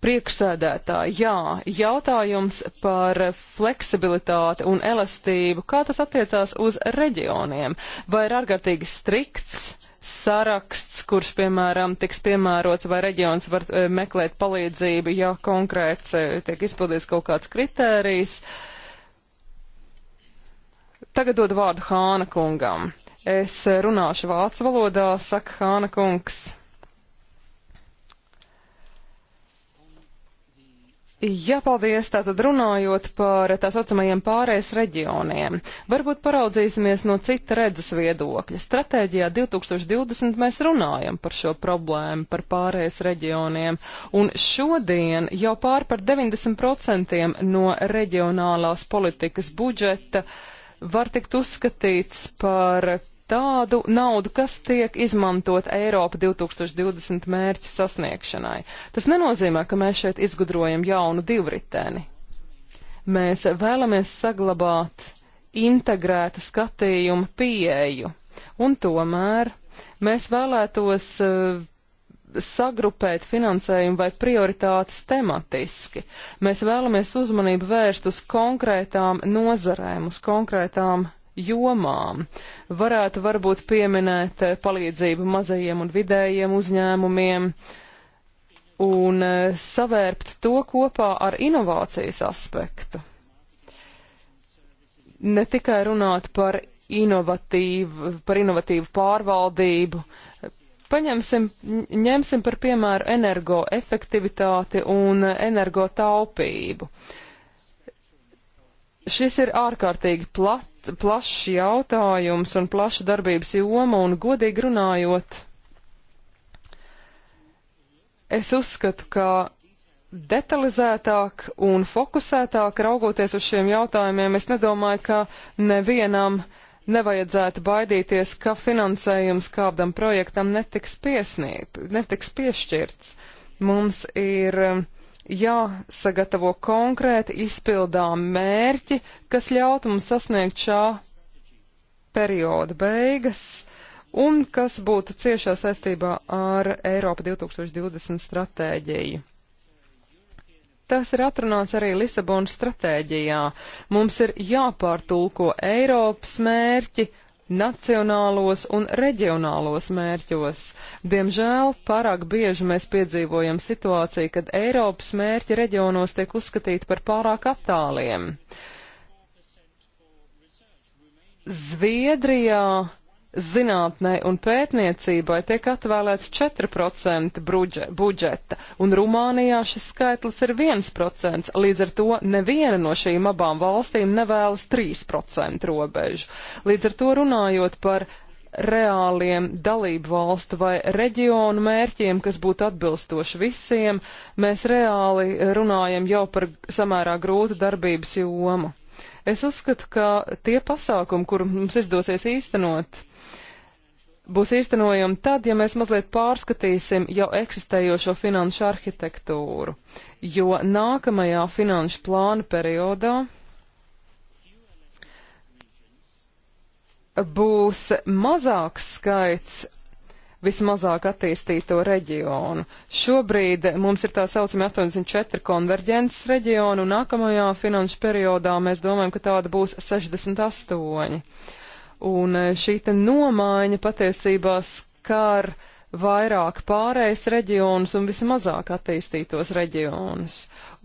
Speaker 2: Priekšsēdētāji, jā, jautājums par fleksibilitāti un elastību, kā tas attiecās uz reģioniem, vai ir ārkārtīgi strikts saraksts, kurš, piemēram, tiks piemērots vai reģions var e, meklēt palīdzību, ja konkrēts e, tiek izpildīts kaut kāds kritērijs. Tagad dod vārdu Hāna kungam. Es e, runāšu vācu valodā, saka Hāna kungs. Jā, paldies. Tātad runājot par tā saucamajiem pārējais reģioniem, varbūt paraudzīsimies no cita redzes viedokļa. Stratēģijā 2020 mēs runājam par šo problēmu, par pārējais reģioniem, un šodien jau pār par 90% no reģionālās politikas budžeta var tikt uzskatīts par tādu naudu, kas tiek izmantot Eiropa 2020 mērķu sasniegšanai. Tas nenozīmē, ka mēs šeit izgudrojam jaunu divriteni. Mēs vēlamies saglabāt integrētu skatījumu pieeju, un tomēr mēs vēlētos uh, sagrupēt finansējumu vai prioritātes tematiski. Mēs vēlamies uzmanību vērst uz konkrētām nozarēm, uz konkrētām jomām. Varētu varbūt pieminēt eh, palīdzību mazajiem un vidējiem uzņēmumiem un eh, savērpt to kopā ar inovācijas aspektu. Ne tikai runāt par inovatīvu, par inovatīvu pārvaldību, paņemsim, ņemsim par piemēru energoefektivitāti un energotaupību. Šis ir ārkārtīgi plat plašs jautājums un plaša darbības joma, un godīgi runājot, es uzskatu, ka detalizētāk un fokusētāk raugoties uz šiem jautājumiem, es nedomāju, ka nevienam nevajadzētu baidīties, ka finansējums kādam projektam netiks, piesniegt, netiks piešķirts. Mums ir uh, jāsagatavo konkrēti izpildām mērķi, kas ļautu mums sasniegt šā perioda beigas un kas būtu ciešā saistībā ar Eiropa 2020 stratēģiju. Tas ir atrunāts arī Lisabonas stratēģijā. Mums ir jāpārtulko Eiropas mērķi nacionālos un reģionālos mērķos. Diemžēl pārāk bieži mēs piedzīvojam situāciju, kad Eiropas mērķi reģionos tiek uzskatīti par pārāk attāliem. Zviedrijā zinātnē un pētniecībai tiek atvēlēts 4% bruģe, budžeta, un Rumānijā šis skaitlis ir 1%, līdz ar to neviena no šīm abām valstīm nevēlas 3% robežu. Līdz ar to runājot par reāliem dalību valstu vai reģionu mērķiem, kas būtu atbilstoši visiem, mēs reāli runājam jau par samērā grūtu darbības jomu. Es uzskatu, ka tie pasākumi, kur mums izdosies īstenot, būs īstenojama tad, ja mēs mazliet pārskatīsim jau eksistējošo finanšu arhitektūru, jo nākamajā finanšu plāna periodā būs mazāks skaits vismazāk attīstīto reģionu. Šobrīd mums ir tā saucamie 84 konverģences reģionu, un nākamajā finanšu periodā mēs domājam, ka tāda būs 68. Un e, šī nomaiņa patiesībā skar vairāk pārējais reģionus un vismazāk attīstītos reģionus.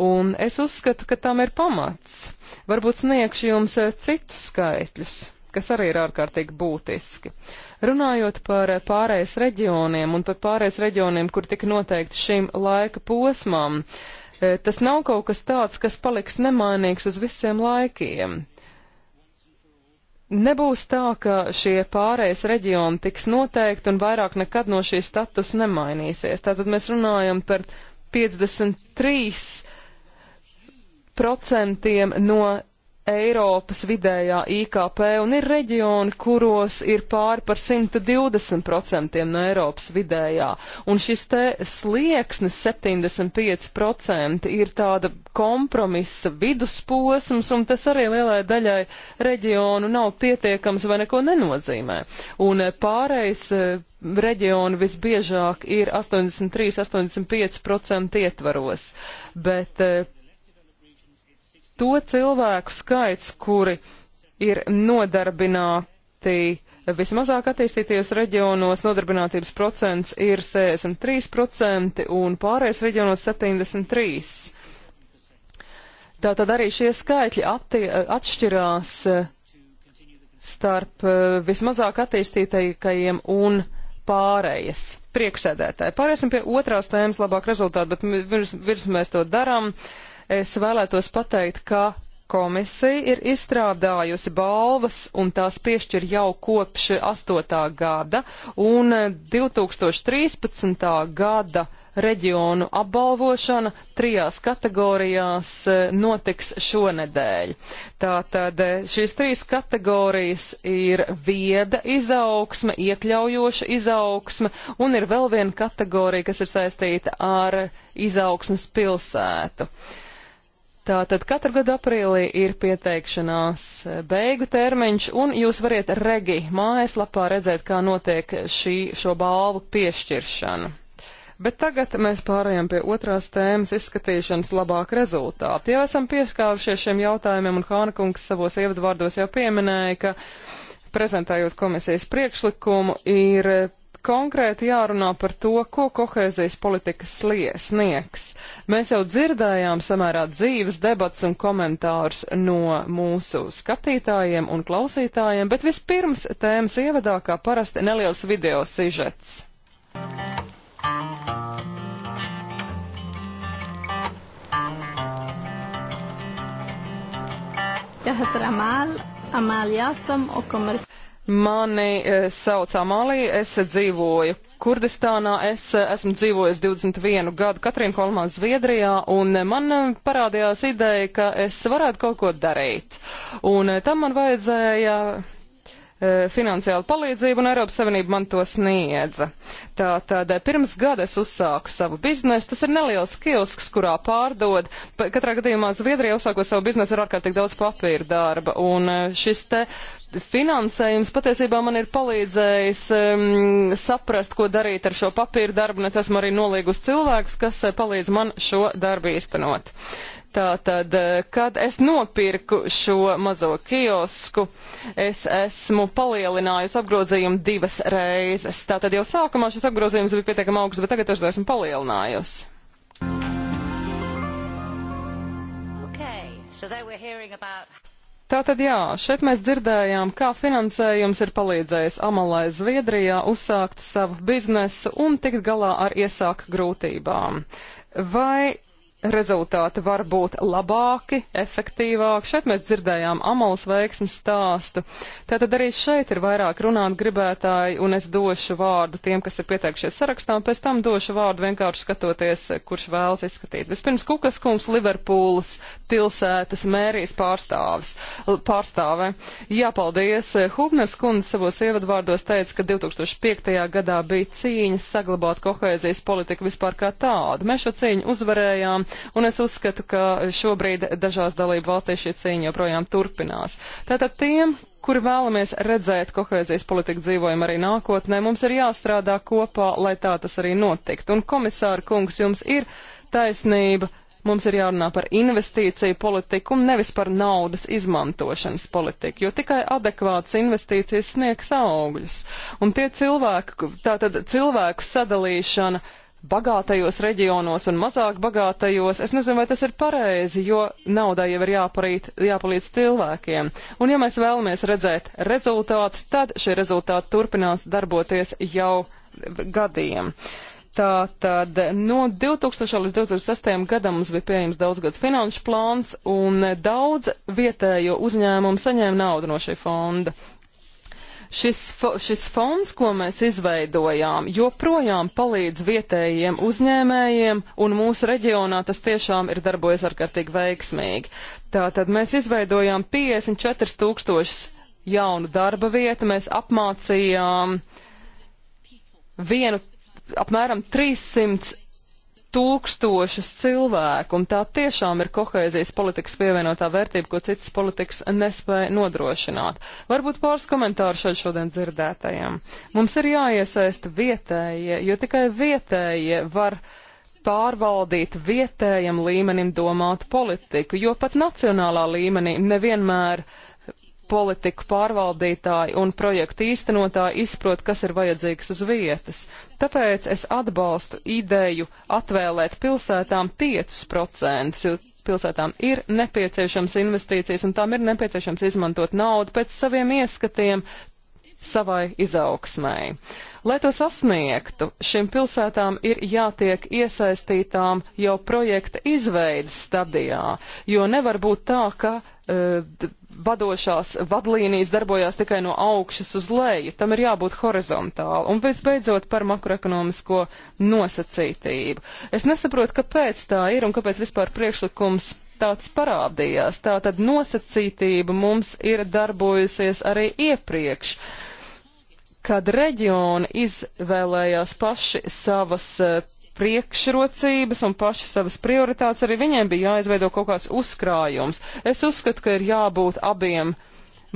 Speaker 2: Un es uzskatu, ka tam ir pamats. Varbūt sniegšu jums e, citus skaitļus kas arī ir ārkārtīgi būtiski. Runājot par e, pārējais reģioniem un par pārējais reģioniem, kur tika noteikti šim laika posmam, tas nav kaut kas tāds, kas paliks nemainīgs uz visiem laikiem. Nebūs tā, ka šie pārējais reģioni tiks noteikti un vairāk nekad no šī status nemainīsies. Tātad mēs runājam par 53% no Eiropas vidējā IKP un ir reģioni, kuros ir pāri par 120% no Eiropas vidējā. Un šis te slieksnis 75% ir tāda kompromisa vidusposms un tas arī lielai daļai reģionu nav pietiekams vai neko nenozīmē. Un pārējais e, reģioni visbiežāk ir 83-85% ietvaros, bet e, to cilvēku skaits, kuri ir nodarbināti vismazāk attīstītajos reģionos, nodarbinātības procents ir 63% un pārējais reģionos 73%. Tātad arī šie skaitļi attie, atšķirās eh, starp eh, vismazāk attīstītajiem un pārējas priekšsēdētāji. Pāriesim pie otrās tēmas labāk rezultātu, bet virs, virs mēs to darām. Uh, es vēlētos pateikt, ka komisija ir izstrādājusi balvas un tās piešķir jau kopš 8. gada un 2013. gada reģionu apbalvošana trijās kategorijās eh, notiks šonedēļ. Tātad eh, šīs trīs kategorijas ir vieda izaugsme, iekļaujoša izaugsme un ir vēl viena kategorija, kas ir saistīta ar izaugsmes pilsētu. Uh, Tātad katru gadu aprīlī ir pieteikšanās beigu termiņš, un jūs variet regi mājaslapā redzēt, kā notiek šī, šo balvu piešķiršana. Bet tagad mēs pārējām pie otrās tēmas izskatīšanas labāk rezultāti. Jau esam pieskārušies šiem jautājumiem, un Hānekungs savos ievadvārdos jau pieminēja, ka prezentējot komisijas priekšlikumu ir konkrēti jārunā par to, ko kohēzijas politika sniegs. Mēs jau dzirdējām samērā dzīves debats un komentārs no mūsu skatītājiem un klausītājiem, bet vispirms tēmas ievadā kā parasti neliels video sižets.
Speaker 3: Jag heter Amal, Amal Jasam och kommer
Speaker 2: Mani e, sauc Amalija, es dzīvoju Kurdistānā, es e, esmu dzīvojis 21 gadu Katrīna Kolmā Zviedrijā, un e, man parādījās ideja, ka es varētu kaut ko darīt. Un tam man vajadzēja E, finansiālu palīdzību, un Eiropas Savienība man to sniedza. Tātad e, pirms gada es uzsāku savu biznesu. Tas ir neliels kiosks, kurā pārdod. Katrā gadījumā Zviedrijā uzsāko savu biznesu ar ārkārtīgi daudz papīra darba, un e, šis te finansējums patiesībā man ir palīdzējis um, saprast, ko darīt ar šo papīra darbu, un es esmu arī nolīgus cilvēkus, kas palīdz man šo darbu īstenot. Tātad, eh, kad es nopirku šo mazo kiosku, es esmu palielinājusi apgrozījumu divas reizes. Tātad jau sākumā šis apgrozījums bija pietiekami augsts, bet tagad es to esmu palielinājusi.
Speaker 1: Okay, so about...
Speaker 2: Tātad jā, šeit mēs dzirdējām, kā finansējums ir palīdzējis Amalai Zviedrijā uzsākt savu biznesu un tikt galā ar iesāku grūtībām. Vai rezultāti var būt labāki, efektīvāki. Šeit mēs dzirdējām Amals veiksmes stāstu. Tātad arī šeit ir vairāk runāt gribētāji, un es došu vārdu tiem, kas ir pieteikušies sarakstā, un pēc tam došu vārdu vienkārši skatoties, kurš vēlas izskatīt. Vispirms Kukas kungs Liverpūles pilsētas mērijas pārstāvis, pārstāve. Jā, paldies. Hubners kundze savos ievadvārdos teica, ka 2005. gadā bija cīņas saglabāt kohēzijas politiku vispār kā tādu. Mēs šo cīņu uzvarējām Un es uzskatu, ka šobrīd dažās dalību valstīs šī cīņa joprojām turpinās. Tātad tiem, kuri vēlamies redzēt kohēzijas politiku dzīvojumu arī nākotnē, mums ir jāstrādā kopā, lai tā tas arī notiktu. Un komisāra kungs, jums ir taisnība, mums ir jārunā par investīciju politiku un nevis par naudas izmantošanas politiku, jo tikai adekvātas investīcijas sniegs augļus. Un tie cilvēku, tātad cilvēku sadalīšana bagātajos reģionos un mazāk bagātajos. Es nezinu, vai tas ir pareizi, jo naudai jau ir jāparīt, jāpalīdz cilvēkiem. Un ja mēs vēlamies redzēt rezultātus, tad šie rezultāti turpinās darboties jau gadiem. Tā tad no 2000 līdz 2006 gadam mums bija pieejams daudzgad finanšu plāns un daudz vietējo uzņēmumu saņēma naudu no šī fonda. Šis, šis fonds, ko mēs izveidojām, joprojām palīdz vietējiem uzņēmējiem, un mūsu reģionā tas tiešām ir darbojies ārkārtīgi veiksmīgi. Tātad mēs izveidojām 54 tūkstošus jaunu darba vietu, mēs apmācījām vienu apmēram 300 tūkstošus cilvēku, un tā tiešām ir kohēzijas politikas pievienotā vērtība, ko citas politikas nespēja nodrošināt. Varbūt pāris komentāru šeit šodien dzirdētajiem. Mums ir jāiesaista vietējie, jo tikai vietējie var pārvaldīt vietējam līmenim domātu politiku, jo pat nacionālā līmenī nevienmēr politiku pārvaldītāji un projektu īstenotāji izprot, kas ir vajadzīgs uz vietas. Tāpēc es atbalstu ideju atvēlēt pilsētām 5%, jo pilsētām ir nepieciešams investīcijas un tām ir nepieciešams izmantot naudu pēc saviem ieskatiem savai izaugsmai. Lai to sasniegtu, šīm pilsētām ir jātiek iesaistītām jau projekta izveidas stadijā, jo nevar būt tā, ka uh, vadošās vadlīnijas darbojās tikai no augšas uz leju. Tam ir jābūt horizontāli. Un visbeidzot par makroekonomisko nosacītību. Es nesaprotu, kāpēc tā ir un kāpēc vispār priekšlikums tāds parādījās. Tā tad nosacītība mums ir darbojusies arī iepriekš, kad reģioni izvēlējās paši savas eh, priekšrocības un paši savas prioritātes, arī viņiem bija jāizveido kaut kāds uzkrājums. Es uzskatu, ka ir jābūt abiem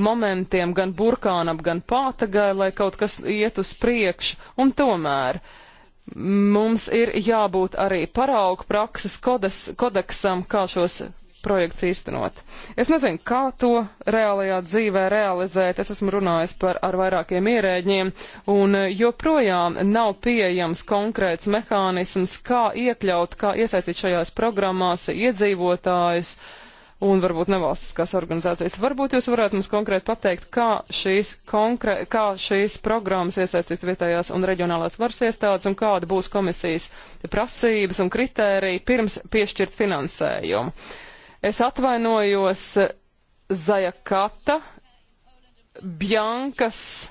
Speaker 2: momentiem, gan burkānam, gan pātagai, lai kaut kas iet uz priekšu, un tomēr mums ir jābūt arī paraugu prakses kodes, kodeksam, kā šos projekts īstenot. Es nezinu, kā to reālajā dzīvē realizēt. Es esmu runājis par ar vairākiem ierēģiem, un eh, joprojām nav pieejams konkrēts mehānisms, kā iekļaut, kā iesaistīt šajās programmās iedzīvotājus un varbūt nevalstiskās organizācijas. Varbūt jūs varētu mums konkrēti pateikt, kā šīs, konkrē, kā šīs programmas iesaistīt vietējās un reģionālās varas iestādes un kāda būs komisijas prasības un kritērija pirms piešķirt finansējumu. Es atvainojos eh, Zajakata, Bjankas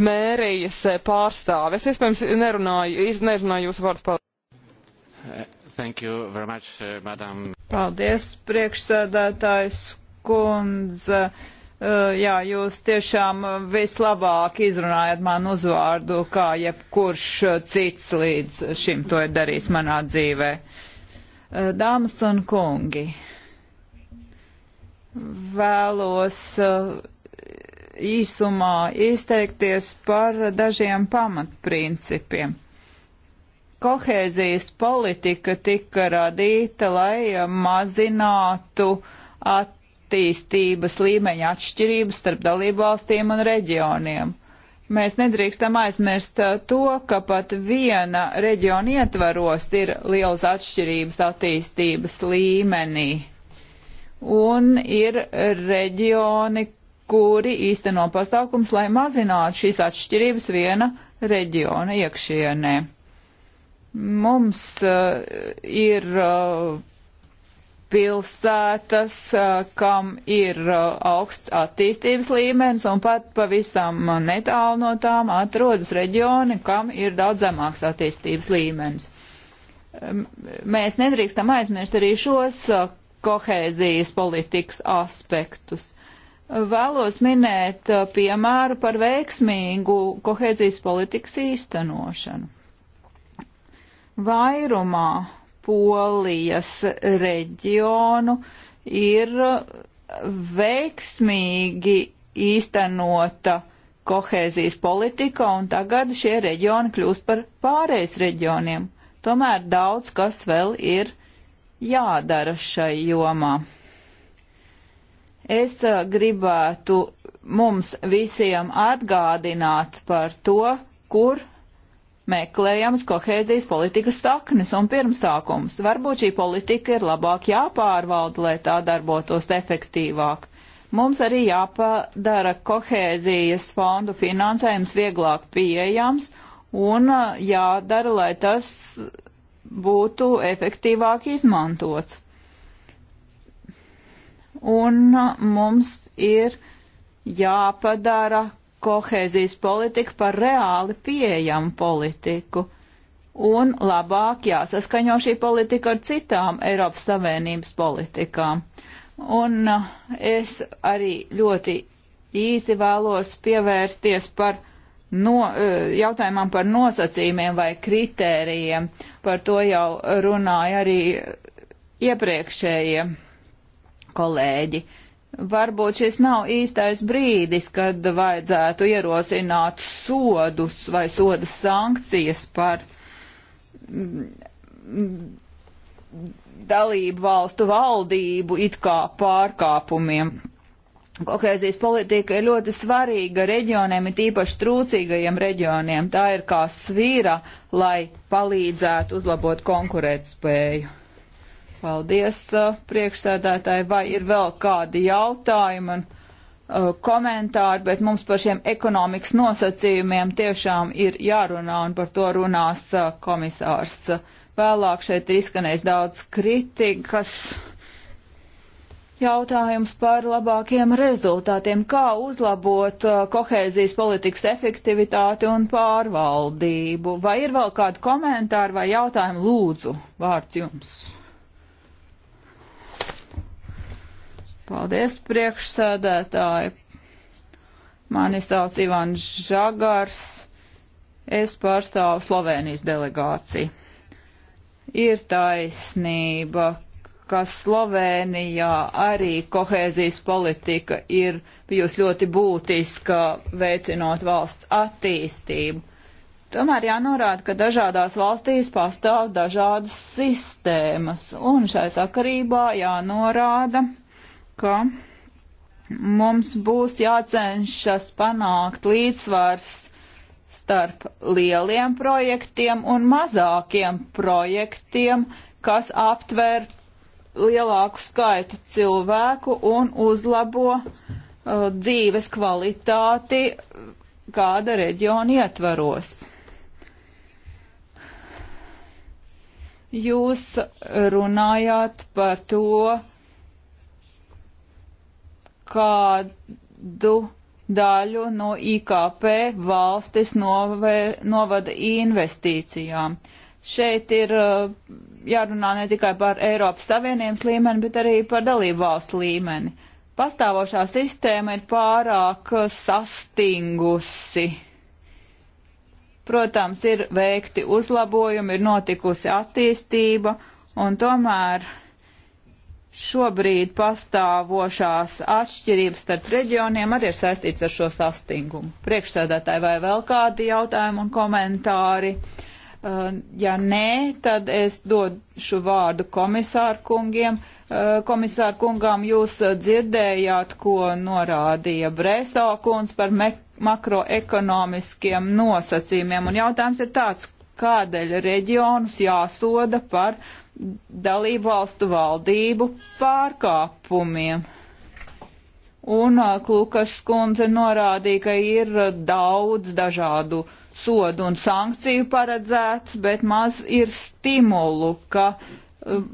Speaker 2: mērijas eh, pārstāve. Es iespējams nerunāju, nerunāju jūsu vārdu palīdzību.
Speaker 3: Thank you very much, eh, madam.
Speaker 2: Paldies, priekšsēdētājs
Speaker 1: kundze. Uh, jā, jūs tiešām vislabāk izrunājat man uzvārdu, kā jebkurš cits līdz šim to ir darījis manā dzīvē. Uh, Eh, dāmas un kungi, vēlos eh, īsumā izteikties par dažiem pamatprincipiem kohēzijas politika tika radīta, lai mazinātu attīstības līmeņa atšķirības starp dalībvalstīm un reģioniem. Mēs nedrīkstam aizmirst uh, to, ka pat viena reģiona ietvaros ir liels atšķirības attīstības līmenī. Un ir reģioni, kuri īsteno pasākums, lai mazinātu šīs atšķirības viena reģiona iekšienē. Mums uh, ir uh, pilsētas, kam ir augsts attīstības līmenis, un pat pavisam netālu no tām atrodas reģioni, kam ir daudz zemāks attīstības līmenis. Mēs nedrīkstam aizmirst arī šos kohēzijas politikas aspektus. Vēlos minēt piemēru par veiksmīgu kohēzijas politikas īstenošanu. Vairumā Polijas reģionu ir veiksmīgi īstenota kohēzijas politika, un tagad šie reģioni kļūst par pārējais reģioniem. Tomēr daudz kas vēl ir jādara šai jomā. Es uh, gribētu mums visiem atgādināt par to, kur meklējams kohēzijas politikas saknes un pirmsākums. Varbūt šī politika ir labāk jāpārvalda, lai tā darbotos efektīvāk. Mums arī jāpadara kohēzijas fondu finansējums vieglāk pieejams un jādara, lai tas būtu efektīvāk izmantots. Un mums ir jāpadara kohēzijas politiku par reāli pieejamu politiku un labāk jāsaskaņo šī politika ar citām Eiropas Savienības politikām. Un uh, es arī ļoti īsi vēlos pievērsties par no, uh, jautājumam par nosacījumiem vai kritērijiem. Par to jau runāja arī iepriekšējie kolēģi. Uh, Varbūt šis nav īstais brīdis, kad vajadzētu ierosināt sodus vai soda sankcijas par mm, dalību valstu valdību it kā pārkāpumiem. Kohēzijas politika ir ļoti svarīga reģioniem, it īpaši trūcīgajiem reģioniem. Tā ir kā svīra, lai palīdzētu uzlabot konkurētspēju. Paldies, uh, priekšsēdētāji. Vai ir vēl kādi jautājumi un uh, komentāri, bet mums par šiem ekonomikas nosacījumiem tiešām ir jārunā un par to runās uh, komisārs. Vēlāk šeit ir izskanējis daudz kritikas jautājums par labākiem rezultātiem, kā uzlabot uh, kohēzijas politikas efektivitāti un pārvaldību. Vai ir vēl kādi komentāri vai jautājumi? Lūdzu, vārds jums. Paldies, priekšsēdētāji. Mani sauc Ivans Žagars. Es pārstāvu Slovenijas delegāciju. Ir taisnība, ka Slovenijā arī kohēzijas politika ir bijusi ļoti būtiska veicinot valsts attīstību. Tomēr jānorāda, ka dažādās valstīs pastāv dažādas sistēmas, un šai sakarībā jānorāda, ka mums būs jācenšas panākt līdzsvars starp lieliem projektiem un mazākiem projektiem, kas aptver lielāku skaitu cilvēku un uzlabo uh, dzīves kvalitāti uh, kāda reģiona ietvaros. Jūs runājāt par to, kādu daļu no IKP valstis novē, novada investīcijām. Šeit ir eh, jārunā ne tikai par Eiropas Savienības līmeni, bet arī par dalību valstu līmeni. Pastāvošā sistēma ir pārāk eh, sastingusi. Protams, ir veikti uzlabojumi, ir notikusi attīstība, un tomēr šobrīd pastāvošās atšķirības starp reģioniem arī ir saistīts ar šo sastingumu. Priekšsēdētāji vai vēl kādi jautājumi un komentāri? Uh, ja nē, tad es došu vārdu komisāru kungiem. Uh, komisāru kungām jūs dzirdējāt, ko norādīja Breso kungs par makroekonomiskiem nosacījumiem. Un jautājums ir tāds, kādēļ reģionus jāsoda par uh, dalību valstu valdību pārkāpumiem. Un uh, Klukas kundze norādīja, ka ir uh, daudz dažādu sodu un sankciju paredzēts, bet maz ir stimulu, ka uh,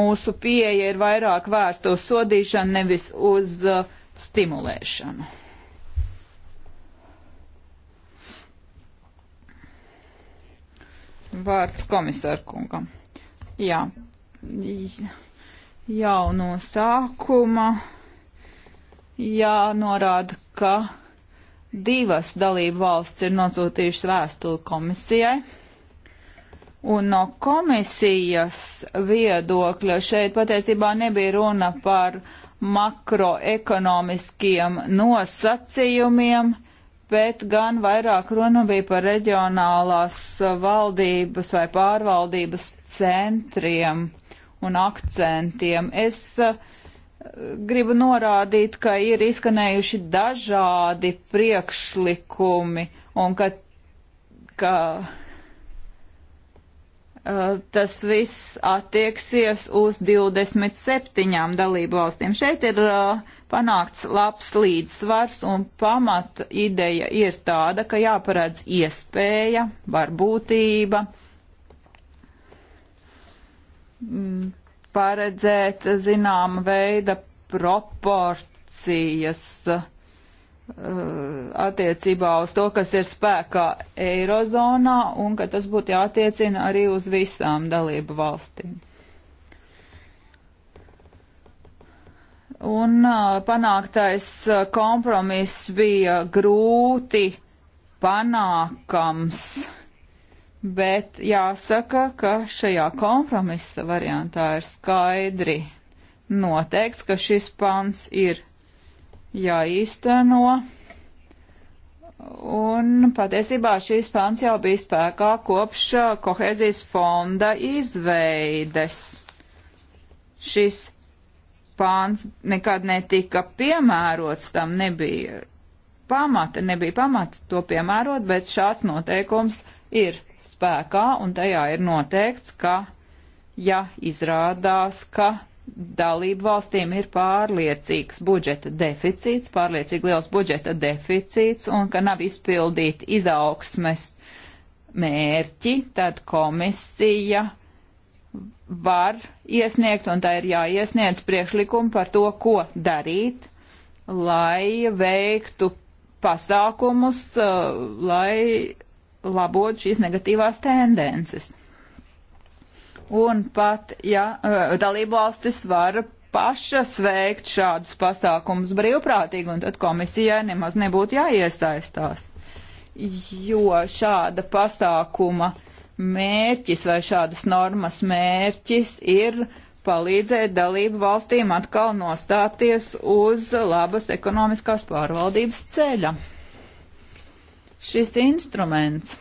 Speaker 1: mūsu pieeja ir vairāk vērsta uz sodīšanu, nevis uz stimulēšanu. Vārds komisārkungam. Jā, jau no sākuma jānorāda, ka divas dalību valsts ir nosūtījušas vēstuli komisijai. Un no komisijas viedokļa šeit patiesībā nebija runa par makroekonomiskiem nosacījumiem, bet gan vairāk runa bija par reģionālās valdības vai pārvaldības centriem un akcentiem. Es eh, gribu norādīt, ka ir izskanējuši dažādi priekšlikumi un ka, ka eh, tas viss attieksies uz 27 dalību valstīm. Šeit ir uh, panākts labs līdzsvars un pamata ideja ir tāda, ka jāparedz iespēja, varbūtība mm, paredzēt zināma veida proporcijas eh, attiecībā uz to, kas ir spēkā Eirozonā, un ka tas būtu jātiecina arī uz visām dalību valstīm. Un panāktais kompromiss bija grūti panākams, bet jāsaka, ka šajā kompromisa variantā ir skaidri noteikts, ka šis pants ir jāīsteno. Un patiesībā šīs pants jau bija spēkā kopš kohēzijas fonda izveides. Šis pāns nekad netika piemērots, tam nebija pamata, nebija pamata to piemērot, bet šāds noteikums ir spēkā un tajā ir noteikts, ka ja izrādās, ka dalību valstīm ir pārliecīgs budžeta deficīts, pārliecīgi liels budžeta deficīts un ka nav izpildīti izaugsmes mērķi, tad komisija uh, var iesniegt, un tā ir jāiesniedz priekšlikumu par to, ko darīt, lai veiktu pasākumus, uh, lai labotu šīs negatīvās tendences. Un pat, ja uh, dalībvalstis var pašas veikt šādus pasākumus brīvprātīgi, un tad komisijai nemaz nebūtu jāiesaistās, jo šāda pasākuma uh, mērķis vai šādas normas mērķis ir palīdzēt dalību valstīm atkal nostāties uz labas ekonomiskās pārvaldības ceļa. Šis instruments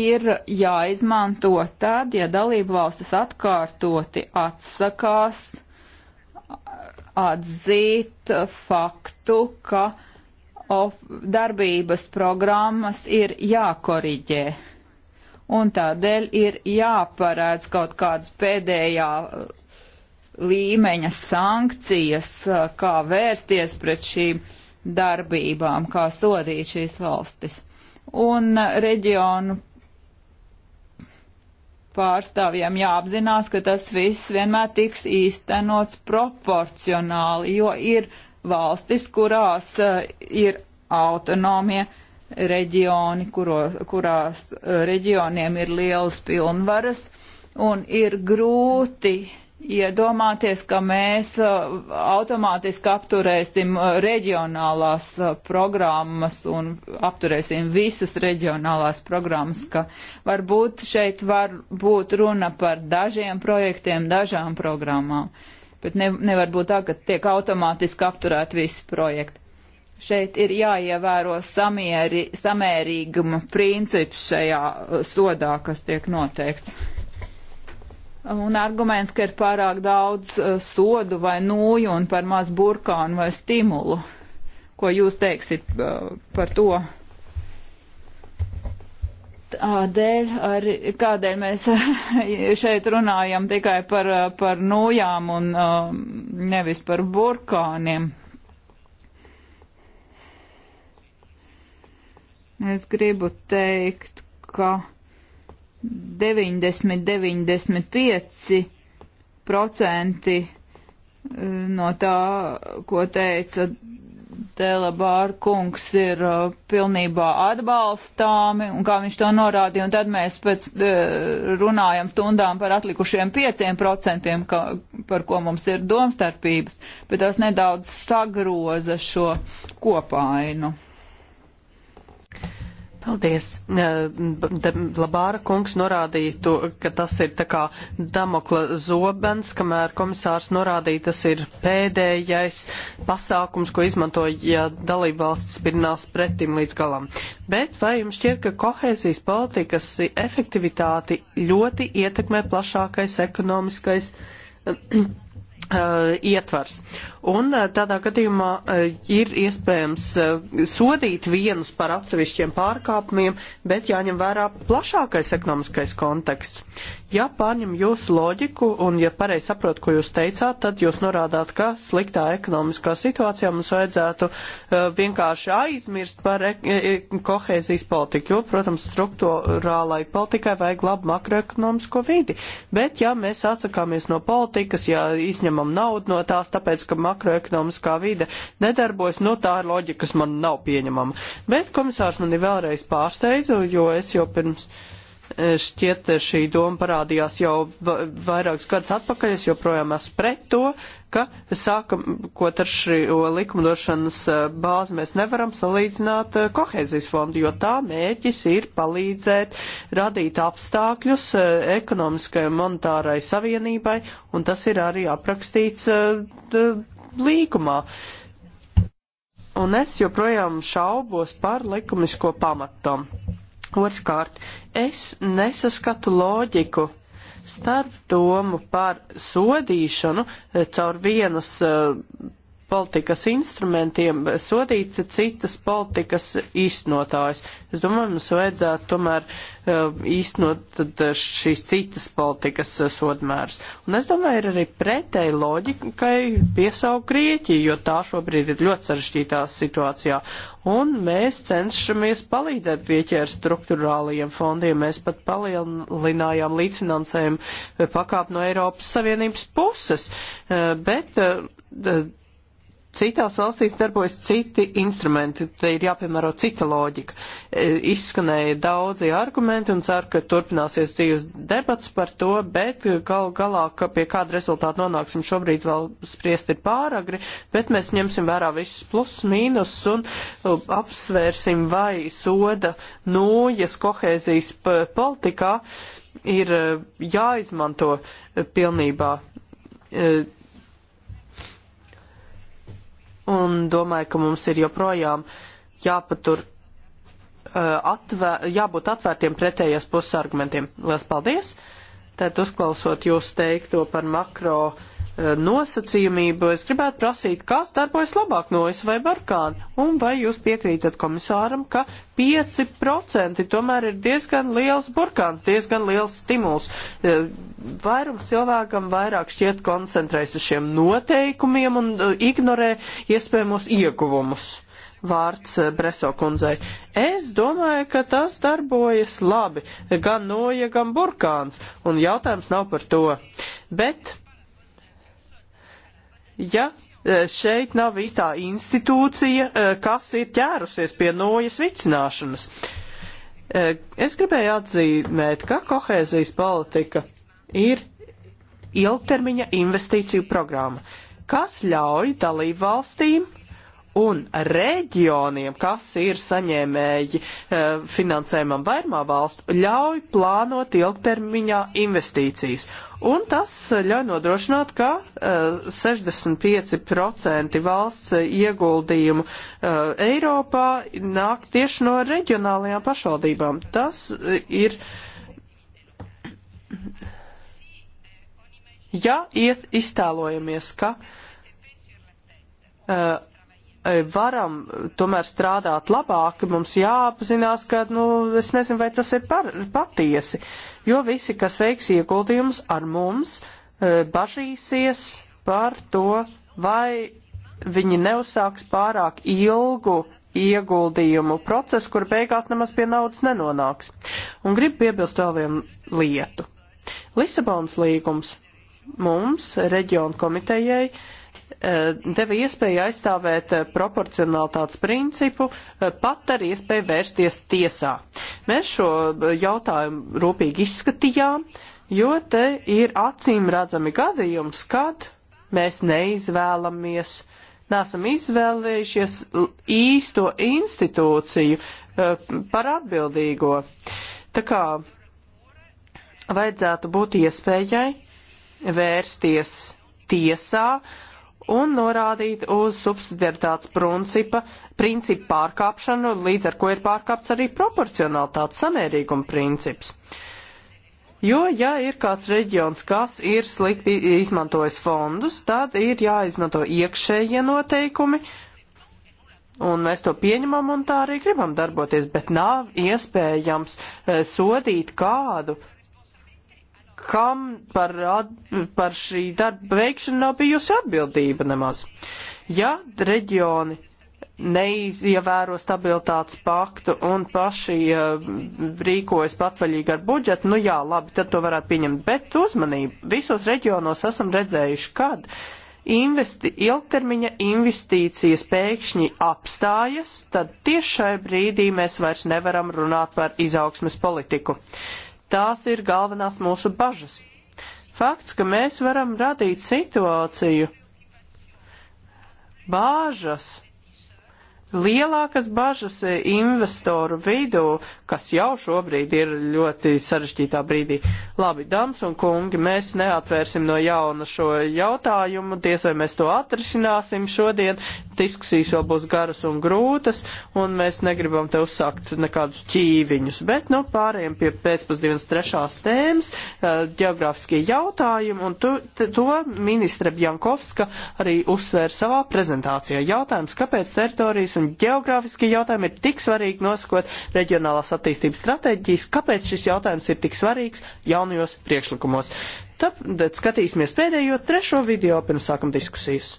Speaker 1: ir jāizmanto tad, ja dalību valstis atkārtoti atsakās atzīt faktu, ka uh, of, darbības programmas ir jākoriģē. Un tādēļ ir jāparēdz kaut kādas pēdējā uh, līmeņa sankcijas, uh, kā vērsties pret šīm darbībām, kā sodīt šīs valstis. Un uh, reģionu pārstāvjiem jāapzinās, ka tas viss vienmēr tiks īstenots proporcionāli, jo ir valstis, kurās eh, ir autonomija reģioni, kuro, kurās eh, reģioniem ir lielas pilnvaras, un ir grūti iedomāties, ka mēs eh, automātiski apturēsim reģionālās programmas un apturēsim visas reģionālās programmas, ka varbūt šeit var būt runa par dažiem projektiem, dažām programmām. Uh, bet ne, nevar būt tā, ka tiek automātiski apturēt visi projekti. Šeit ir jāievēro samieri, samērīguma princips šajā uh, sodā, kas tiek noteikts. Un arguments, ka ir pārāk daudz uh, sodu vai nūju un par maz burkānu vai stimulu. Ko jūs teiksit uh, par to? Tādēļ, ar, kādēļ mēs <laughs> šeit runājam tikai par, par nojām un nevis par burkāniem. Es gribu teikt, ka 90-95% no tā, ko teica Delabāra kungs ir uh, pilnībā atbalstāmi, un kā viņš to norādīja, un tad mēs pēc uh, runājam stundām par atlikušiem pieciem procentiem, par ko mums ir domstarpības, bet tas nedaudz sagroza šo kopainu.
Speaker 3: Paldies. Labāra kungs norādīja, to, ka tas ir tā kā Damokla zobens, kamēr komisārs norādīja, tas ir pēdējais pasākums, ko izmanto, ja dalībvalsts spirnās pretim līdz galam. Bet vai jums šķiet, ka kohēzijas politikas efektivitāti ļoti ietekmē plašākais ekonomiskais? <clears throat> ietvars un eh, tādā gadījumā eh, ir iespējams eh, sodīt vienus par atsevišķiem pārkāpumiem, bet jāņem vērā plašākais ekonomiskais konteksts. Ja pārņem jūsu loģiku un ja pareizi saprot, ko jūs teicāt, tad jūs norādāt, ka sliktā ekonomiskā situācijā mums vajadzētu vienkārši aizmirst par e, e, kohēzijas politiku, jo, protams, struktūrālai politikai vajag labu makroekonomisko vidi. Bet, ja mēs atsakāmies no politikas, ja izņemam naudu no tās, tāpēc, ka makroekonomiskā vide nedarbojas, nu tā ir loģika, kas man nav pieņemama. Bet komisārs mani vēlreiz pārsteidza, jo es jau pirms e, šķiet šī doma parādījās jau vairākus gadus atpakaļ, es joprojām esmu pret to, ka sākot ar šo likumdošanas e, bāzi mēs nevaram salīdzināt e, kohēzijas fondu, jo tā mēķis ir palīdzēt radīt apstākļus ekonomiskai un monetārai savienībai, un tas ir arī aprakstīts līkumā. Un es joprojām šaubos par likumisko pamatam. Otrkārt, es nesaskatu loģiku starp domu par sodīšanu eh, caur vienas uh, politikas instrumentiem sodīt citas politikas īstenotājs. Es domāju, mums vajadzētu tomēr eh, īstenot šīs citas politikas eh, sodmērs. Un es domāju, ir arī pretēji loģikai piesauk Grieķiju, jo tā šobrīd ir ļoti sarežģītā situācijā. Un mēs cenšamies palīdzēt Grieķijai ar struktūrālajiem fondiem. Mēs pat palielinājām līdzfinansējumu pakāp no Eiropas Savienības puses. Eh, bet Citās valstīs darbojas citi instrumenti, te ir jāpiemēro cita loģika. E, izskanēja daudzi argumenti un ceru, ka turpināsies dzīves debats par to, bet gal galā, ka pie kāda rezultāta nonāksim šobrīd vēl spriest ir pāragri, bet mēs ņemsim vērā visus plus, mīnus un apsvērsim, vai soda nūjas kohēzijas politikā ir e, jāizmanto e, pilnībā un domāju, ka mums ir joprojām jāpatur uh, atvēr, jābūt atvērtiem pretējās puses argumentiem. Lielas paldies! Tad uzklausot jūs teikto par makro Eh, nosacījumību, es gribētu prasīt, kas darbojas labāk no es vai Barkāna, un vai jūs piekrītat komisāram, ka 5% tomēr ir diezgan liels burkāns, diezgan liels stimuls. Eh, vairums cilvēkam vairāk šķiet koncentrējas uz šiem noteikumiem un eh, ignorē iespējamos ieguvumus. Vārds Breso kundzei. Es domāju, ka tas darbojas labi, gan noja, gan burkāns, un jautājums nav par to. Bet ja e, šeit nav īstā institūcija, e, kas ir ķērusies pie nojas vicināšanas. E, es gribēju atzīmēt, ka kohēzijas politika ir ilgtermiņa investīciju programma, kas ļauj dalību valstīm un reģioniem, kas ir saņēmēji eh, finansējumam vairumā valstu, ļauj plānot ilgtermiņā investīcijas. Un tas eh, ļauj nodrošināt, ka 65% eh, valsts ieguldījumu Eiropā nāk tieši no reģionālajām pašvaldībām. Tas ir. Ja iet, iztēlojamies, ka uh, Eh, varam tomēr strādāt labāk, mums jāapzinās, ka, nu, es nezinu, vai tas ir par, patiesi, jo visi, kas veiks ieguldījumus ar mums, eh, bažīsies par to, vai viņi neuzsāks pārāk ilgu ieguldījumu procesu, kur beigās nemaz pie naudas nenonāks. Un gribu piebilst vēl vienu lietu. Lisabons līgums mums, reģionu komitejai, uh, Eh, deva iespēju aizstāvēt eh, proporcionalitātes principu, eh, pat ar iespēju vērsties tiesā. Mēs šo jautājumu rūpīgi izskatījām, jo te ir acīm redzami gadījums, kad mēs neizvēlamies, nesam izvēlējušies īsto institūciju par atbildīgo. Tā kā vajadzētu būt iespējai vērsties tiesā, uh, un norādīt uz subsidiaritātes principa, principu pārkāpšanu, līdz ar ko ir pārkāpts arī proporcionalitātes samērīguma princips. Jo, ja ir kāds reģions, kas ir slikti izmantojis fondus, tad ir jāizmanto iekšējie noteikumi, un mēs to pieņemam un tā arī gribam darboties, bet nav iespējams eh, sodīt kādu kam par, at, par šī darba veikšanu nav bijusi atbildība nemaz. Ja reģioni neizievēro stabilitātes paktu un paši uh, rīkojas patvaļīgi ar budžetu, nu jā, labi, tad to varētu pieņemt, bet uzmanību visos reģionos esam redzējuši, kad investi, ilgtermiņa investīcijas pēkšņi apstājas, tad tieši šai brīdī mēs vairs nevaram runāt par izaugsmes politiku. Tās ir galvenās mūsu bažas. Fakts, ka mēs varam radīt situāciju, bāžas, lielākas bažas e, investoru vidū, kas jau šobrīd ir ļoti sarežģītā brīdī. Labi, dāmas un kungi, mēs neatvērsim no jauna šo jautājumu, diez vai mēs to atrisināsim šodien. Diskusijas jau būs garas un grūtas, un mēs negribam te uzsākt nekādus ķīviņus, bet nu pāriem pie pēcpusdienas trešās tēmas e, - geogrāfiskie jautājumi, un tu, to ministra Bjankovska arī uzsvēra savā prezentācijā. Jautājums, kāpēc teritorijas un un geogrāfiskie jautājumi ir tik svarīgi nosakot reģionālās attīstības stratēģijas, kāpēc šis jautājums ir tik svarīgs jaunajos priekšlikumos. Tad skatīsimies pēdējo trešo video pirms sākam diskusijas.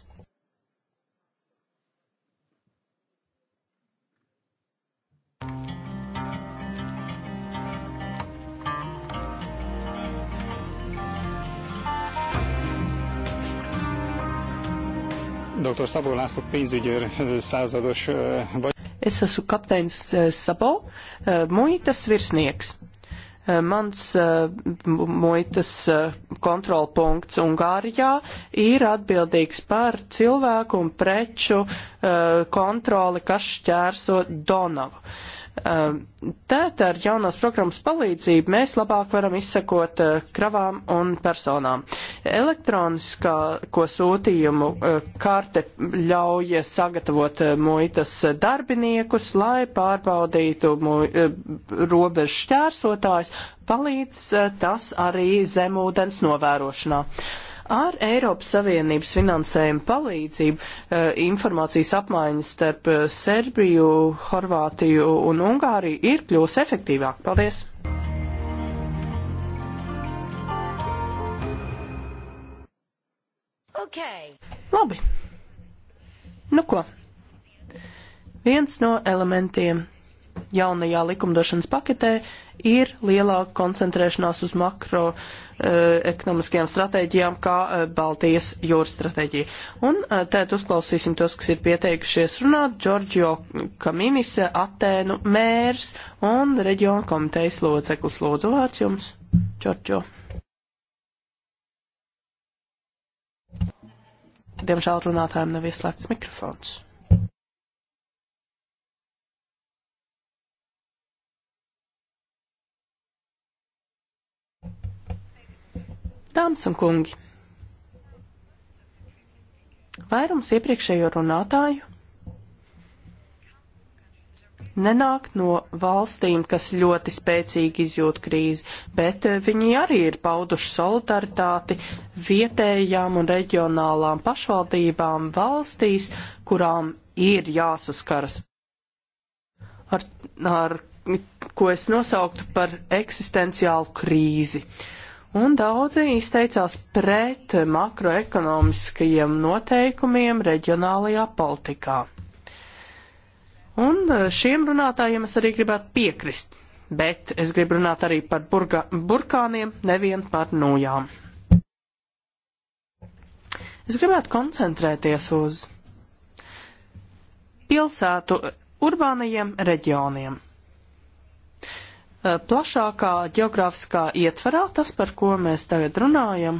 Speaker 3: Dr. Szabó László pénzügyőr százados vagy. Es esmu kapteinis Sabo, muitas virsnieks. Mans muitas kontrolpunkts Ungārijā ir atbildīgs par cilvēku un preču kontroli, kas šķērso Donavu. Um, tēt ar jaunās programmas palīdzību mēs labāk varam izsekot uh, kravām un personām. Elektroniskā sūtījumu uh, karte ļauj sagatavot uh, muitas darbiniekus, lai pārbaudītu robežu šķērsotājs, palīdz tas arī zemūdens novērošanā. Ar Eiropas Savienības finansējumu palīdzību eh, informācijas apmaiņas starp eh, Serbiju, Horvātiju un Ungāriju ir kļūst efektīvāk. Paldies! Okay. Labi. Nu ko? Viens no elementiem jaunajā likumdošanas paketē ir lielāka koncentrēšanās uz makroekonomiskajām eh, uh, stratēģijām, kā uh, Baltijas jūras stratēģija. Un uh, tēt uzklausīsim tos, kas ir pieteikušies runāt. Giorgio Kaminis, Atēnu mērs un reģiona komitejas loceklis. Lūdzu, vārds jums, Giorgio. Diemžēl runātājiem nav ieslēgts mikrofons. Dāmas un kungi, vairums iepriekšējo runātāju nenāk no valstīm, kas ļoti spēcīgi izjūt krīzi, bet eh, viņi arī ir pauduši solidaritāti vietējām un reģionālām pašvaldībām valstīs, kurām ir jāsaskaras ar, ar ko es nosauktu par eksistenciālu krīzi. Uh, un daudzi izteicās pret makroekonomiskajiem noteikumiem reģionālajā politikā. Un eh, šiem runātājiem es arī gribētu piekrist, bet es gribu runāt arī par burga, burkāniem, nevien par nojām. Es gribētu koncentrēties uz pilsētu urbānajiem reģioniem. Eh, plašākā geogrāfiskā ietvarā, tas, par ko mēs tagad runājam,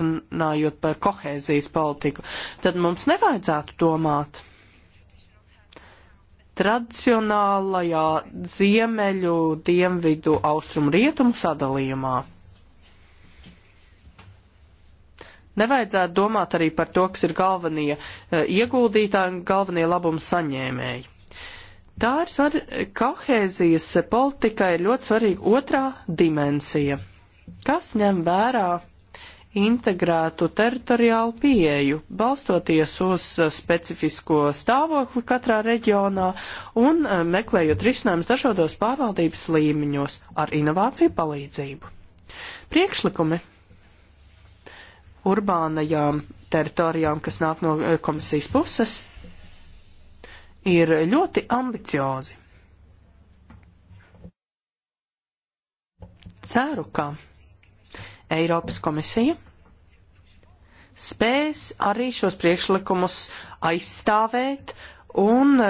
Speaker 3: runājot par kohēzijas politiku, tad mums nevajadzētu domāt tradicionālajā ziemeļu, dienvidu, austrumu, rietumu sadalījumā. Nevajadzētu domāt arī par to, kas ir galvenie eh, ieguldītāji un galvenie labums saņēmēji. Tā ir svarīga, kohēzijas politika ir ļoti svarīga otrā dimensija, kas ņem vērā integrētu teritoriālu pieeju, balstoties uz specifisko stāvokli katrā reģionā un e, meklējot risinājumus dažādos pārvaldības līmeņos ar inovāciju palīdzību. Priekšlikumi urbānajām teritorijām, kas nāk no e, komisijas puses, ir ļoti ambiciozi. Ceru, ka Eiropas komisija spēs arī šos priekšlikumus aizstāvēt un e,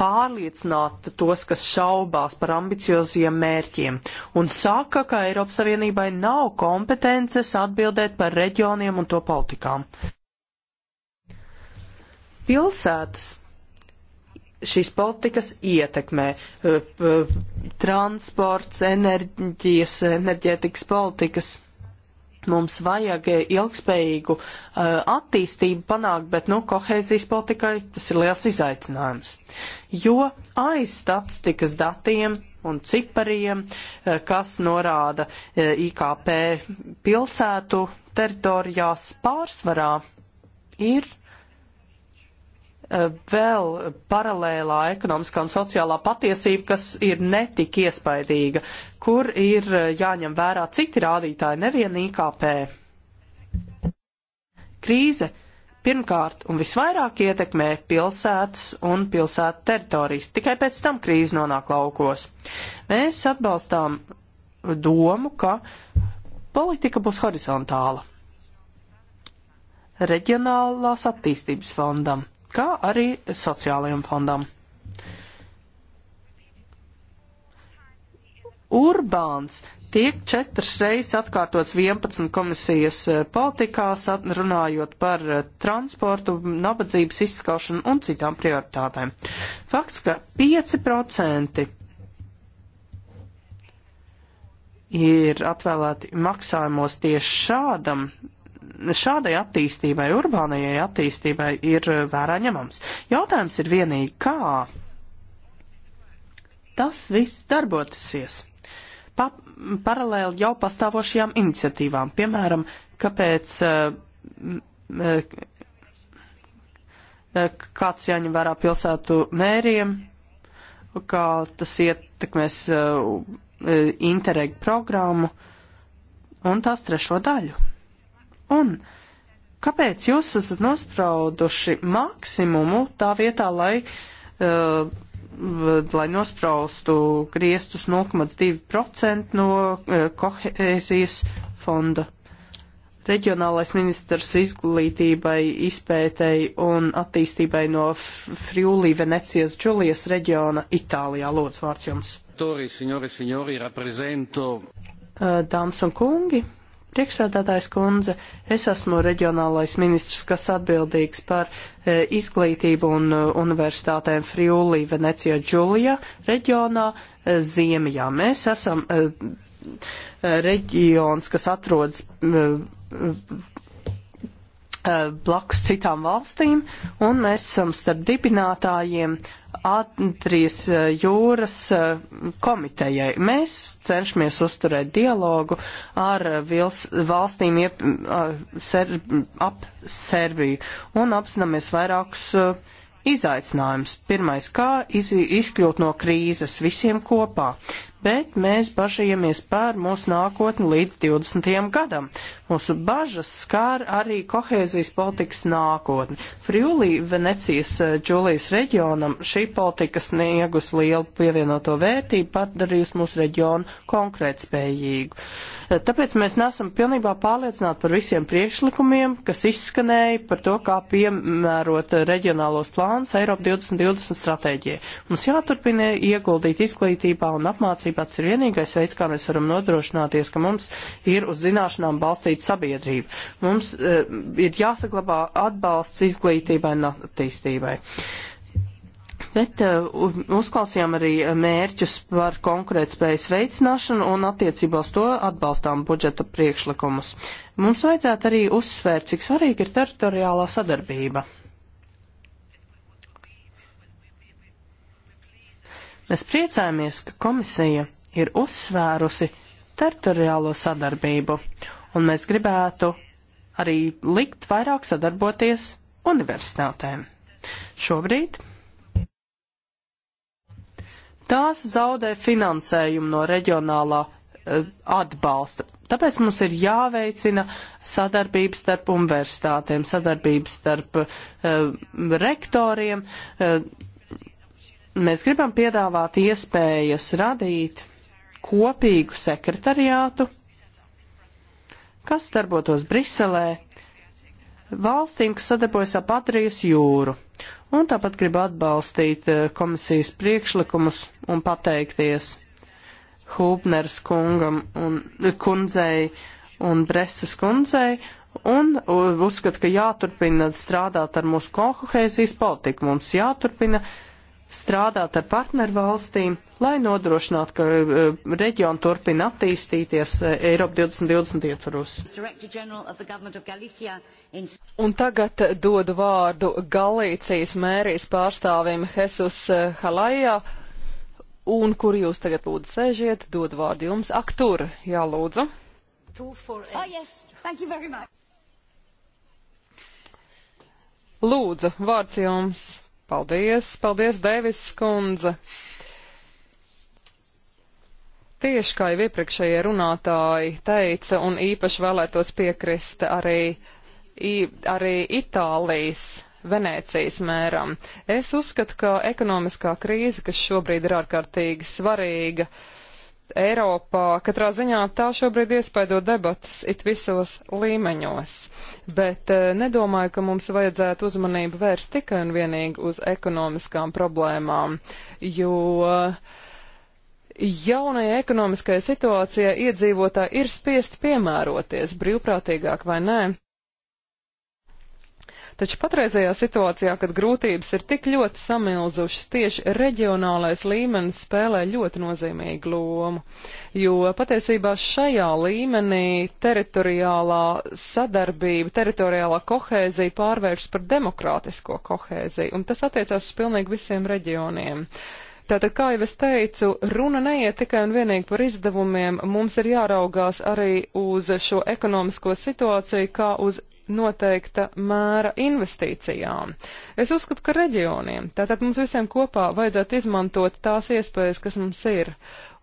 Speaker 3: pārliecināt tos, kas šaubās par ambicioziem mērķiem, un saka, ka Eiropas Savienībai nav kompetences atbildēt par reģioniem un to politikām. Pilsētas šīs politikas ietekmē eh, eh, transports, enerģijas, enerģētikas politikas. Mums vajag eh, ilgspējīgu uh, attīstību panākt, bet, nu, kohēzijas politikai tas ir liels izaicinājums. Jo aiz statistikas datiem un cipariem, uh, kas norāda uh, IKP pilsētu teritorijās pārsvarā, ir Eh, vēl paralēlā ekonomiskā un sociālā patiesība, kas ir netik iespaidīga, kur ir eh, jāņem vērā citi rādītāji, nevien IKP. Krīze pirmkārt un visvairāk ietekmē pilsētas un pilsētu teritorijas, tikai pēc tam krīze nonāk laukos. Mēs atbalstām domu, ka politika būs horizontāla reģionālās attīstības fondam kā arī sociālajiem fondam. Urbāns tiek četras reizes atkārtots 11 komisijas e, politikās, runājot par e, transportu, nabadzības izskaušanu un citām prioritātēm. Fakts, ka 5% ir atvēlēti maksājumos tieši šādam šādai attīstībai, urbānajai attīstībai ir eh, vērā ņemams. Jautājums ir vienīgi, kā tas viss darbotasies pa paralēli jau pastāvošajām iniciatīvām, piemēram, kāpēc eh, eh, kāds jāņem vērā pilsētu mēriem, kā tas ietekmēs interreg programmu un tās trešo daļu. Un kāpēc jūs esat nosprauduši maksimumu tā vietā, lai, uh, lai nospraustu griestus 0,2% no uh, kohēzijas fonda? Reģionālais ministrs izglītībai, izpētei un attīstībai no Friulī, Venecijas, Džulijas reģiona Itālijā. Lūdzu, vārds jums. Eh, dāmas un kungi, Priekšsēdētājs kundze, es esmu reģionālais ministrs, kas atbildīgs par e, izglītību un e, universitātēm Friulī, Venecijā, Džulijā reģionā e, Ziemijā. Mēs esam e, e, reģions, kas atrodas e, e, blakus citām valstīm, un mēs esam starp dibinātājiem e, Atrijas eh, jūras eh, komitejai. Mēs cenšamies uzturēt dialogu ar eh, vils, valstīm iep, ser, ap Serbiju un apzināmies vairākus izaicinājums. Pirmais, kā iz, izkļūt no krīzes visiem kopā bet mēs bažījamies par mūsu nākotni līdz 20. gadam. Mūsu bažas skār arī kohēzijas politikas nākotni. Friulī Venecijas eh, Džulijas reģionam šī politika sniegus lielu pievienoto vērtību, padarījusi mūsu reģionu konkrētspējīgu. Eh, tāpēc mēs nesam pilnībā pārliecināti par visiem priekšlikumiem, kas izskanēja par to, kā piemērot reģionālos plānus Eiropa 2020 stratēģijai. Mums jāturpina ieguldīt izglītībā un apmācībā pats ir vienīgais veids, kā mēs varam nodrošināties, ka mums ir uz zināšanām balstīta sabiedrība. Mums uh, ir jāsaglabā atbalsts izglītībai un attīstībai. Bet uh, uzklausījām arī mērķus par konkurētspējas veicināšanu un attiecībā uz to atbalstām budžeta priekšlikumus. Mums vajadzētu arī uzsvērt, cik svarīga ir teritoriālā sadarbība. Mēs priecājamies, ka komisija ir uzsvērusi teritoriālo sadarbību, un mēs gribētu arī likt vairāk sadarboties universitātēm. Šobrīd tās zaudē finansējumu no reģionālā e, atbalsta. Tāpēc mums ir jāveicina sadarbība starp universitātēm, sadarbība starp uh, rektoriem, uh, Mēs gribam piedāvāt iespējas radīt kopīgu sekretariātu, kas darbotos Briselē, valstīm, kas sadarbojas ap Adrijas jūru. Un tāpat gribu atbalstīt eh, komisijas priekšlikumus un pateikties Hūpners kungam un eh, kundzei un Breses kundzei un eh, uzskatu, ka jāturpina strādāt ar mūsu kohēzijas politiku. Mums jāturpina uh, strādāt ar partnervalstīm, lai nodrošinātu, ka uh, eh, reģionu turpina attīstīties uh, Eiropa 2020 ietvaros.
Speaker 2: Un tagad dodu vārdu Galīcijas mērijas pārstāvim Jesus eh, Halajā. Un kur jūs tagad lūdzu sēžiet, dodu vārdu jums. Ak, tur, jā, lūdzu.
Speaker 1: Oh, yes.
Speaker 2: Lūdzu, vārds jums. Paldies, paldies, Devis skundze. Tieši kā jau iepriekšējie runātāji teica, un īpaši vēlētos piekrist arī, arī Itālijas Venēcijas mēram, es uzskatu, ka ekonomiskā krīze, kas šobrīd ir ārkārtīgi svarīga, uh, Eiropā. Katrā ziņā tā šobrīd iespaido debatas it visos līmeņos, bet eh, nedomāju, ka mums vajadzētu uzmanību vērst tikai un vienīgi uz ekonomiskām problēmām, jo jaunajai ekonomiskajai situācijai iedzīvotāji ir spiest piemēroties brīvprātīgāk vai nē. Taču patreizajā situācijā, kad grūtības ir tik ļoti samilzušas, tieši reģionālais līmenis spēlē ļoti nozīmīgu lomu, jo patiesībā šajā līmenī teritoriālā sadarbība, teritoriālā kohēzija pārvēršas par demokrātisko kohēziju, un tas attiecās uz pilnīgi visiem reģioniem. Tātad, kā jau es teicu, runa neiet tikai un vienīgi par izdevumiem, mums ir jāraugās arī uz šo ekonomisko situāciju kā uz noteikta mēra investīcijām. Es uzskatu, ka reģioniem, tātad mums visiem kopā vajadzētu izmantot tās iespējas, kas mums ir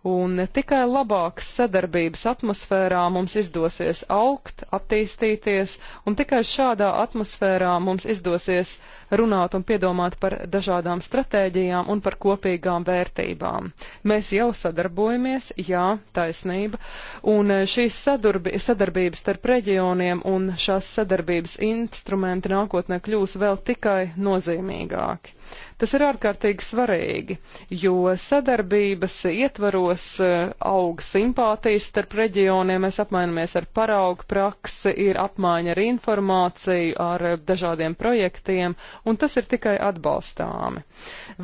Speaker 2: un tikai labākas sadarbības atmosfērā mums izdosies augt, attīstīties, un tikai šādā atmosfērā mums izdosies runāt un piedomāt par dažādām stratēģijām un par kopīgām vērtībām. Mēs jau sadarbojamies, jā, taisnība, un šīs sadarbi, sadarbības starp reģioniem un šās sadarbības instrumenti nākotnē kļūs vēl tikai nozīmīgāki. Tas ir ārkārtīgi svarīgi, jo sadarbības ietvaros eh, aug simpātijas starp reģioniem, mēs apmainamies ar paraugu praksi, ir apmaiņa ar informāciju, ar dažādiem projektiem, un tas ir tikai atbalstāmi.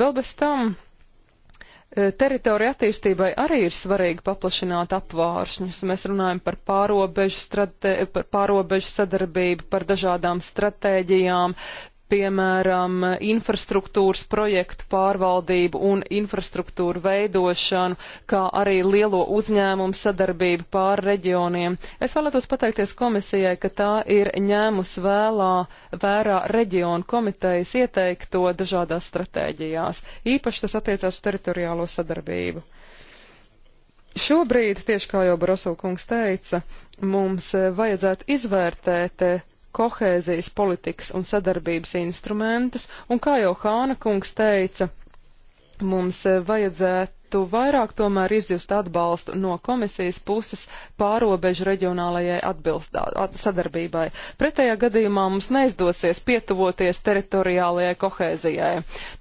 Speaker 2: Vēl bez tam eh, teritorija attīstībai arī ir svarīgi paplašināt apvāršņus. Mēs runājam par pārobežu, stratē, par pārobežu sadarbību, par dažādām stratēģijām, piemēram, infrastruktūras projektu pārvaldību un infrastruktūru veidošanu, kā arī lielo uzņēmumu sadarbību pār reģioniem. Es vēlētos pateikties komisijai, ka tā ir ņēmus vēlā, vērā reģionu komitejas ieteikto dažādās stratēģijās. Īpaši tas attiecās uz teritoriālo sadarbību. Šobrīd, tieši kā jau Brosovkungs teica, mums vajadzētu izvērtēt kohēzijas politikas un sadarbības instrumentus, un kā jau Hāna kungs teica, mums eh, vajadzētu vairāk tomēr izjust atbalstu no komisijas puses pārobežu reģionālajai atbilst, at, sadarbībai. Pretējā gadījumā mums neizdosies pietuvoties teritoriālajai kohēzijai.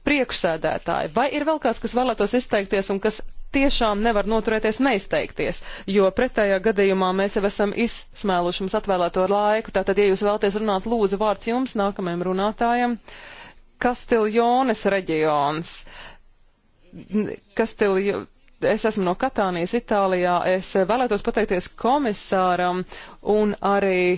Speaker 2: Priekšsēdētāji, vai ir vēl kāds, kas vēlētos izteikties un kas tiešām nevar noturēties neizteikties, jo pretējā gadījumā mēs jau esam izsmēluši mums atvēlēto laiku. Tātad, ja jūs vēlaties runāt, lūdzu, vārds jums nākamajam runātājam. Kastiljones reģions. Kastiljones es esmu no Katānijas, Itālijā. Es vēlētos pateikties komisāram un arī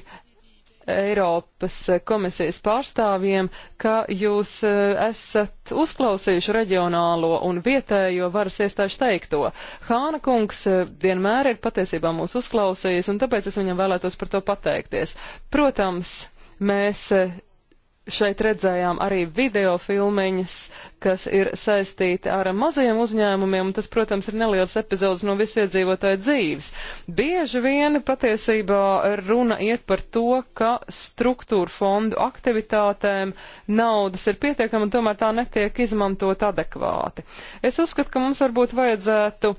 Speaker 2: Eiropas eh, komisijas pārstāvjiem, ka jūs eh, esat uzklausījuši reģionālo un vietējo varas iestāžu teikto. Hāna kungs eh, vienmēr ir patiesībā mūs uzklausījis, un tāpēc es viņam vēlētos par to pateikties. Protams, mēs šeit redzējām arī video filmiņas, kas ir saistīti ar mazajiem uzņēmumiem, un tas, protams, ir neliels epizods no visu iedzīvotāju dzīves. Bieži vien patiesībā runa iet par to, ka struktūra fondu aktivitātēm naudas ir pietiekama, un tomēr tā netiek izmantot adekvāti. Es uzskatu, ka mums varbūt vajadzētu.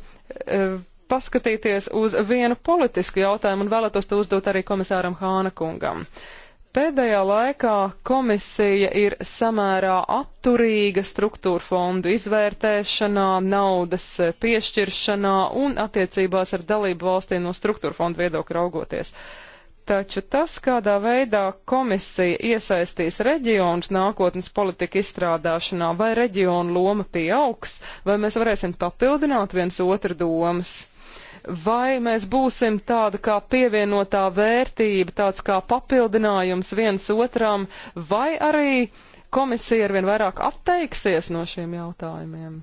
Speaker 2: E, paskatīties uz vienu politisku jautājumu un vēlētos to uzdot arī komisāram Hāna kungam. Uh, Pēdējā laikā komisija ir samērā atturīga struktūra fondu izvērtēšanā, naudas piešķiršanā un attiecībās ar dalību valstīm no struktūra fondu viedokļa raugoties. Taču tas, kādā veidā komisija iesaistīs reģionus nākotnes politika izstrādāšanā, vai reģionu loma pieaugs, vai mēs varēsim papildināt viens otru domas vai mēs būsim tāda kā pievienotā vērtība, tāds kā papildinājums viens otram, vai arī komisija arvien vairāk atteiksies no šiem jautājumiem.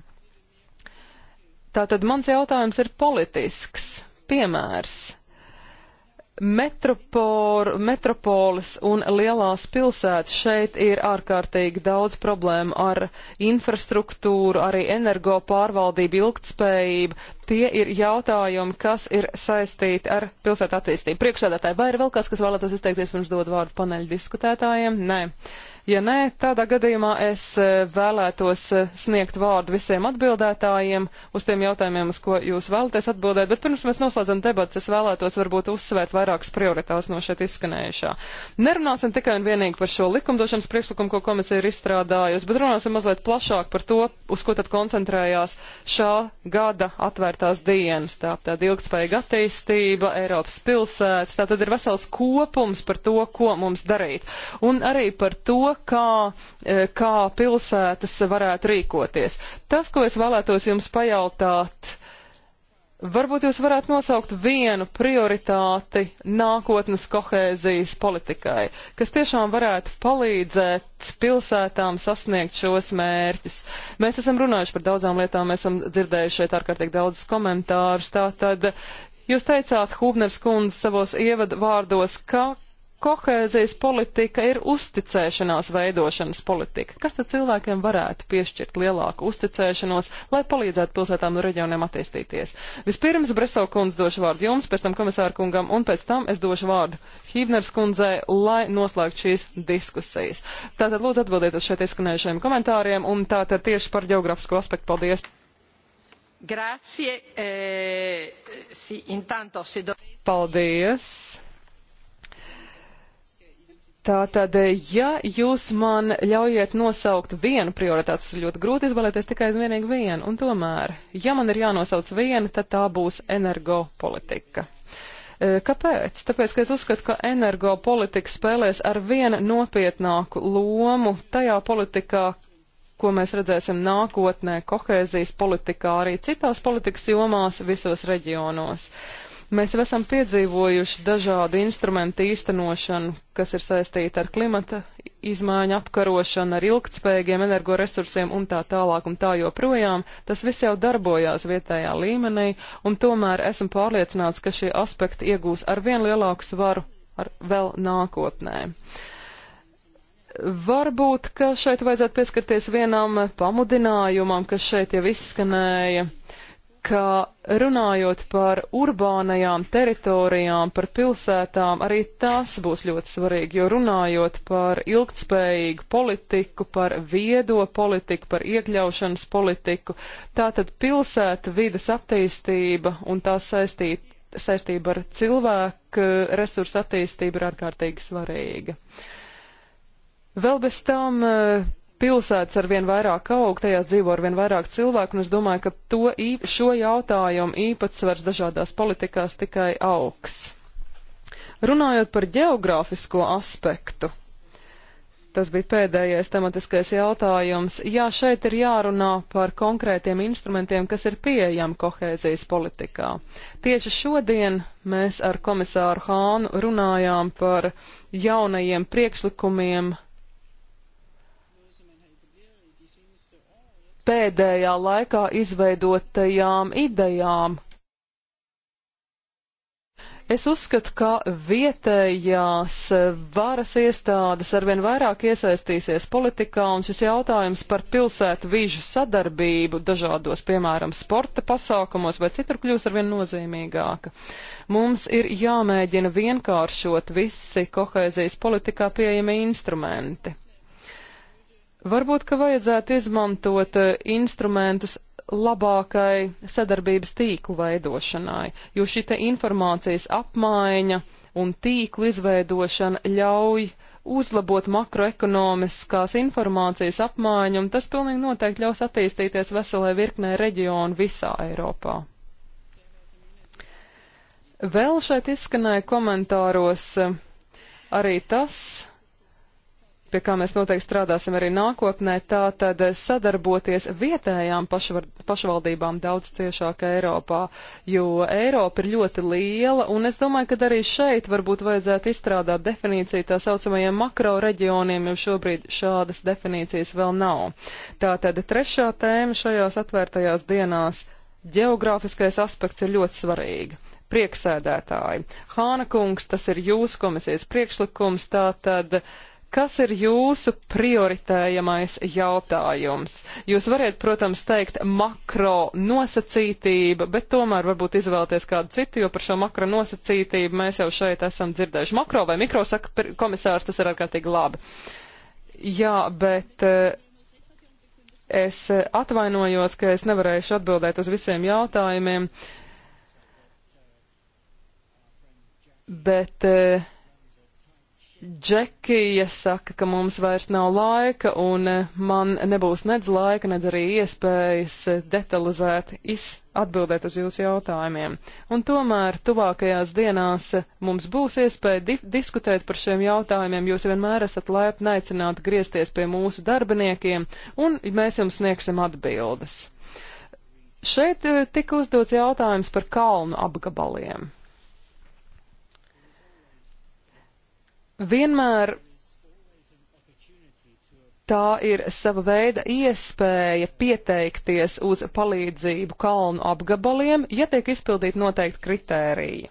Speaker 2: Tātad mans jautājums ir politisks. Piemērs. Metropor, metropolis un lielās pilsētas šeit ir ārkārtīgi daudz problēmu ar infrastruktūru, arī energo pārvaldību, ilgtspējību. Tie ir jautājumi, kas ir saistīti ar pilsētu attīstību. Priekšsēdētāji, vai ir vēl kāds, kas vēlētos izteikties pirms dod vārdu paneļu diskutētājiem? Nē. Ja nē, tādā gadījumā es e, vēlētos e, sniegt vārdu visiem atbildētājiem uz tiem jautājumiem, uz ko jūs vēlaties atbildēt, bet pirms mēs noslēdzam debatas, es vēlētos varbūt uzsvērt vairākas prioritātes no šeit izskanējušā. Nerunāsim tikai un vienīgi par šo likumdošanas priekšlikumu, ko komisija ir izstrādājusi, bet runāsim mazliet plašāk par to, uz ko tad koncentrējās šā gada atvērta atvērtās dienas, tātad ilgspējīga attīstība, Eiropas pilsētas, tātad ir vesels kopums par to, ko mums darīt, un arī par to, kā, eh, kā pilsētas varētu rīkoties. Tas, ko es vēlētos jums pajautāt, Varbūt jūs varētu nosaukt vienu prioritāti nākotnes kohēzijas politikai, kas tiešām varētu palīdzēt pilsētām sasniegt šos mērķus. Mēs esam runājuši par daudzām lietām, mēs esam dzirdējuši šeit ārkārtīgi daudzus komentārus. Tātad Jūs teicāt, Hūbners kundze, savos ievadu vārdos, ka kohēzijas politika ir uzticēšanās veidošanas politika. Kas tad cilvēkiem varētu piešķirt lielāku uzticēšanos, lai palīdzētu pilsētām un reģioniem attīstīties? Vispirms Breso kundze došu vārdu jums, pēc tam komisāru kungam, un pēc tam es došu vārdu Hībners kundzei, lai noslēgtu šīs diskusijas. Tātad lūdzu atbildiet uz šeit izskanējušajiem komentāriem, un tātad tieši par geogrāfisko aspektu paldies.
Speaker 3: Grazie. Eh, si, intanto, si do...
Speaker 2: Paldies. Tātad, ja jūs man ļaujiet nosaukt vienu prioritāti, tas ir ļoti grūti izvēlēties tikai un vienīgi vienu, un tomēr, ja man ir jānosauc viena, tad tā būs energopolitika. E, kāpēc? Tāpēc, ka es uzskatu, ka energopolitika spēlēs ar vien nopietnāku lomu tajā politikā, ko mēs redzēsim nākotnē, kohēzijas politikā, arī citās politikas jomās, visos reģionos. Uh, Mēs jau esam piedzīvojuši dažādu instrumentu īstenošanu, kas ir saistīta ar klimata izmaiņu apkarošanu, ar ilgtspējīgiem energoresursiem un tā tālāk un tā joprojām. Tas viss jau darbojās vietējā līmenī, un tomēr esmu pārliecināts, ka šie aspekti iegūs ar vien lielāku svaru ar vēl nākotnē. Varbūt, ka šeit vajadzētu pieskarties vienam pamudinājumam, kas šeit jau izskanēja. Uh, ka runājot par urbānajām teritorijām, par pilsētām, arī tas būs ļoti svarīgi, jo runājot par ilgtspējīgu politiku, par viedo politiku, par iekļaušanas politiku, tātad pilsēta vidas attīstība un tā saistīta saistība ar cilvēku eh, resursu attīstību ir ārkārtīgi svarīga. Vēl bez tam eh, pilsētas ar vien vairāk aug, tajās dzīvo ar vien vairāk cilvēku, un es domāju, ka to, šo jautājumu īpatsvars dažādās politikās tikai augs. Runājot par geogrāfisko aspektu, tas bija pēdējais tematiskais jautājums. Jā, šeit ir jārunā par konkrētiem instrumentiem, kas ir pieejami kohēzijas politikā. Tieši šodien mēs ar komisāru Hānu runājām par jaunajiem priekšlikumiem pēdējā laikā izveidotajām idejām. Es uzskatu, ka vietējās varas iestādes arvien vairāk iesaistīsies politikā, un šis jautājums par pilsētu vīžu sadarbību dažādos, piemēram, sporta pasākumos vai citur kļūs arvien nozīmīgāka. Mums ir jāmēģina vienkāršot visi kohēzijas politikā pieejami instrumenti. Varbūt, ka vajadzētu izmantot eh, instrumentus labākai sadarbības tīklu veidošanai, jo šī te informācijas apmaiņa un tīklu izveidošana ļauj uzlabot makroekonomiskās informācijas apmaiņu, un tas pilnīgi noteikti ļaus attīstīties veselai virknē reģionu visā Eiropā. Vēl šeit izskanēja komentāros eh, arī tas, pie kā mēs noteikti strādāsim arī nākotnē, tā tad sadarboties vietējām pašvar, pašvaldībām daudz ciešāk Eiropā, jo Eiropa ir ļoti liela, un es domāju, ka arī šeit varbūt vajadzētu izstrādāt definīciju tā saucamajiem makro reģioniem, jo šobrīd šādas definīcijas vēl nav. Tā tad trešā tēma šajās atvērtajās dienās - geogrāfiskais aspekts ir ļoti svarīgi prieksēdētāji. Hāna kungs, tas ir jūsu komisijas priekšlikums, tā tad Kas ir jūsu prioritējamais jautājums? Jūs varat, protams, teikt makro nosacītība, bet tomēr varbūt izvēlēties kādu citu, jo par šo makro nosacītību mēs jau šeit esam dzirdējuši. Makro vai mikro, saka komisārs, tas ir ārkārtīgi labi. Jā, bet eh, es atvainojos, ka es nevarēšu atbildēt uz visiem jautājumiem, bet eh, Džekija saka, ka mums vairs nav laika, un eh, man nebūs nedz laika, nedz arī iespējas eh, detalizēt atbildēt uz jūsu jautājumiem. Un tomēr tuvākajās dienās eh, mums būs iespēja di diskutēt par šiem jautājumiem. Jūs vienmēr esat laipni aicināti griezties pie mūsu darbiniekiem, un mēs jums sniegsim atbildes. Šeit tika uzdots jautājums par kalnu apgabaliem. Vienmēr tā ir sava veida iespēja pieteikties uz palīdzību kalnu apgabaliem, ja tiek izpildīti noteikti kritēriji.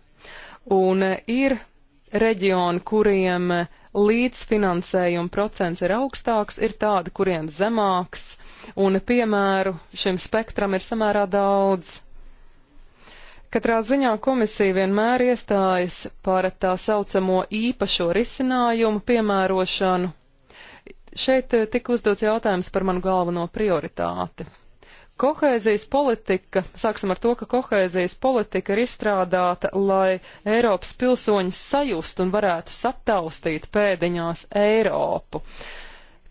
Speaker 2: Un ir reģioni, kuriem līdzfinansējuma procents ir augstāks, ir tādi, kuriem zemāks, un piemēru šim spektram ir samērā daudz. Katrā ziņā komisija vienmēr iestājas par tā saucamo īpašo risinājumu piemērošanu. Šeit eh, tika uzdots jautājums par manu galveno prioritāti. Kohēzijas politika, sāksim ar to, ka kohēzijas politika ir izstrādāta, lai Eiropas pilsoņi sajust un varētu sataustīt pēdiņās Eiropu. Uh,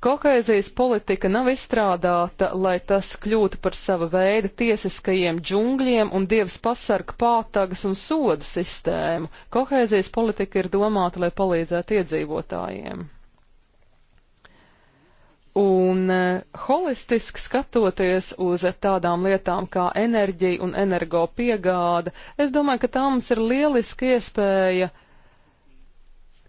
Speaker 2: Kohēzijas politika nav izstrādāta, lai tas kļūtu par sava veida tiesiskajiem džungļiem un dievs pasarg pātagas un sodu sistēmu. Kohēzijas politika ir domāta, lai palīdzētu iedzīvotājiem. Un eh, holistiski skatoties uz tādām lietām kā enerģija un energo piegāda, es domāju, ka tā mums ir lieliski iespēja uh,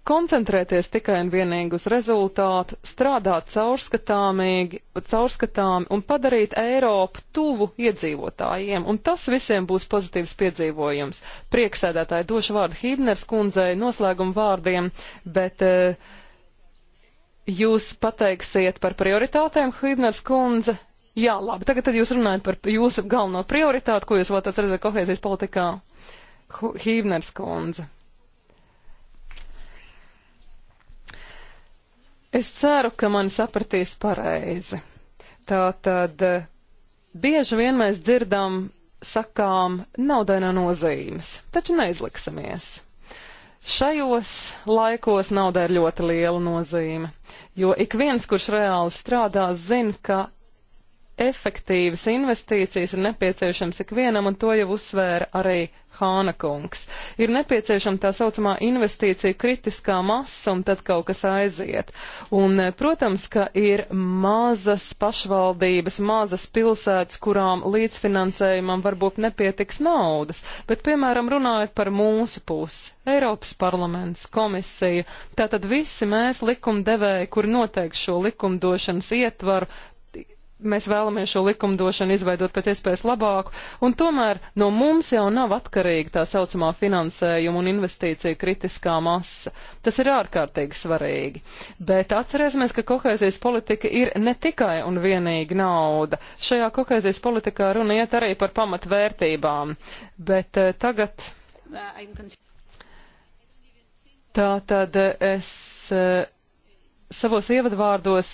Speaker 2: koncentrēties tikai un vienīgi uz rezultātu, strādāt caurskatāmīgi, caurskatāmi un padarīt Eiropu tuvu iedzīvotājiem, un tas visiem būs pozitīvs piedzīvojums. Prieksēdētāji došu vārdu Hībners kundzei noslēguma vārdiem, bet e, jūs pateiksiet par prioritātēm, Hībners kundze. Jā, labi, tagad tad jūs runājat par jūsu galveno prioritātu, ko jūs vēlaties redzēt kohēzijas politikā. Hībners kundze. Es ceru, ka mani sapratīs pareizi. Tātad bieži vien mēs dzirdam sakām naudai nav nozīmes, taču neizliksimies. Šajos laikos naudai ir ļoti liela nozīme, jo ik viens, kurš reāli strādā, zina, ka efektīvas investīcijas ir nepieciešams ikvienam, un to jau uzsvēra arī Hāna kungs. Ir nepieciešama tā saucamā investīcija kritiskā masa, un tad kaut kas aiziet. Un, eh, protams, ka ir mazas pašvaldības, mazas pilsētas, kurām līdzfinansējumam varbūt nepietiks naudas, bet, piemēram, runājot par mūsu pusi - Eiropas parlaments, komisija, tātad visi mēs likumdevēji, kur noteikti šo likumdošanas ietvaru, mēs vēlamies šo likumdošanu izveidot pēc iespējas labāku, un tomēr no mums jau nav atkarīga tā saucamā finansējuma un investīcija kritiskā masa. Tas ir ārkārtīgi svarīgi. Bet atcerēsimies, ka kohēzijas politika ir ne tikai un vienīgi nauda. Šajā kohēzijas politikā runa iet arī par pamatvērtībām. Bet eh, tagad. Tā tad eh, es eh, savos ievadvārdos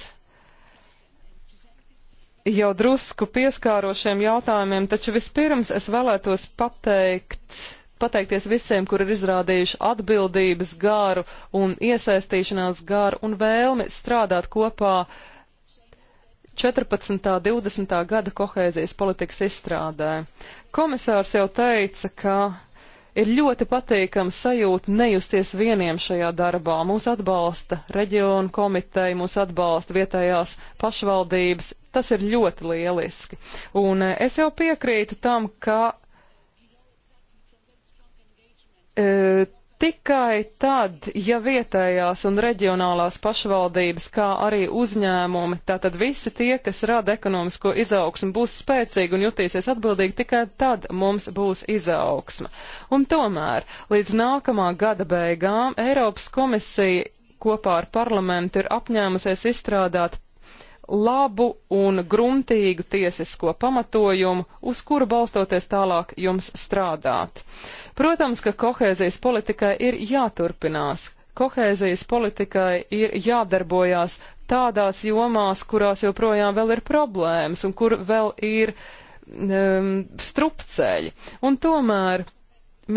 Speaker 2: jau drusku pieskārošiem jautājumiem, taču vispirms es vēlētos pateikt, pateikties visiem, kur ir izrādījuši atbildības gāru un iesaistīšanās gāru un vēlmi strādāt kopā 14. 20. gada kohēzijas politikas izstrādē. Komisārs jau teica, ka ir ļoti patīkams sajūta nejusties vieniem šajā darbā. Mūs atbalsta reģionu komiteja, mūs atbalsta vietējās pašvaldības, Tas ir ļoti lieliski. Un eh, es jau piekrītu tam, ka e, tikai tad, ja vietējās un reģionālās pašvaldības, kā arī uzņēmumi, tātad visi tie, kas rada ekonomisko izaugsmu, būs spēcīgi un jutīsies atbildīgi, tikai tad mums būs izaugsma. Un tomēr līdz nākamā gada beigām Eiropas komisija kopā ar parlamentu ir apņēmusies izstrādāt labu un gruntīgu tiesisko pamatojumu, uz kuru balstoties tālāk jums strādāt. Protams, ka kohēzijas politikai ir jāturpinās. Kohēzijas politikai ir jādarbojās tādās jomās, kurās joprojām vēl ir problēmas un kur vēl ir um, strupceļi. Un tomēr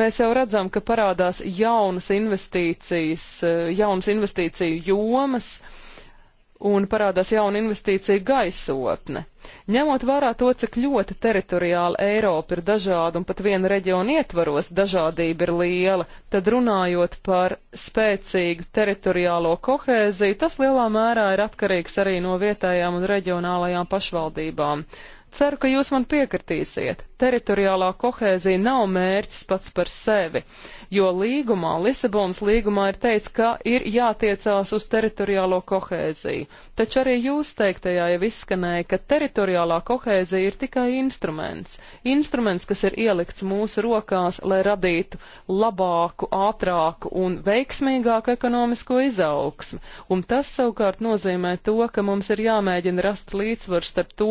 Speaker 2: mēs jau redzam, ka parādās jaunas investīcijas, eh, jaunas investīciju jomas, uh, un parādās jauna investīcija gaisotne. Ņemot vērā to, cik ļoti teritoriāli Eiropa ir dažāda un pat viena reģiona ietvaros dažādība ir liela, tad runājot par spēcīgu teritoriālo kohēziju, tas lielā mērā ir atkarīgs arī no vietējām un reģionālajām pašvaldībām. Ceru, ka jūs man piekritīsiet. Teritoriālā kohēzija nav mērķis pats par sevi, jo līgumā, Lisabonas līgumā ir teicis, ka ir jātiecās uz teritoriālo kohēziju. Taču arī jūs teiktajā jau izskanēja, ka teritoriālā kohēzija ir tikai instruments. Instruments, kas ir ielikts mūsu rokās, lai radītu labāku, ātrāku un veiksmīgāku ekonomisko izaugsmu. Un tas savukārt nozīmē to, ka mums ir jāmēģina rast līdzsvaru starp to,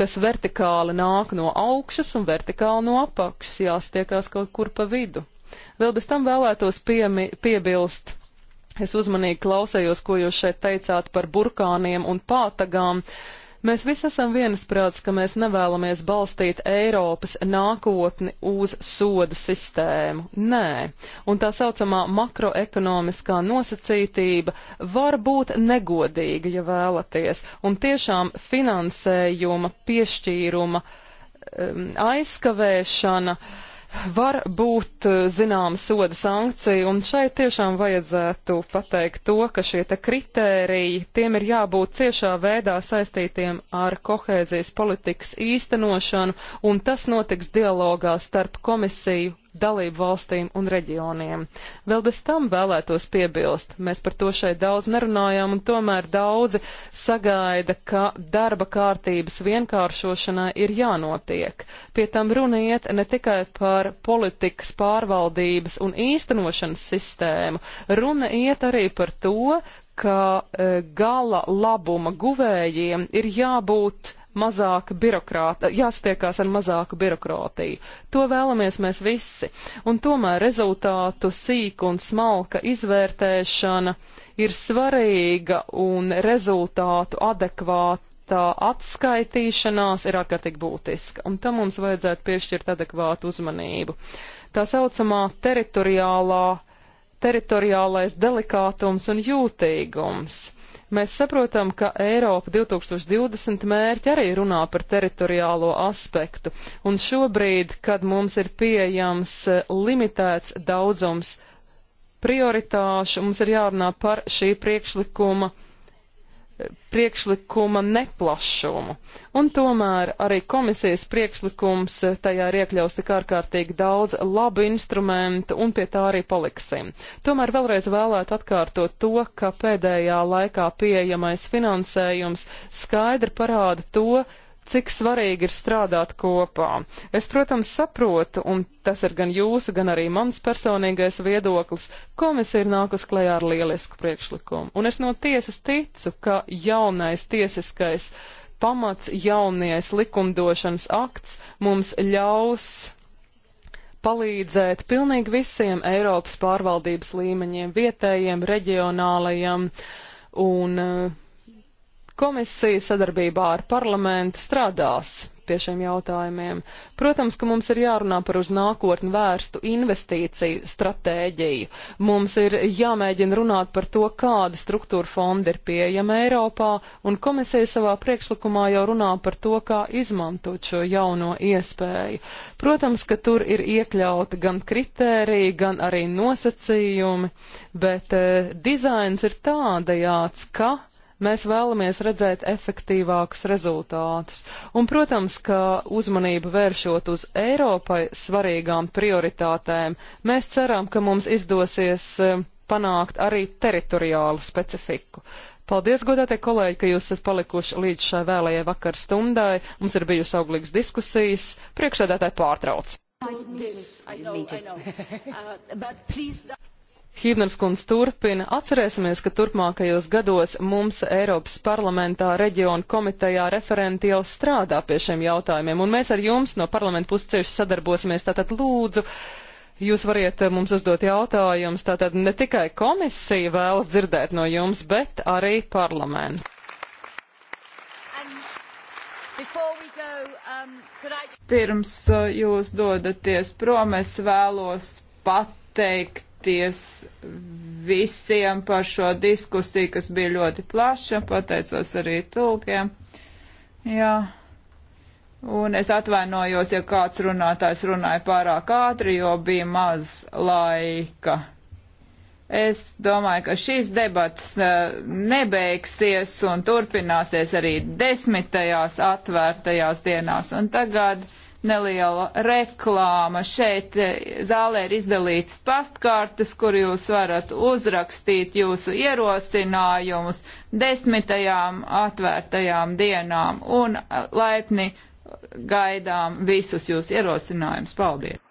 Speaker 2: kas vertikāli nāk no augšas un vertikāli no apakšas, jāstiekās kaut kur pa vidu. Vēl bez tam vēlētos piemi, piebilst. Es uzmanīgi klausējos, ko jūs šeit teicāt par burkāniem un pātagām. Uh, Mēs visi esam viensprāts, ka mēs nevēlamies balstīt Eiropas nākotni uz sodu sistēmu. Nē, un tā saucamā makroekonomiskā nosacītība var būt negodīga, ja vēlaties, un tiešām finansējuma piešķīruma um, aizskavēšana uh, var būt eh, zināma soda sankcija, un šeit tiešām vajadzētu pateikt to, ka šie te kritēriji, tiem ir jābūt ciešā veidā saistītiem ar kohēzijas politikas īstenošanu, un tas notiks dialogā starp komisiju dalību valstīm un reģioniem. Vēl bez tam vēlētos piebilst, mēs par to šeit daudz nerunājām, un tomēr daudzi sagaida, ka darba kārtības vienkāršošanai ir jānotiek. Pie tam runiet ne tikai par politikas pārvaldības un īstenošanas sistēmu, runa iet arī par to, ka e, gala labuma guvējiem ir jābūt mazāka birokrāta, jāstiekās ar mazāku birokrātiju. To vēlamies mēs visi. Un tomēr rezultātu sīk un smalka izvērtēšana ir svarīga un rezultātu adekvāta. Tā atskaitīšanās ir ārkārtīgi būtiska, un tam mums vajadzētu piešķirt adekvātu uzmanību. Tā saucamā teritoriālā, teritoriālais delikātums un jūtīgums. Mēs saprotam, ka Eiropa 2020 mērķi arī runā par teritoriālo aspektu, un šobrīd, kad mums ir pieejams eh, limitēts daudzums prioritāšu, mums ir jārunā par šī priekšlikuma priekšlikuma neplašumu. Un tomēr arī komisijas priekšlikums eh, tajā ir iekļaus tik ārkārtīgi daudz labu instrumentu un pie tā arī paliksim. Tomēr vēlreiz vēlētu atkārtot to, ka pēdējā laikā pieejamais finansējums skaidri parāda to, cik svarīgi ir strādāt kopā. Es, protams, saprotu, un tas ir gan jūsu, gan arī mans personīgais viedoklis, komisija ir nākus klajā ar lielisku priekšlikumu. Un es no tiesas ticu, ka jaunais tiesiskais pamats, jaunies likumdošanas akts mums ļaus palīdzēt pilnīgi visiem Eiropas pārvaldības līmeņiem, vietējiem, reģionālajiem un uh, Komisija sadarbībā ar parlamentu strādās pie šiem jautājumiem. Protams, ka mums ir jārunā par uz nākotni vērstu investīciju stratēģiju. Mums ir jāmēģina runāt par to, kāda struktūra fonda ir pieejama Eiropā, un komisija savā priekšlikumā jau runā par to, kā izmantot šo jauno iespēju. Protams, ka tur ir iekļauti gan kritēriji, gan arī nosacījumi, bet eh, dizains ir tādajāds, ka Mēs vēlamies redzēt efektīvākus rezultātus. Un, protams, ka uzmanību vēršot uz Eiropai svarīgām prioritātēm, mēs ceram, ka mums izdosies eh, panākt arī teritoriālu specifiku. Paldies, godātie kolēģi, ka jūs esat palikuši līdz šai vēlējai vakar stundai. Mums ir bijusi auglīgas diskusijas. Priekšsēdētāji pārtrauc. Yes, I know, I know. Uh, Hībners kundze turpina. Atcerēsimies, ka turpmākajos gados mums Eiropas parlamentā reģionu komitejā referenti jau strādā pie šiem jautājumiem, un mēs ar jums no parlamenta puses cieši sadarbosimies. Tātad lūdzu, jūs variet mums uzdot jautājumus. Tātad ne tikai komisija vēlas dzirdēt no jums, bet arī parlamentu.
Speaker 1: Um, I...
Speaker 2: Pirms uh,
Speaker 1: jūs dodaties prom, es vēlos pateikt pateikties visiem par šo diskusiju, kas bija ļoti plaša, pateicos arī tulkiem. Jā. Un es atvainojos, ja kāds runātājs runāja pārāk ātri, jo bija maz laika. Es domāju, ka šīs debats e, nebeigsies un turpināsies arī desmitajās atvērtajās dienās. Un tagad neliela reklāma. Šeit eh, zālē ir izdalītas pastkartes, kur jūs varat uzrakstīt jūsu ierosinājumus desmitajām atvērtajām dienām un eh, laipni gaidām visus jūsu ierosinājumus. Paldies!